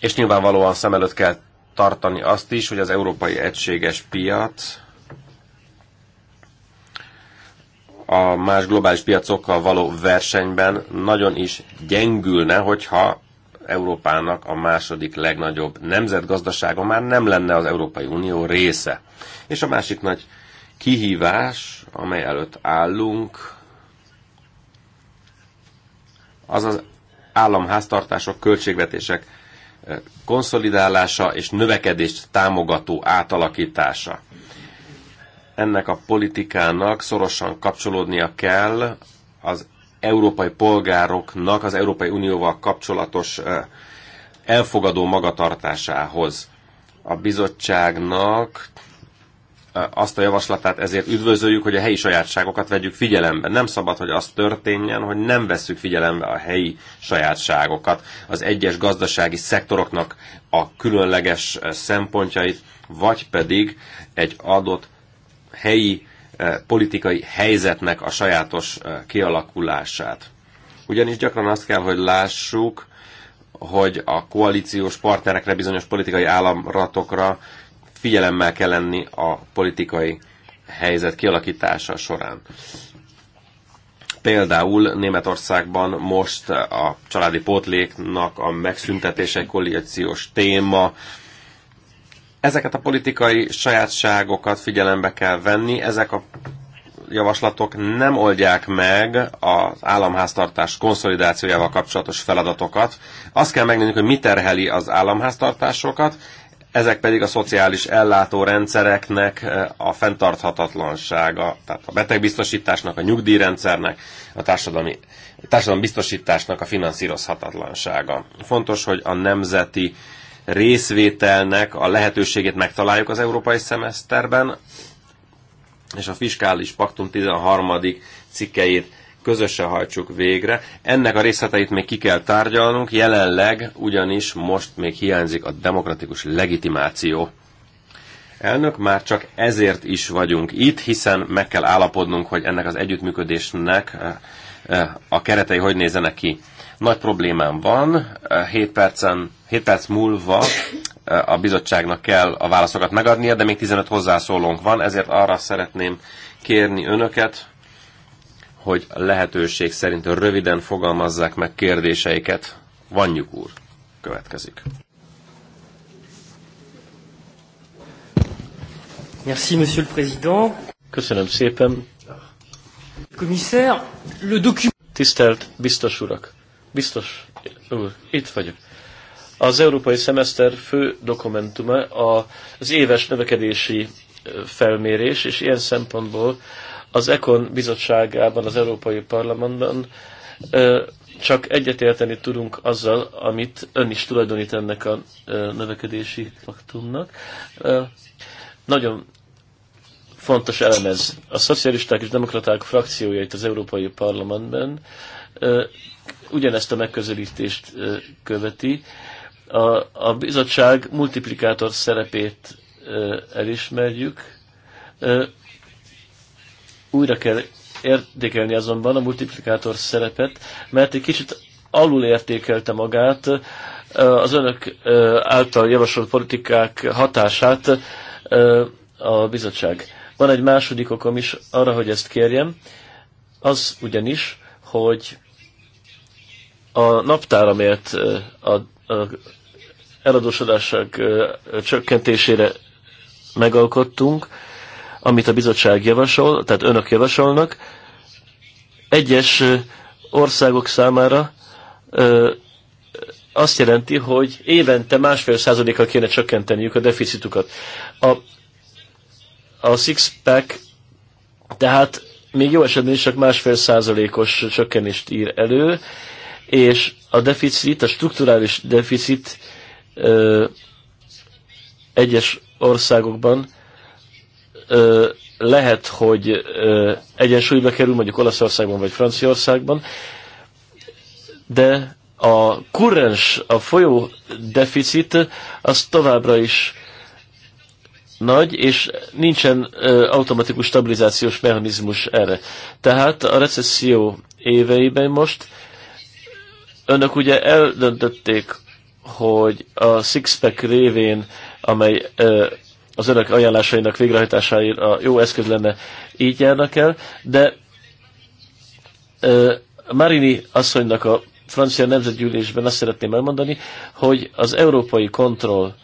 és nyilvánvalóan szem előtt kell tartani azt is, hogy az európai egységes piac a más globális piacokkal való versenyben nagyon is gyengülne, hogyha Európának a második legnagyobb nemzetgazdasága már nem lenne az Európai Unió része. És a másik nagy kihívás, amely előtt állunk, az az államháztartások, költségvetések konszolidálása és növekedést támogató átalakítása. Ennek a politikának szorosan kapcsolódnia kell az európai polgároknak az Európai Unióval kapcsolatos elfogadó magatartásához. A bizottságnak azt a javaslatát ezért üdvözöljük, hogy a helyi sajátságokat vegyük figyelembe. Nem szabad, hogy az történjen, hogy nem vesszük figyelembe a helyi sajátságokat, az egyes gazdasági szektoroknak a különleges eh, szempontjait, vagy pedig egy adott helyi eh, politikai helyzetnek a sajátos eh, kialakulását. Ugyanis gyakran azt kell, hogy lássuk, hogy a koalíciós partnerekre, bizonyos politikai államratokra figyelemmel kell lenni a politikai helyzet kialakítása során. Például Németországban most a családi pótléknak a megszüntetése egy koalíciós téma. Ezeket a politikai sajátságokat figyelembe kell venni, ezek a javaslatok nem oldják meg az államháztartás konszolidációjával kapcsolatos feladatokat. Azt kell megnézni, hogy mi terheli az államháztartásokat, ezek pedig a szociális ellátórendszereknek eh, a fenntarthatatlansága, tehát a betegbiztosításnak, a nyugdíjrendszernek, a társadalmi, társadalmi biztosításnak a finanszírozhatatlansága. Fontos, hogy a nemzeti részvételnek a lehetőségét megtaláljuk az európai szemeszterben, és a fiskális paktum 13. cikkejét közösen hajtsuk végre. Ennek a részleteit még ki kell tárgyalnunk, jelenleg ugyanis most még hiányzik a demokratikus legitimáció. Elnök, már csak ezért is vagyunk itt, hiszen meg kell állapodnunk, hogy ennek az együttműködésnek eh, eh, a keretei hogy nézenek ki. Nagy problémám van, 7, eh, percen, 7 perc múlva a bizottságnak kell a válaszokat megadnia, de még 15 hozzászólónk van, ezért arra szeretném kérni önöket, hogy lehetőség szerint röviden fogalmazzák meg kérdéseiket. Vanjuk úr, következik. Merci, monsieur le président. Köszönöm szépen. Commissaire, le document... Tisztelt biztos urak, biztos úr, itt vagyok. Az európai szemeszter fő dokumentuma az éves növekedési felmérés, és ilyen szempontból az ECON bizottságában, az Európai Parlamentben csak egyetérteni tudunk azzal, amit ön is tulajdonít ennek a növekedési faktumnak. Nagyon fontos elem ez. A szocialisták és demokraták frakciójait az Európai Parlamentben ugyanezt a megközelítést követi. A, a bizottság multiplikátor szerepét elismerjük, újra kell értékelni azonban a multiplikátor szerepet, mert egy kicsit alul értékelte magát az önök által javasolt politikák hatását a bizottság. Van egy második okom is arra, hogy ezt kérjem, az ugyanis, hogy a naptáramért a, a eladósodások csökkentésére megalkottunk, amit a bizottság javasol, tehát önök javasolnak, egyes országok számára azt jelenti, hogy évente másfél százalékkal kéne csökkenteniük a deficitukat. A, a six-pack tehát még jó esetben is csak másfél százalékos csökkenést ír elő, és a deficit, a strukturális deficit ö, egyes országokban lehet, hogy egyensúlyba kerül mondjuk Olaszországban vagy Franciaországban, de a kurrens, a folyó deficit az továbbra is nagy, és nincsen ö, automatikus stabilizációs mechanizmus erre. Tehát a recesszió éveiben most önök ugye eldöntötték, hogy a Sixpack révén, amely ö, az önök ajánlásainak a jó eszköz lenne, így járnak el, de Marini asszonynak a francia nemzetgyűlésben azt szeretném elmondani, hogy az európai kontroll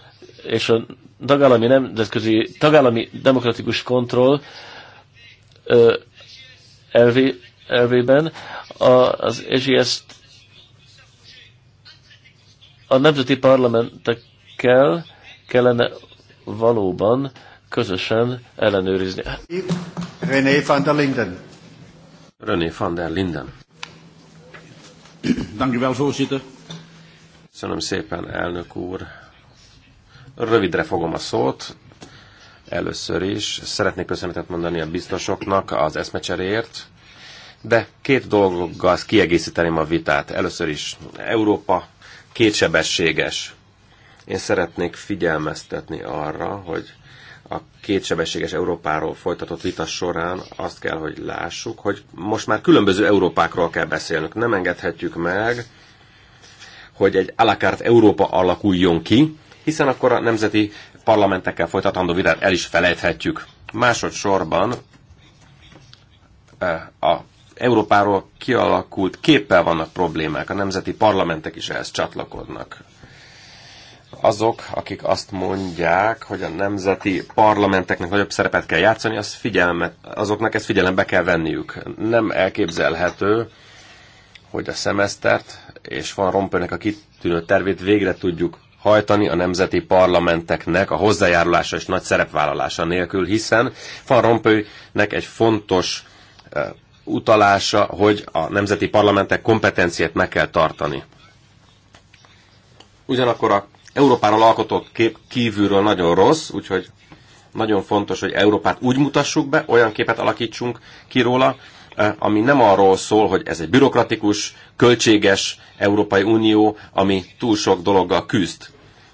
és a tagállami nemzetközi, tagállami demokratikus kontroll elvé, elvében a, az EGS a nemzeti parlamentekkel kellene valóban közösen ellenőrizni. René van der Linden. René van der Linden. Dank voorzitter. Köszönöm szépen, elnök úr. Rövidre fogom a szót. Először is szeretnék köszönetet mondani a biztosoknak az eszmecseréért, de két dologgal kiegészíteném a vitát. Először is Európa kétsebességes. Én szeretnék figyelmeztetni arra, hogy a kétsebességes Európáról folytatott vita során azt kell, hogy lássuk, hogy most már különböző Európákról kell beszélnünk. Nem engedhetjük meg, hogy egy alakárt Európa alakuljon ki, hiszen akkor a nemzeti parlamentekkel folytatandó vitát el is felejthetjük. Másodszorban eh, a Európáról kialakult képpel vannak problémák, a nemzeti parlamentek is ehhez csatlakodnak azok, akik azt mondják, hogy a nemzeti parlamenteknek nagyobb szerepet kell játszani, az figyelmet, azoknak ezt figyelembe kell venniük. Nem elképzelhető, hogy a szemesztert és Van Rompőnek a kitűnő tervét végre tudjuk hajtani a nemzeti parlamenteknek a hozzájárulása és nagy szerepvállalása nélkül, hiszen Van Rompőnek egy fontos utalása, hogy a nemzeti parlamentek kompetenciát meg kell tartani. Ugyanakkor a Európáról alkotott kép kívülről nagyon rossz, úgyhogy nagyon fontos, hogy Európát úgy mutassuk be, olyan képet alakítsunk ki róla, ami nem arról szól, hogy ez egy bürokratikus, költséges Európai Unió, ami túl sok dologgal küzd.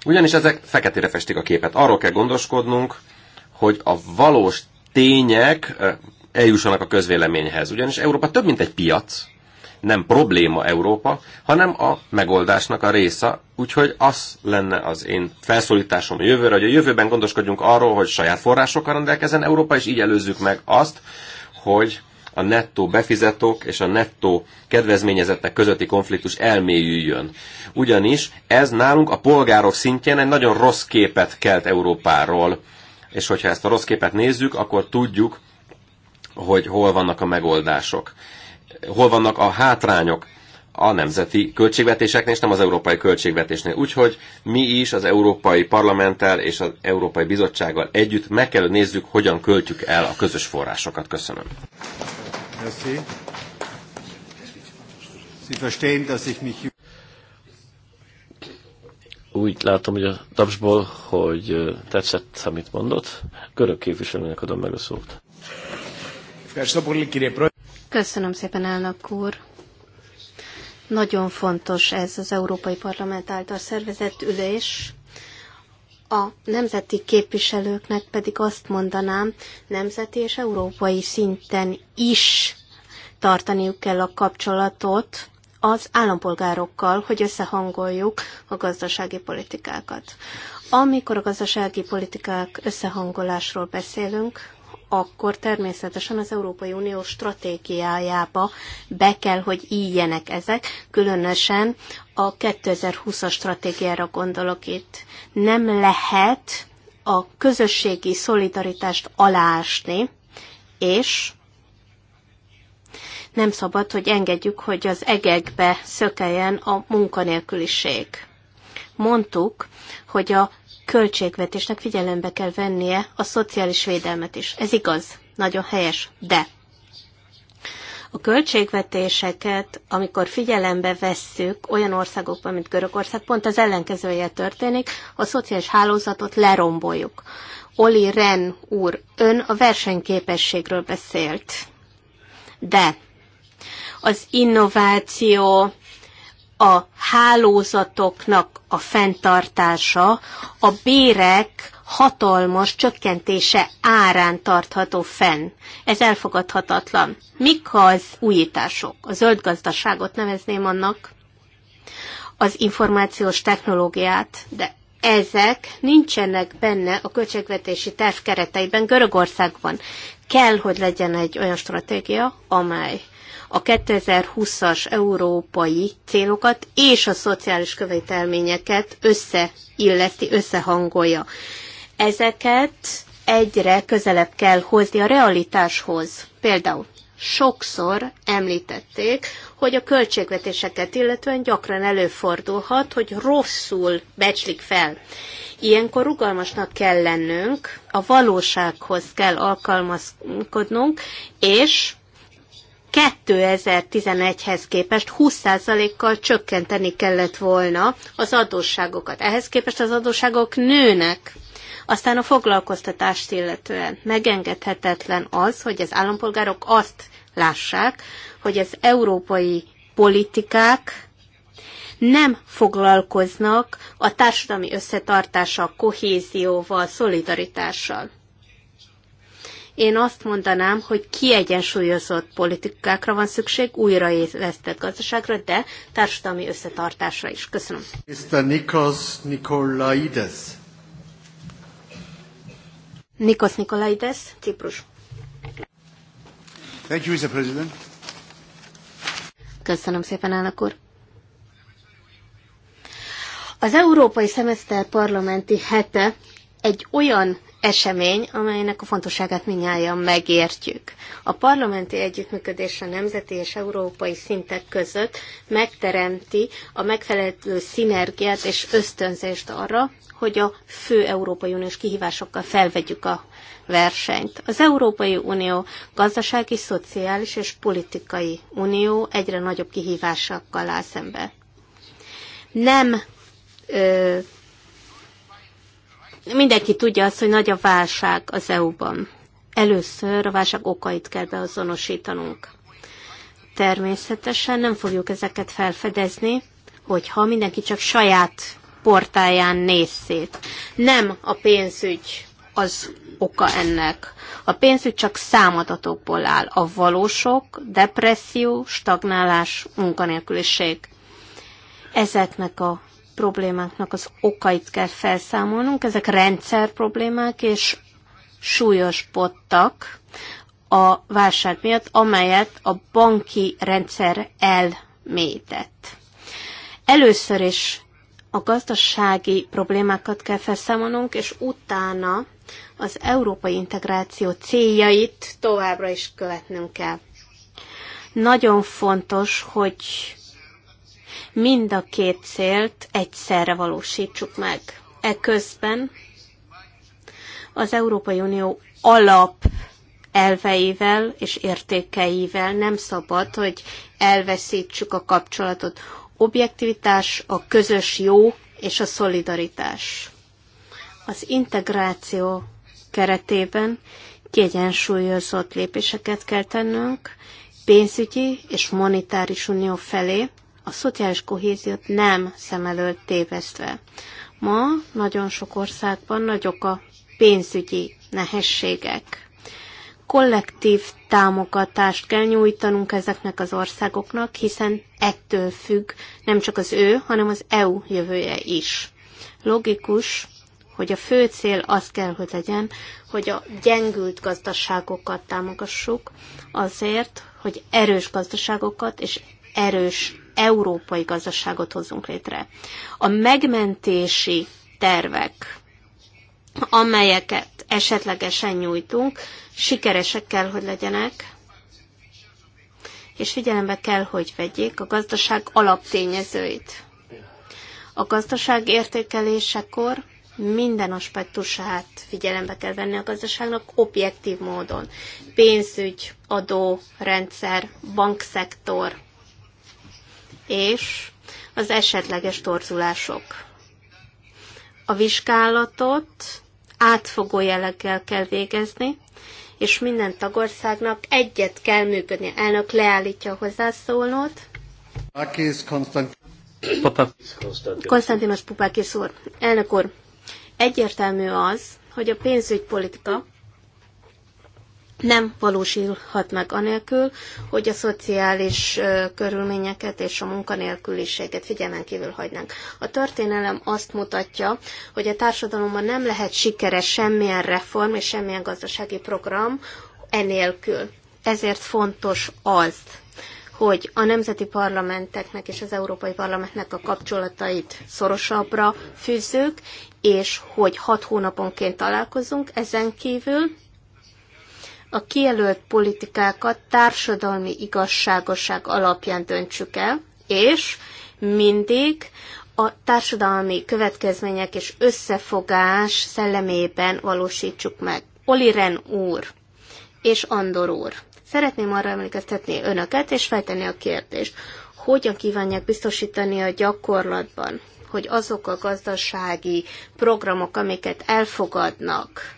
Ugyanis ezek feketére festik a képet. Arról kell gondoskodnunk, hogy a valós tények eljussanak a közvéleményhez. Ugyanis Európa több, mint egy piac nem probléma Európa, hanem a megoldásnak a része, úgyhogy az lenne az én felszólításom a jövőre, hogy a jövőben gondoskodjunk arról, hogy saját forrásokkal rendelkezzen Európa, és így előzzük meg azt, hogy a nettó befizetők és a nettó kedvezményezettek közötti konfliktus elmélyüljön. Ugyanis ez nálunk a polgárok szintjén egy nagyon rossz képet kelt Európáról. És hogyha ezt a rossz képet nézzük, akkor tudjuk, hogy hol vannak a megoldások hol vannak a hátrányok a nemzeti költségvetéseknél, és nem az európai költségvetésnél. Úgyhogy mi is az Európai Parlamenttel és az Európai Bizottsággal együtt meg kell, hogy nézzük, hogyan költjük el a közös forrásokat. Köszönöm. Úgy látom, hogy a tapsból, hogy tetszett, amit mondott. Görög képviselőnek adom meg a szót. Köszönöm, Köszönöm szépen, elnök úr. Nagyon fontos ez az Európai Parlament által szervezett ülés. A nemzeti képviselőknek pedig azt mondanám, nemzeti és európai szinten is tartaniuk kell a kapcsolatot az állampolgárokkal, hogy összehangoljuk a gazdasági politikákat. Amikor a gazdasági politikák összehangolásról beszélünk, akkor természetesen az Európai Unió stratégiájába be kell, hogy íjjenek ezek, különösen a 2020-as stratégiára gondolok itt. Nem lehet a közösségi szolidaritást alásni, és nem szabad, hogy engedjük, hogy az egekbe szökeljen a munkanélküliség. Mondtuk, hogy a költségvetésnek figyelembe kell vennie a szociális védelmet is. Ez igaz, nagyon helyes, de a költségvetéseket, amikor figyelembe vesszük olyan országokban, mint Görögország, pont az ellenkezője történik, a szociális hálózatot leromboljuk. Oli Ren úr, ön a versenyképességről beszélt, de az innováció, a hálózatoknak a fenntartása a bérek hatalmas csökkentése árán tartható fenn. Ez elfogadhatatlan. Mik az újítások? A zöld gazdaságot nevezném annak, az információs technológiát, de ezek nincsenek benne a költségvetési terv kereteiben Görögországban. Kell, hogy legyen egy olyan stratégia, amely a 2020-as európai célokat és a szociális követelményeket összeilleszti, összehangolja. Ezeket egyre közelebb kell hozni a realitáshoz. Például sokszor említették, hogy a költségvetéseket illetően gyakran előfordulhat, hogy rosszul becslik fel. Ilyenkor rugalmasnak kell lennünk, a valósághoz kell alkalmazkodnunk, és 2011-hez képest 20%-kal csökkenteni kellett volna az adósságokat. Ehhez képest az adósságok nőnek. Aztán a foglalkoztatást illetően megengedhetetlen az, hogy az állampolgárok azt lássák, hogy az európai politikák nem foglalkoznak a társadalmi összetartással, kohézióval, szolidaritással. Én azt mondanám, hogy kiegyensúlyozott politikákra van szükség, újraélesztett gazdaságra, de társadalmi összetartásra is. Köszönöm. Mr. Nikos Nikolaides. Nikos Nikolaides, Ciprus. Thank you, Mr. President. Köszönöm szépen, elnök úr. Az Európai Szemeszter Parlamenti Hete egy olyan esemény, amelynek a fontosságát minnyáján megértjük. A parlamenti együttműködés a nemzeti és európai szintek között megteremti a megfelelő szinergiát és ösztönzést arra, hogy a fő Európai Uniós kihívásokkal felvegyük a versenyt. Az Európai Unió gazdasági, szociális és politikai unió egyre nagyobb kihívásokkal áll szembe. Nem ö, Mindenki tudja azt, hogy nagy a válság az EU-ban. Először a válság okait kell beazonosítanunk. Természetesen nem fogjuk ezeket felfedezni, hogyha mindenki csak saját portáján néz szét. Nem a pénzügy az oka ennek. A pénzügy csak számadatokból áll. A valósok, depresszió, stagnálás, munkanélküliség. Ezeknek a problémáknak az okait kell felszámolnunk. Ezek rendszer problémák és súlyos pottak a válság miatt, amelyet a banki rendszer elmétett. Először is a gazdasági problémákat kell felszámolnunk, és utána az európai integráció céljait továbbra is követnünk kell. Nagyon fontos, hogy mind a két célt egyszerre valósítsuk meg. Eközben az Európai Unió alap elveivel és értékeivel nem szabad, hogy elveszítsük a kapcsolatot. Objektivitás, a közös jó és a szolidaritás. Az integráció keretében kiegyensúlyozott lépéseket kell tennünk pénzügyi és monetáris unió felé, a szociális kohéziót nem szem előtt tévesztve. Ma nagyon sok országban nagyok a pénzügyi nehézségek. Kollektív támogatást kell nyújtanunk ezeknek az országoknak, hiszen ettől függ nem csak az ő, hanem az EU jövője is. Logikus, hogy a fő cél az kell, hogy legyen, hogy a gyengült gazdaságokat támogassuk azért, hogy erős gazdaságokat és erős európai gazdaságot hozzunk létre. A megmentési tervek, amelyeket esetlegesen nyújtunk, sikeresek kell, hogy legyenek, és figyelembe kell, hogy vegyék a gazdaság alaptényezőit. A gazdaság értékelésekor minden aspektusát figyelembe kell venni a gazdaságnak objektív módon. Pénzügy, adó, rendszer, bankszektor, és az esetleges torzulások. A vizsgálatot átfogó jelleggel kell végezni, és minden tagországnak egyet kell működni. Elnök leállítja a hozzászólót. Konstantinos Pupakis úr. Elnök úr, egyértelmű az, hogy a pénzügypolitika nem valósulhat meg anélkül, hogy a szociális körülményeket és a munkanélküliséget figyelmen kívül hagynánk. A történelem azt mutatja, hogy a társadalomban nem lehet sikeres semmilyen reform és semmilyen gazdasági program enélkül. Ezért fontos az, hogy a nemzeti parlamenteknek és az Európai Parlamentnek a kapcsolatait szorosabbra fűzzük, és hogy hat hónaponként találkozunk. Ezen kívül a kijelölt politikákat társadalmi igazságosság alapján döntsük el, és mindig a társadalmi következmények és összefogás szellemében valósítsuk meg. Oliren úr és Andor úr. Szeretném arra emlékeztetni önöket, és feltenni a kérdést, hogyan kívánják biztosítani a gyakorlatban, hogy azok a gazdasági programok, amiket elfogadnak,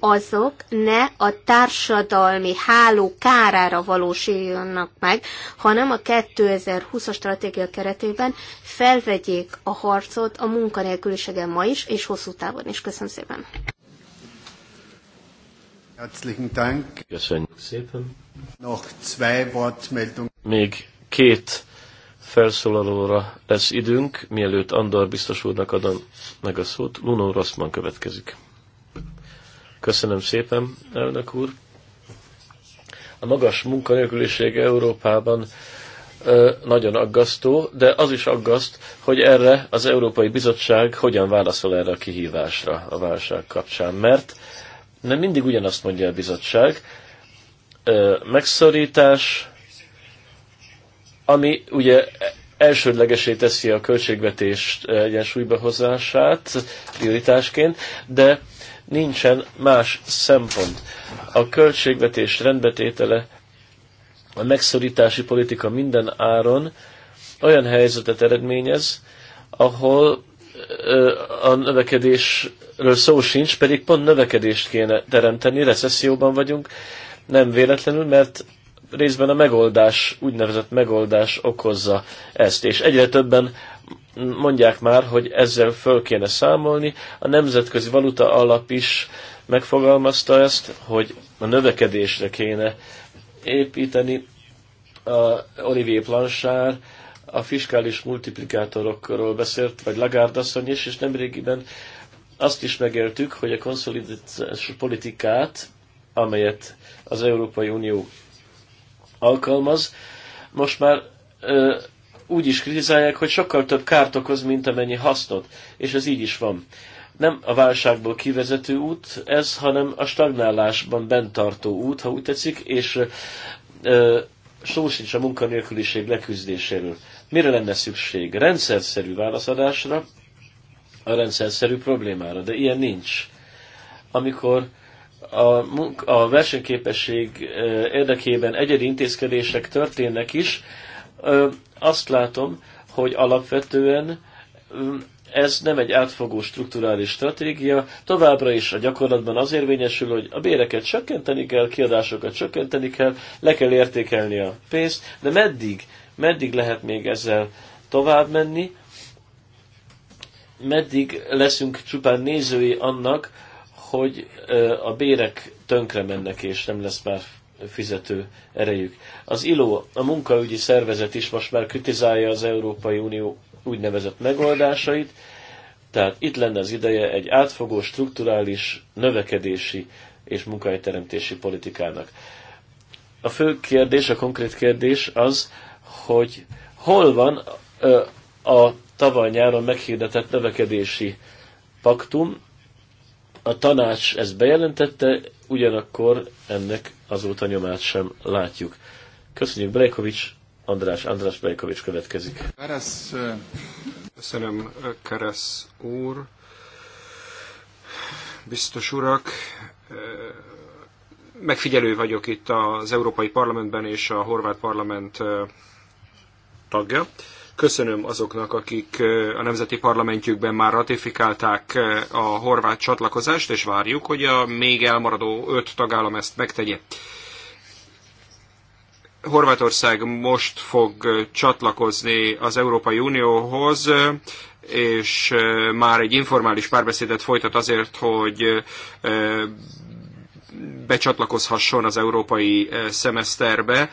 azok ne a társadalmi háló kárára valósuljanak meg, hanem a 2020-as stratégia keretében felvegyék a harcot a munkanélküliségen ma is, és hosszú távon is. Köszönöm szépen! Köszönjük szépen. Még két felszólalóra lesz időnk, mielőtt Andor biztos úrnak adom meg a szót. Luno Rossmann következik. Köszönöm szépen, elnök úr. A magas munkanélküliség Európában nagyon aggasztó, de az is aggaszt, hogy erre az Európai Bizottság hogyan válaszol erre a kihívásra a válság kapcsán. Mert nem mindig ugyanazt mondja a bizottság. Megszorítás, ami ugye elsődlegesé teszi a költségvetés egyensúlybehozását hozását prioritásként, de nincsen más szempont. A költségvetés rendbetétele, a megszorítási politika minden áron olyan helyzetet eredményez, ahol a növekedésről szó sincs, pedig pont növekedést kéne teremteni, recesszióban vagyunk, nem véletlenül, mert részben a megoldás, úgynevezett megoldás okozza ezt, és egyre többen mondják már, hogy ezzel föl kéne számolni. A Nemzetközi Valuta Alap is megfogalmazta ezt, hogy a növekedésre kéne építeni. A Olivier Planchard a fiskális multiplikátorokról beszélt, vagy Lagarde asszony is, és nemrégiben azt is megértük, hogy a konszolidációs politikát, amelyet az Európai Unió alkalmaz, most már ö, úgy is kritizálják, hogy sokkal több kárt okoz, mint amennyi hasznot. És ez így is van. Nem a válságból kivezető út ez, hanem a stagnálásban bentartó út, ha úgy tetszik, és ö, szó sincs a munkanélküliség leküzdéséről. Mire lenne szükség? Rendszerszerű válaszadásra, a rendszerszerű problémára, de ilyen nincs. Amikor a, munka, a versenyképesség érdekében egyedi intézkedések történnek is, azt látom, hogy alapvetően ez nem egy átfogó strukturális stratégia, továbbra is a gyakorlatban az érvényesül, hogy a béreket csökkenteni kell, kiadásokat csökkenteni kell, le kell értékelni a pénzt, de meddig, meddig lehet még ezzel tovább menni, meddig leszünk csupán nézői annak, hogy a bérek tönkre mennek, és nem lesz már fizető erejük. Az ILO, a munkaügyi szervezet is most már kritizálja az Európai Unió úgynevezett megoldásait, tehát itt lenne az ideje egy átfogó, strukturális, növekedési és munkahelyteremtési politikának. A fő kérdés, a konkrét kérdés az, hogy hol van a tavaly nyáron meghirdetett növekedési paktum, a tanács ezt bejelentette, ugyanakkor ennek azóta nyomát sem látjuk. Köszönjük Brejkovics, András, András Brejkovics következik. Keresz, köszönöm Keresz úr, biztos urak, megfigyelő vagyok itt az Európai Parlamentben és a Horvát Parlament tagja. Köszönöm azoknak, akik a nemzeti parlamentjükben már ratifikálták a horvát csatlakozást, és várjuk, hogy a még elmaradó öt tagállam ezt megtegye. Horvátország most fog csatlakozni az Európai Unióhoz, és már egy informális párbeszédet folytat azért, hogy becsatlakozhasson az európai eh, szemeszterbe.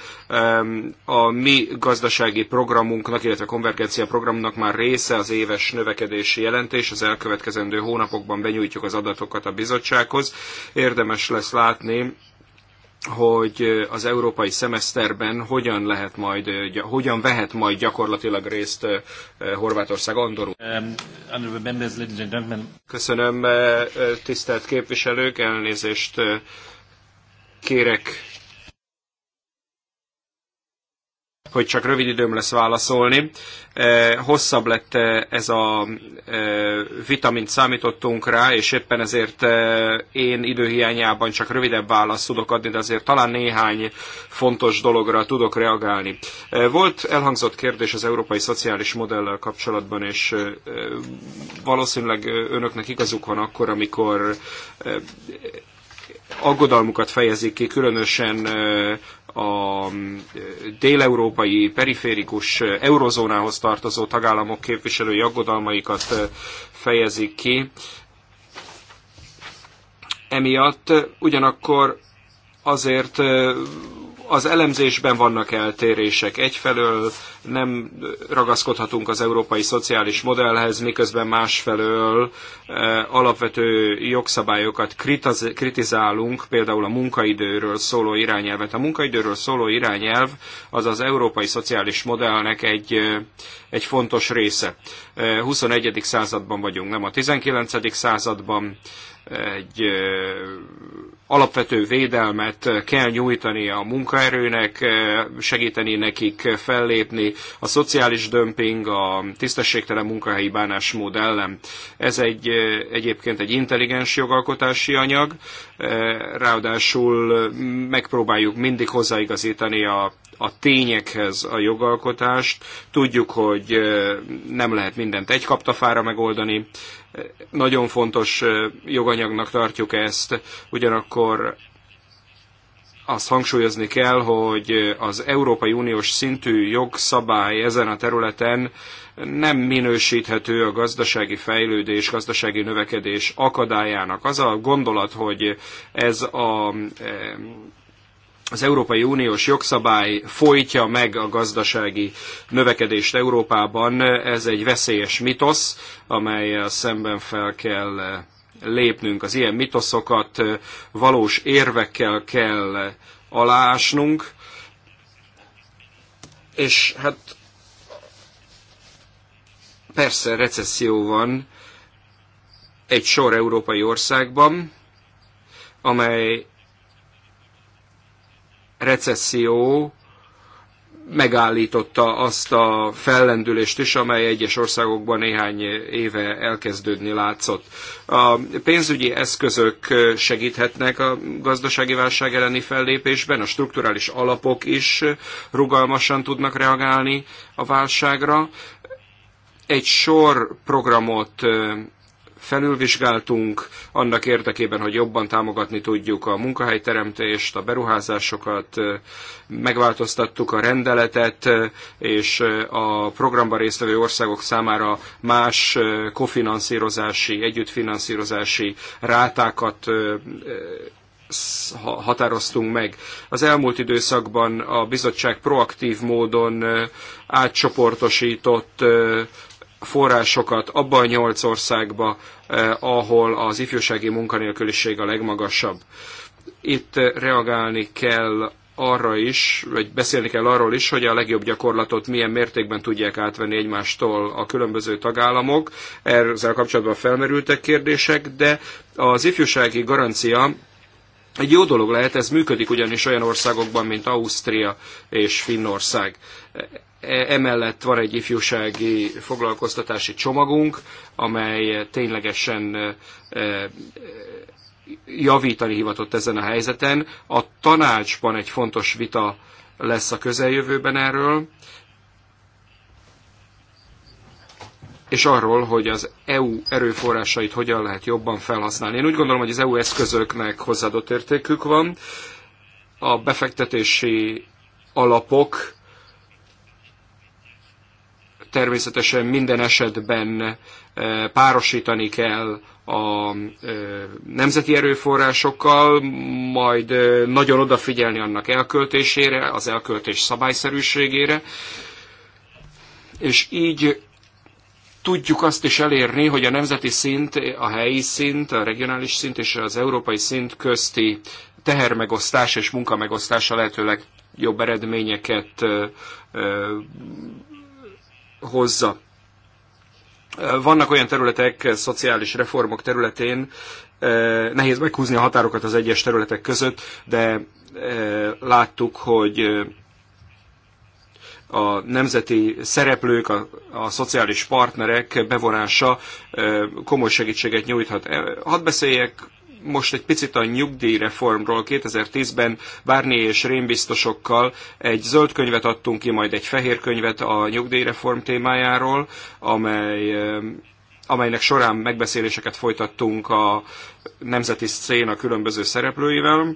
A mi gazdasági programunknak, illetve konvergencia programnak már része az éves növekedési jelentés. Az elkövetkezendő hónapokban benyújtjuk az adatokat a bizottsághoz. Érdemes lesz látni, hogy az európai szemeszterben hogyan lehet majd, hogyan vehet majd gyakorlatilag részt Horvátország Andorú. Um, Köszönöm, tisztelt képviselők, elnézést kérek hogy csak rövid időm lesz válaszolni. Eh, hosszabb lett eh, ez a eh, vita, mint számítottunk rá, és éppen ezért én időhiányában csak rövidebb választ tudok adni, de azért talán néhány fontos dologra tudok reagálni. Volt elhangzott kérdés az európai szociális modellel kapcsolatban, és valószínűleg önöknek igazuk van akkor, amikor aggodalmukat fejezik ki, különösen a déleurópai periférikus eurozónához tartozó tagállamok képviselői aggodalmaikat fejezik ki. Emiatt ugyanakkor azért az elemzésben vannak eltérések. Egyfelől nem ragaszkodhatunk az európai szociális modellhez, miközben másfelől eh, alapvető jogszabályokat kritizálunk, például a munkaidőről szóló irányelvet. A munkaidőről szóló irányelv az az európai szociális modellnek egy, eh, egy fontos része. 21. Eh, században vagyunk, nem a 19. században egy alapvető védelmet kell nyújtani a munkaerőnek, segíteni nekik fellépni, a szociális dömping, a tisztességtelen munkahelyi bánásmód ellen. Ez egy, egyébként egy intelligens jogalkotási anyag, ráadásul megpróbáljuk mindig hozzáigazítani a, a tényekhez a jogalkotást. Tudjuk, hogy nem lehet mindent egy kaptafára megoldani, nagyon fontos joganyagnak tartjuk ezt, ugyanakkor azt hangsúlyozni kell, hogy az Európai Uniós szintű jogszabály ezen a területen nem minősíthető a gazdasági fejlődés, gazdasági növekedés akadályának. Az a gondolat, hogy ez a az Európai Uniós jogszabály folytja meg a gazdasági növekedést Európában. Ez egy veszélyes mitosz, amelyel szemben fel kell eh, lépnünk. Az ilyen mitoszokat eh, valós érvekkel kell eh, alásnunk, és hát persze recesszió van egy sor európai országban, amely recesszió megállította azt a fellendülést is, amely egyes országokban néhány éve elkezdődni látszott. A pénzügyi eszközök segíthetnek a gazdasági válság elleni fellépésben, a strukturális alapok is rugalmasan tudnak reagálni a válságra. Egy sor programot felülvizsgáltunk, annak érdekében, hogy jobban támogatni tudjuk a munkahelyteremtést, a beruházásokat, megváltoztattuk a rendeletet, és a programban résztvevő országok számára más kofinanszírozási, együttfinanszírozási rátákat határoztunk meg. Az elmúlt időszakban a bizottság proaktív módon átcsoportosított forrásokat abban a nyolc országba, eh, ahol az ifjúsági munkanélküliség a legmagasabb. Itt eh, reagálni kell arra is, vagy beszélni kell arról is, hogy a legjobb gyakorlatot milyen mértékben tudják átvenni egymástól a különböző tagállamok. Ezzel kapcsolatban felmerültek kérdések, de az ifjúsági garancia egy jó dolog lehet, ez működik ugyanis olyan országokban, mint Ausztria és Finnország. Emellett van egy ifjúsági foglalkoztatási csomagunk, amely ténylegesen javítani hivatott ezen a helyzeten. A tanácsban egy fontos vita lesz a közeljövőben erről, és arról, hogy az EU erőforrásait hogyan lehet jobban felhasználni. Én úgy gondolom, hogy az EU eszközöknek hozzáadott értékük van. A befektetési alapok természetesen minden esetben eh, párosítani kell a eh, nemzeti erőforrásokkal, majd eh, nagyon odafigyelni annak elköltésére, az elköltés szabályszerűségére, és így tudjuk azt is elérni, hogy a nemzeti szint, a helyi szint, a regionális szint és az európai szint közti tehermegosztás és munkamegosztása lehetőleg jobb eredményeket hozza. Vannak olyan területek, szociális reformok területén, eh, nehéz meghúzni a határokat az egyes területek között, de eh, láttuk, hogy eh, a nemzeti szereplők, a, a szociális partnerek bevonása komoly segítséget nyújthat. Hadd beszéljek most egy picit a nyugdíjreformról 2010-ben Várni és Rén biztosokkal egy zöld könyvet adtunk ki, majd egy fehér könyvet a nyugdíjreform témájáról, amely eh, amelynek során megbeszéléseket folytattunk a nemzeti széna különböző szereplőivel,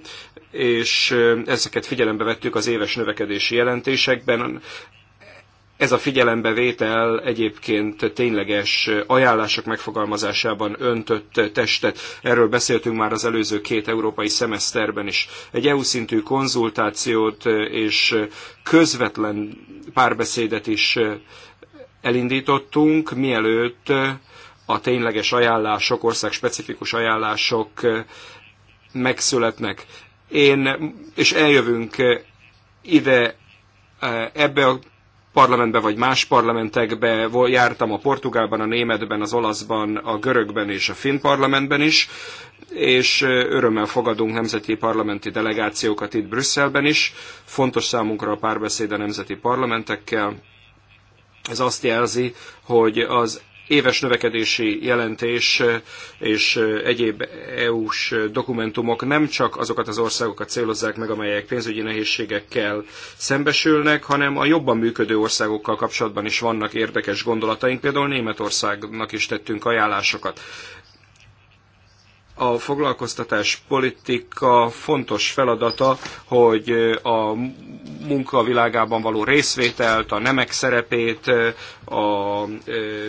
és eh, ezeket figyelembe vettük az éves növekedési jelentésekben, ez a figyelembevétel egyébként tényleges ajánlások megfogalmazásában öntött testet. Erről beszéltünk már az előző két európai szemeszterben is. Egy EU szintű konzultációt és közvetlen párbeszédet is elindítottunk, mielőtt a tényleges ajánlások, ország specifikus ajánlások megszületnek. Én, és eljövünk ide e, ebbe a parlamentbe vagy más parlamentekbe jártam, a portugálban, a németben, az olaszban, a görögben és a finn parlamentben is, és örömmel fogadunk nemzeti parlamenti delegációkat itt Brüsszelben is. Fontos számunkra a párbeszéd a nemzeti parlamentekkel. Ez azt jelzi, hogy az éves növekedési jelentés és egyéb EU-s dokumentumok nem csak azokat az országokat célozzák meg, amelyek pénzügyi nehézségekkel szembesülnek, hanem a jobban működő országokkal kapcsolatban is vannak érdekes gondolataink. Például Németországnak is tettünk ajánlásokat a foglalkoztatás politika fontos feladata, hogy a munkavilágában való részvételt, a nemek szerepét, a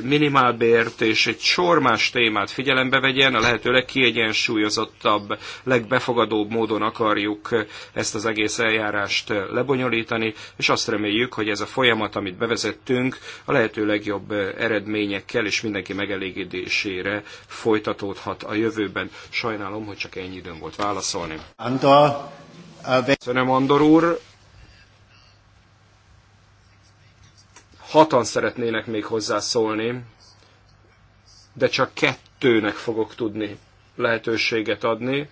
minimálbért és egy sor más témát figyelembe vegyen, a lehető legkiegyensúlyozottabb, legbefogadóbb módon akarjuk ezt az egész eljárást lebonyolítani, és azt reméljük, hogy ez a folyamat, amit bevezettünk, a lehető legjobb eredményekkel és mindenki megelégedésére folytatódhat a jövőben. Sajnálom, hogy csak ennyi időm volt válaszolni. Andor, uh, Köszönöm, Andor úr. Hatan szeretnének még hozzászólni, de csak kettőnek fogok tudni lehetőséget adni.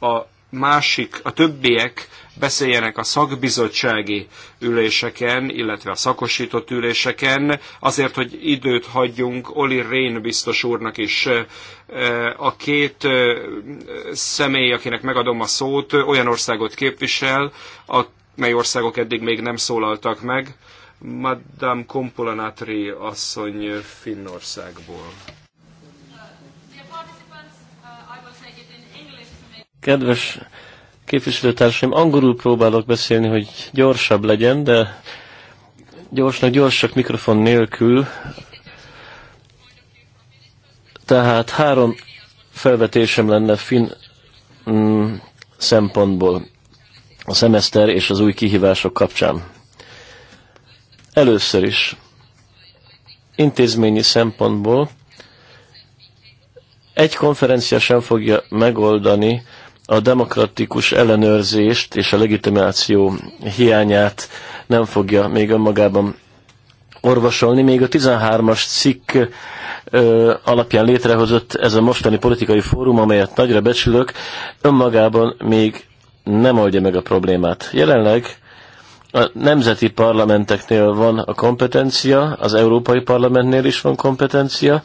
A másik, a többiek beszéljenek a szakbizottsági üléseken, illetve a szakosított üléseken, azért, hogy időt hagyjunk Oli Rén biztos úrnak is. A két személy, akinek megadom a szót, olyan országot képvisel, a, mely országok eddig még nem szólaltak meg. Madame Kompolanatri asszony Finnországból. Kedves képviselőtársaim, angolul próbálok beszélni, hogy gyorsabb legyen, de gyorsnak gyorsak mikrofon nélkül. Tehát három felvetésem lenne finn mm, szempontból a szemeszter és az új kihívások kapcsán. Először is intézményi szempontból egy konferencia sem fogja megoldani a demokratikus ellenőrzést és a legitimáció hiányát nem fogja még önmagában orvosolni. Még a 13-as cikk ö, alapján létrehozott ez a mostani politikai fórum, amelyet nagyra becsülök, önmagában még nem oldja meg a problémát. Jelenleg a nemzeti parlamenteknél van a kompetencia, az Európai Parlamentnél is van kompetencia.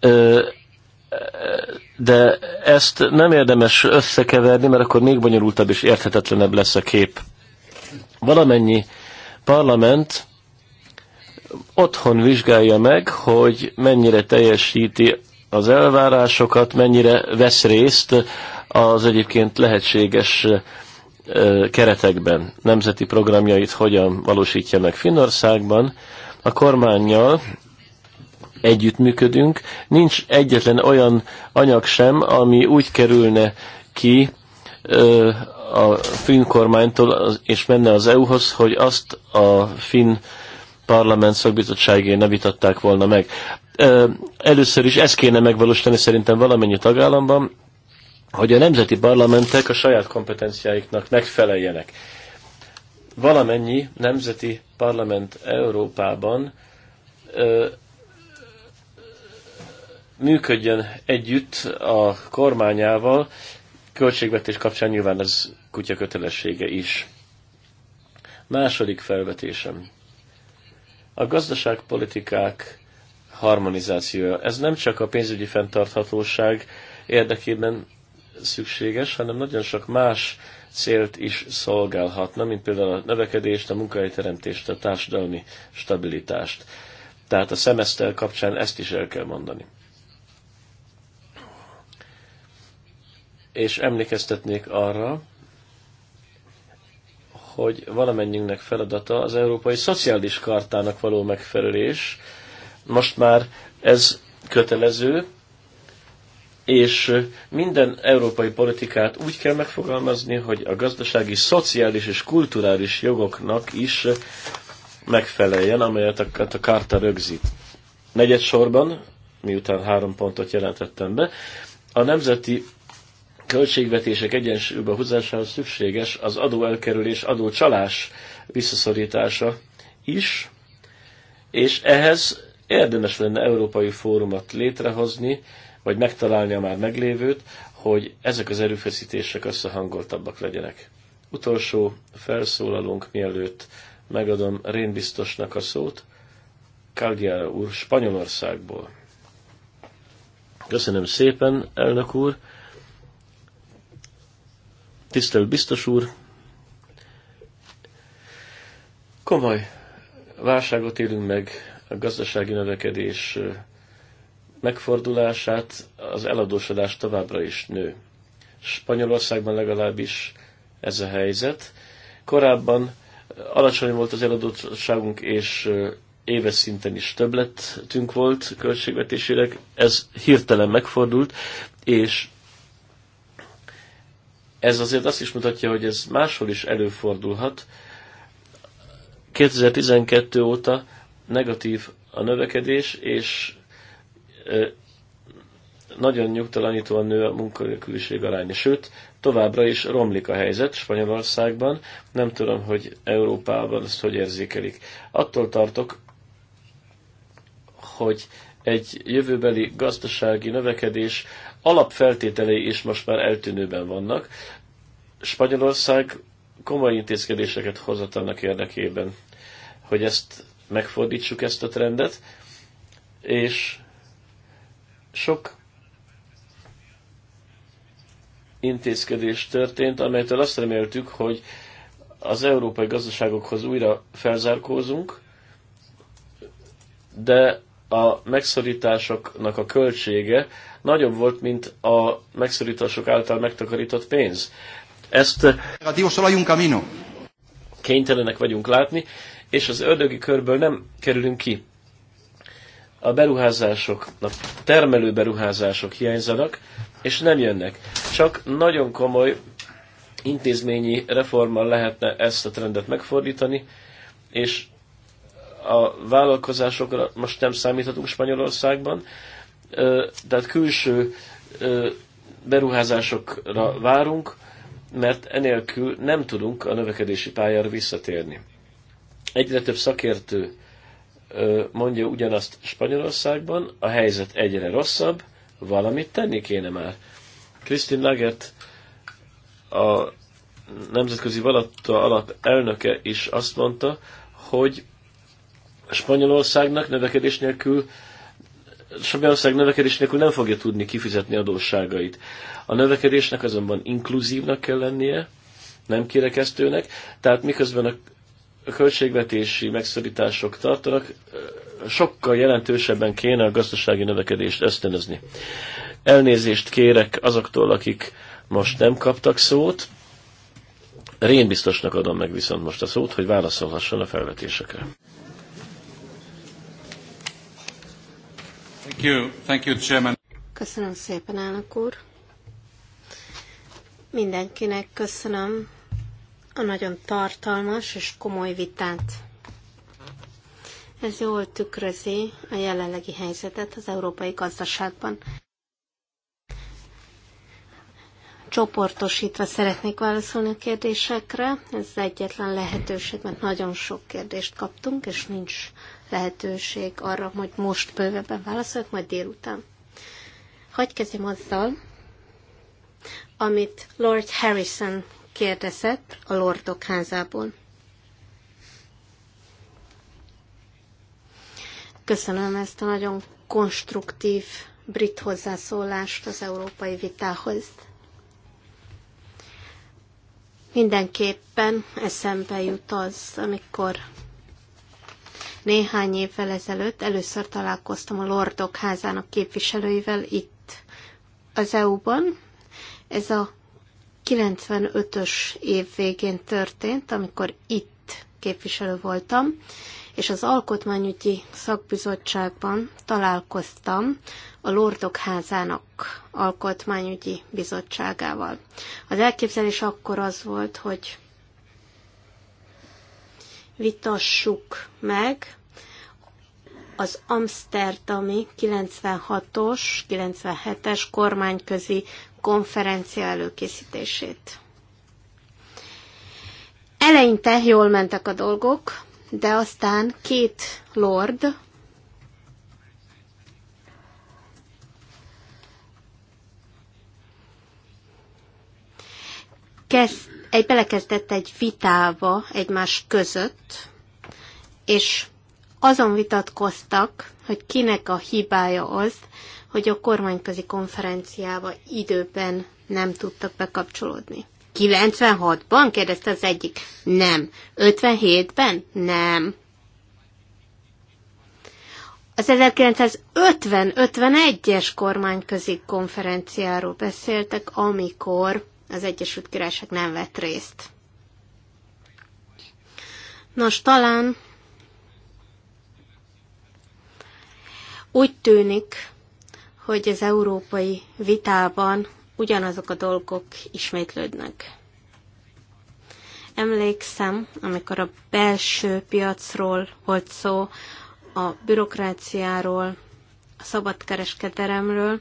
Ö, ö, de ezt nem érdemes összekeverni, mert akkor még bonyolultabb és érthetetlenebb lesz a kép. Valamennyi parlament otthon vizsgálja meg, hogy mennyire teljesíti az elvárásokat, mennyire vesz részt az egyébként lehetséges keretekben. Nemzeti programjait hogyan valósítja meg Finnországban. A kormányjal együttműködünk. Nincs egyetlen olyan anyag sem, ami úgy kerülne ki ö, a finn kormánytól és menne az EU-hoz, hogy azt a finn parlament szakbizottságé ne vitatták volna meg. Ö, először is ezt kéne megvalósítani szerintem valamennyi tagállamban, hogy a nemzeti parlamentek a saját kompetenciáiknak megfeleljenek. Valamennyi nemzeti parlament Európában ö, működjön együtt a kormányával, költségvetés kapcsán nyilván ez kutya kötelessége is. Második felvetésem. A gazdaságpolitikák harmonizációja. Ez nem csak a pénzügyi fenntarthatóság érdekében szükséges, hanem nagyon sok más célt is szolgálhatna, mint például a növekedést, a munkahelyteremtést, a társadalmi stabilitást. Tehát a szemeszter kapcsán ezt is el kell mondani. és emlékeztetnék arra, hogy valamennyünknek feladata az Európai Szociális Kartának való megfelelés. Most már ez kötelező, és minden európai politikát úgy kell megfogalmazni, hogy a gazdasági, szociális és kulturális jogoknak is megfeleljen, amelyet a, hát a kárta rögzít. Negyed sorban, miután három pontot jelentettem be, a nemzeti költségvetések egyensúlyba hozásához szükséges az adóelkerülés, adócsalás visszaszorítása is, és ehhez érdemes lenne európai fórumot létrehozni, vagy megtalálni a már meglévőt, hogy ezek az erőfeszítések összehangoltabbak legyenek. Utolsó felszólalunk, mielőtt megadom Rén biztosnak a szót, Caldiara úr Spanyolországból. Köszönöm szépen, elnök úr! Tisztelt biztos úr! Komoly válságot élünk meg, a gazdasági növekedés megfordulását, az eladósodás továbbra is nő. Spanyolországban legalábbis ez a helyzet. Korábban alacsony volt az eladottságunk, és éves szinten is többletünk volt költségvetésileg. Ez hirtelen megfordult, és ez azért azt is mutatja, hogy ez máshol is előfordulhat. 2012 óta negatív a növekedés, és nagyon nyugtalanítóan nő a munkanélküliség aránya. Sőt, továbbra is romlik a helyzet Spanyolországban. Nem tudom, hogy Európában ezt hogy érzékelik. Attól tartok, hogy egy jövőbeli gazdasági növekedés alapfeltételei is most már eltűnőben vannak. Spanyolország komoly intézkedéseket hozott annak érdekében, hogy ezt megfordítsuk ezt a trendet, és sok intézkedés történt, amelytől azt reméltük, hogy az európai gazdaságokhoz újra felzárkózunk, de a megszorításoknak a költsége nagyobb volt, mint a megszorítások által megtakarított pénz. Ezt kénytelenek vagyunk látni, és az ördögi körből nem kerülünk ki. A beruházások, a termelő beruházások hiányzanak, és nem jönnek. Csak nagyon komoly intézményi reformmal lehetne ezt a trendet megfordítani, és a vállalkozásokra most nem számíthatunk Spanyolországban, tehát külső beruházásokra várunk, mert enélkül nem tudunk a növekedési pályára visszatérni. Egyre több szakértő mondja ugyanazt Spanyolországban, a helyzet egyre rosszabb, valamit tenni kéne már. Christine Lagert, a Nemzetközi Valatta Alap elnöke is azt mondta, hogy Spanyolországnak növekedés nélkül Spanyolország növekedés nélkül nem fogja tudni kifizetni adósságait. A növekedésnek azonban inkluzívnak kell lennie, nem kirekesztőnek, tehát miközben a költségvetési megszorítások tartanak, sokkal jelentősebben kéne a gazdasági növekedést ösztönözni. Elnézést kérek azoktól, akik most nem kaptak szót. Rén biztosnak adom meg viszont most a szót, hogy válaszolhasson a felvetésekre. Thank you. Thank you, Chairman. Köszönöm szépen, elnök úr. Mindenkinek köszönöm a nagyon tartalmas és komoly vitát. Ez jól tükrözi a jelenlegi helyzetet az európai gazdaságban. Csoportosítva szeretnék válaszolni a kérdésekre. Ez az egyetlen lehetőség, mert nagyon sok kérdést kaptunk, és nincs lehetőség arra, hogy most bővebben válaszolok majd délután. Hagy kezdjem azzal, amit Lord Harrison kérdezett a Lordok házából. Köszönöm ezt a nagyon konstruktív brit hozzászólást az európai vitához. Mindenképpen eszembe jut az, amikor néhány évvel ezelőtt először találkoztam a Lordok házának képviselőivel itt az EU-ban. Ez a 95-ös év végén történt, amikor itt képviselő voltam, és az Alkotmányügyi Szakbizottságban találkoztam a Lordok Házának Alkotmányügyi Bizottságával. Az elképzelés akkor az volt, hogy vitassuk meg az Amsterdami 96-os, 97-es kormányközi konferencia előkészítését. Eleinte jól mentek a dolgok, de aztán két lord kezd egy belekezdett egy vitába egymás között, és azon vitatkoztak, hogy kinek a hibája az, hogy a kormányközi konferenciába időben nem tudtak bekapcsolódni. 96-ban? kérdezte az egyik. Nem. 57-ben? Nem. Az 1950-51-es kormányközi konferenciáról beszéltek, amikor az Egyesült Királyság nem vett részt. Nos, talán úgy tűnik, hogy az európai vitában ugyanazok a dolgok ismétlődnek. Emlékszem, amikor a belső piacról volt szó, a bürokráciáról, a szabadkereskedelemről,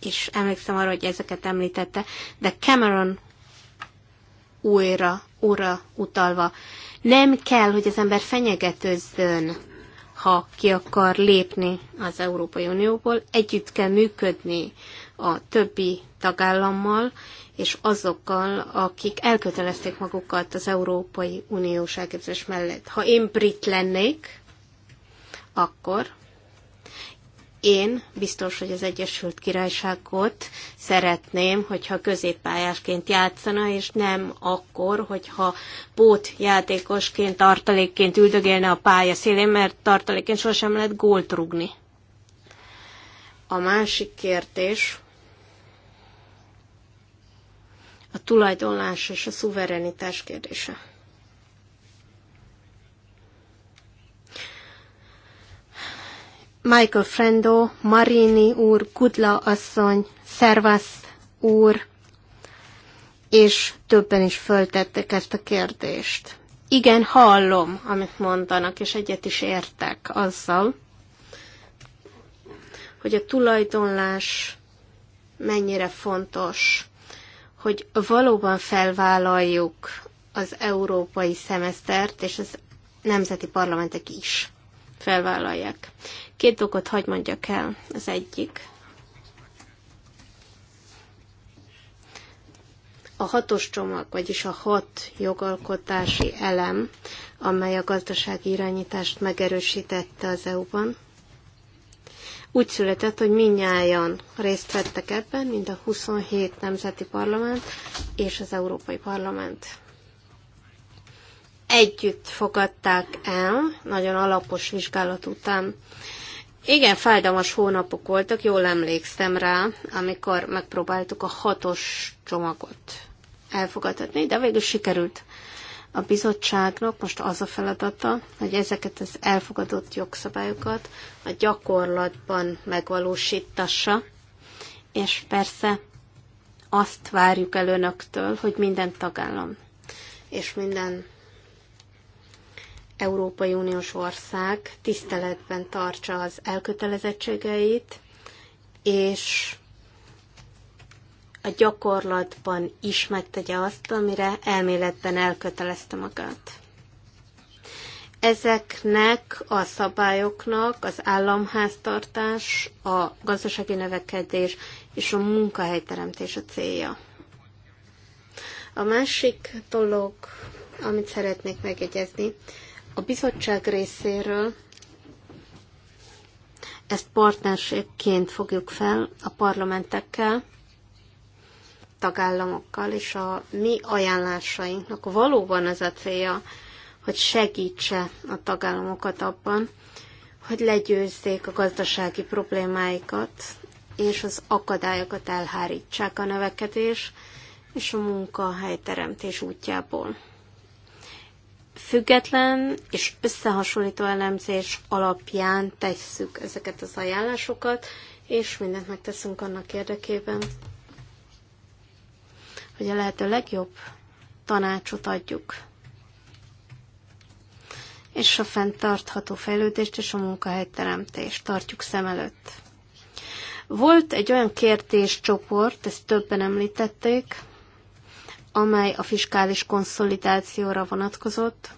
és emlékszem arra, hogy ezeket említette, de Cameron újra, újra utalva, nem kell, hogy az ember fenyegetőzzön, ha ki akar lépni az Európai Unióból, együtt kell működni a többi tagállammal, és azokkal, akik elkötelezték magukat az Európai Uniós elképzelés mellett. Ha én brit lennék, akkor én biztos, hogy az Egyesült Királyságot szeretném, hogyha középpályásként játszana, és nem akkor, hogyha pót játékosként, tartalékként üldögélne a pálya szélén, mert tartalékként sosem lehet gólt rugni. A másik kérdés a tulajdonlás és a szuverenitás kérdése. Michael Frendo, Marini úr, Kudla asszony, Szervasz úr, és többen is föltettek ezt a kérdést. Igen, hallom, amit mondanak, és egyet is értek azzal, hogy a tulajdonlás mennyire fontos, hogy valóban felvállaljuk az európai szemesztert, és az nemzeti parlamentek is felvállalják. Két dolgot hagy mondjak el. Az egyik. A hatos csomag, vagyis a hat jogalkotási elem, amely a gazdasági irányítást megerősítette az EU-ban, úgy született, hogy minnyáján részt vettek ebben, mind a 27 nemzeti parlament és az Európai Parlament. Együtt fogadták el, nagyon alapos vizsgálat után igen, fájdalmas hónapok voltak, jól emlékszem rá, amikor megpróbáltuk a hatos csomagot elfogadni, de végül sikerült. A bizottságnak most az a feladata, hogy ezeket az elfogadott jogszabályokat a gyakorlatban megvalósítassa, és persze azt várjuk el önöktől, hogy minden tagállam és minden Európai Uniós ország tiszteletben tartsa az elkötelezettségeit, és a gyakorlatban is megtegye azt, amire elméletben elkötelezte magát. Ezeknek a szabályoknak az államháztartás, a gazdasági növekedés és a munkahelyteremtés a célja. A másik dolog, amit szeretnék megjegyezni, a bizottság részéről ezt partnerségként fogjuk fel a parlamentekkel, tagállamokkal, és a mi ajánlásainknak valóban ez a célja, hogy segítse a tagállamokat abban, hogy legyőzzék a gazdasági problémáikat, és az akadályokat elhárítsák a növekedés és a munkahelyteremtés útjából független és összehasonlító elemzés alapján tesszük ezeket az ajánlásokat, és mindent megteszünk annak érdekében, hogy a lehető legjobb tanácsot adjuk. És a fenntartható fejlődést és a munkahelyteremtést tartjuk szem előtt. Volt egy olyan kérdéscsoport, ezt többen említették, amely a fiskális konszolidációra vonatkozott,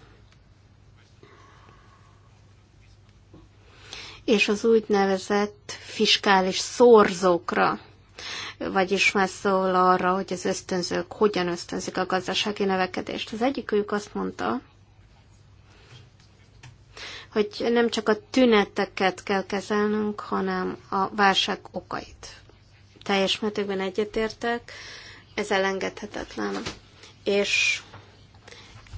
és az úgynevezett fiskális szorzókra, vagyis már szól arra, hogy az ösztönzők hogyan ösztönzik a gazdasági növekedést. Az egyikük azt mondta, hogy nem csak a tüneteket kell kezelnünk, hanem a válság okait. Teljes mértékben egyetértek, ez elengedhetetlen. És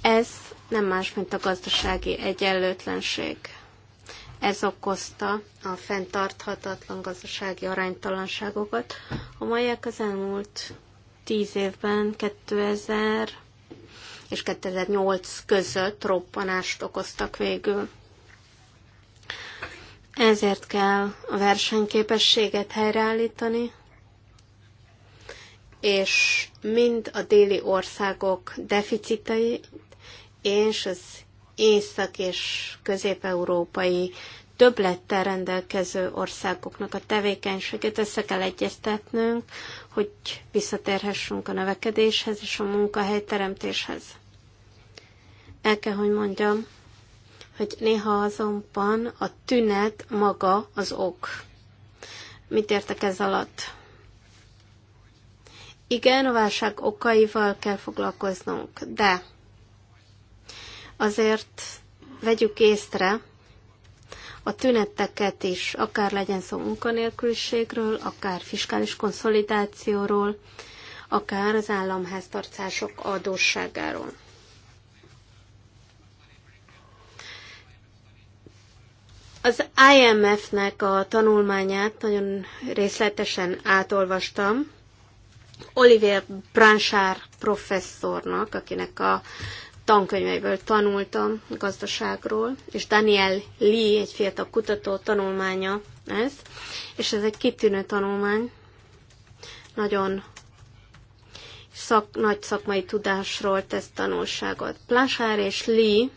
ez nem más, mint a gazdasági egyenlőtlenség. Ez okozta a fenntarthatatlan gazdasági aránytalanságokat, amelyek az elmúlt tíz évben 2000 és 2008 között roppanást okoztak végül. Ezért kell a versenyképességet helyreállítani, és mind a déli országok deficitei, és az észak- és közép-európai többlettel rendelkező országoknak a tevékenységét össze kell egyeztetnünk, hogy visszatérhessünk a növekedéshez és a munkahelyteremtéshez. El kell, hogy mondjam, hogy néha azonban a tünet maga az ok. Mit értek ez alatt? Igen, a válság okaival kell foglalkoznunk, de azért vegyük észre a tüneteket is, akár legyen szó munkanélküliségről, akár fiskális konszolidációról, akár az államháztartások adósságáról. Az IMF-nek a tanulmányát nagyon részletesen átolvastam, Olivier Branchard professzornak, akinek a tankönyveiből tanultam gazdaságról, és Daniel Lee, egy fiatal kutató tanulmánya ez, és ez egy kitűnő tanulmány, nagyon szak, nagy szakmai tudásról tesz tanulságot. Blanchard és Lee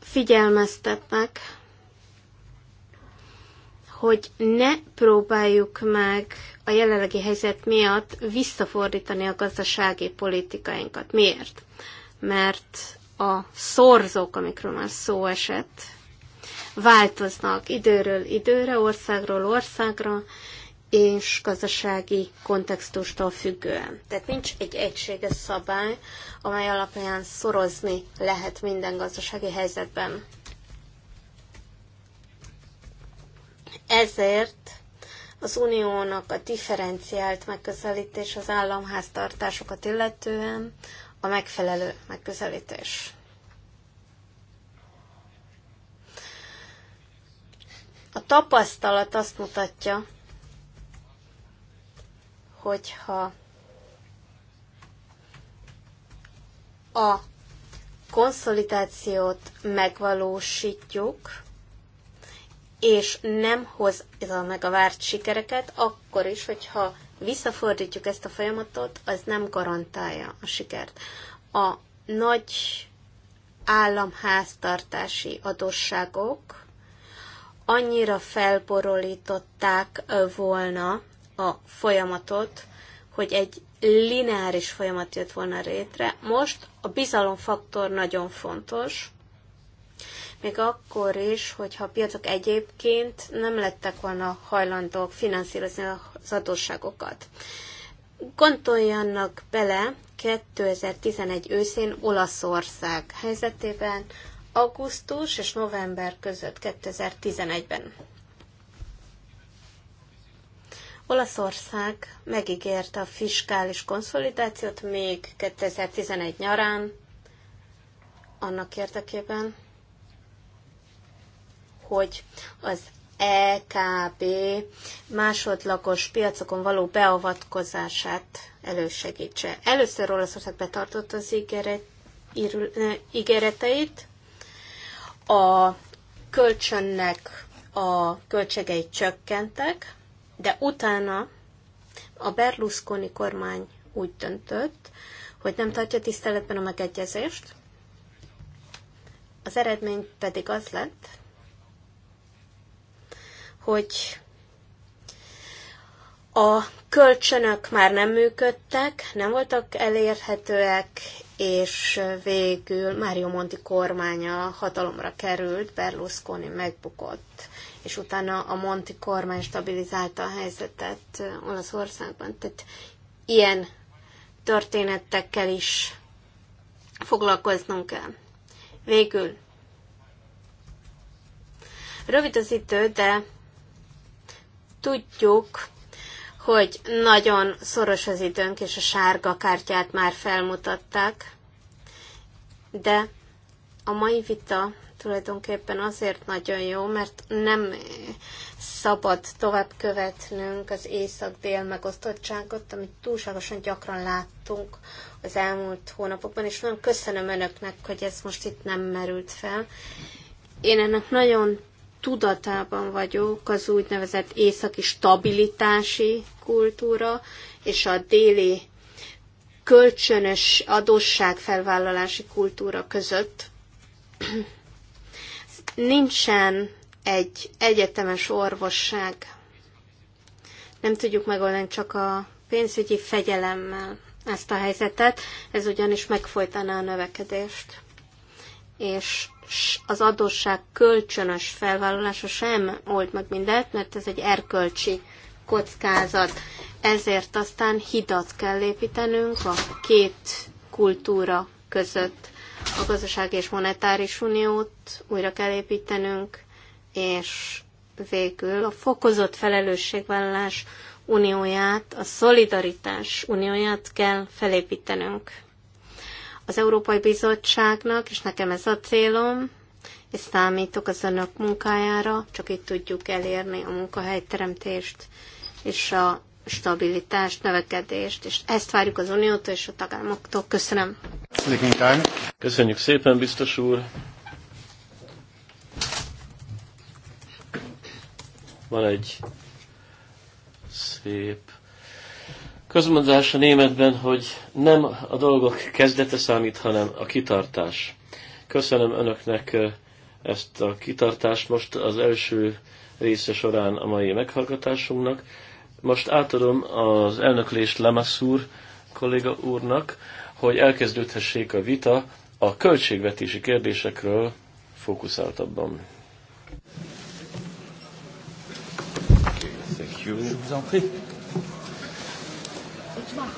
figyelmeztetnek, hogy ne próbáljuk meg a jelenlegi helyzet miatt visszafordítani a gazdasági politikáinkat. Miért? Mert a szorzók, amikről már szó esett, változnak időről időre, országról országra, és gazdasági kontextustól függően. Tehát nincs egy egységes szabály, amely alapján szorozni lehet minden gazdasági helyzetben. Ezért az uniónak a differenciált megközelítés az államháztartásokat illetően a megfelelő megközelítés. A tapasztalat azt mutatja, hogyha a konszolidációt megvalósítjuk, és nem hoz meg a várt sikereket, akkor is, hogyha visszafordítjuk ezt a folyamatot, az nem garantálja a sikert. A nagy államháztartási adósságok annyira felborolították volna a folyamatot, hogy egy lineáris folyamat jött volna rétre. Most a bizalomfaktor nagyon fontos, még akkor is, hogyha a piacok egyébként nem lettek volna hajlandók finanszírozni az adósságokat. Gondoljanak bele 2011 őszén Olaszország helyzetében, augusztus és november között 2011-ben. Olaszország megígérte a fiskális konszolidációt még 2011 nyarán, annak érdekében, hogy az EKB másodlagos piacokon való beavatkozását elősegítse. Először Olaszország betartott az ígéret, írül, ígéreteit, a kölcsönnek a költségei csökkentek, de utána a Berlusconi kormány úgy döntött, hogy nem tartja tiszteletben a megegyezést, az eredmény pedig az lett, hogy a kölcsönök már nem működtek, nem voltak elérhetőek, és végül Mário Monti kormánya hatalomra került, Berlusconi megbukott, és utána a Monti kormány stabilizálta a helyzetet Olaszországban. Tehát ilyen történetekkel is foglalkoznunk kell. Végül. Rövid az idő, de Tudjuk, hogy nagyon szoros az időnk, és a sárga kártyát már felmutatták, de a mai vita tulajdonképpen azért nagyon jó, mert nem szabad tovább követnünk az észak-dél megosztottságot, amit túlságosan gyakran láttunk az elmúlt hónapokban, és nagyon köszönöm önöknek, hogy ez most itt nem merült fel. Én ennek nagyon tudatában vagyok az úgynevezett északi stabilitási kultúra és a déli kölcsönös adósságfelvállalási kultúra között. Nincsen egy egyetemes orvosság. Nem tudjuk megoldani csak a pénzügyi fegyelemmel ezt a helyzetet, ez ugyanis megfojtaná a növekedést. És az adósság kölcsönös felvállalása sem old meg mindent, mert ez egy erkölcsi kockázat. Ezért aztán hidat kell építenünk a két kultúra között. A gazdaság és monetáris uniót újra kell építenünk, és végül a fokozott felelősségvállalás unióját, a szolidaritás unióját kell felépítenünk az Európai Bizottságnak, és nekem ez a célom, és számítok az önök munkájára, csak itt tudjuk elérni a munkahelyteremtést és a stabilitást, növekedést, és ezt várjuk az Uniótól és a tagállamoktól. Köszönöm. Köszönjük szépen, biztos úr. Van egy szép közmondás a németben, hogy nem a dolgok kezdete számít, hanem a kitartás. Köszönöm önöknek ezt a kitartást most az első része során a mai meghallgatásunknak. Most átadom az elnöklést Lamassur kolléga úrnak, hogy elkezdődhessék a vita a költségvetési kérdésekről fókuszáltabban. Okay, thank you. Wow.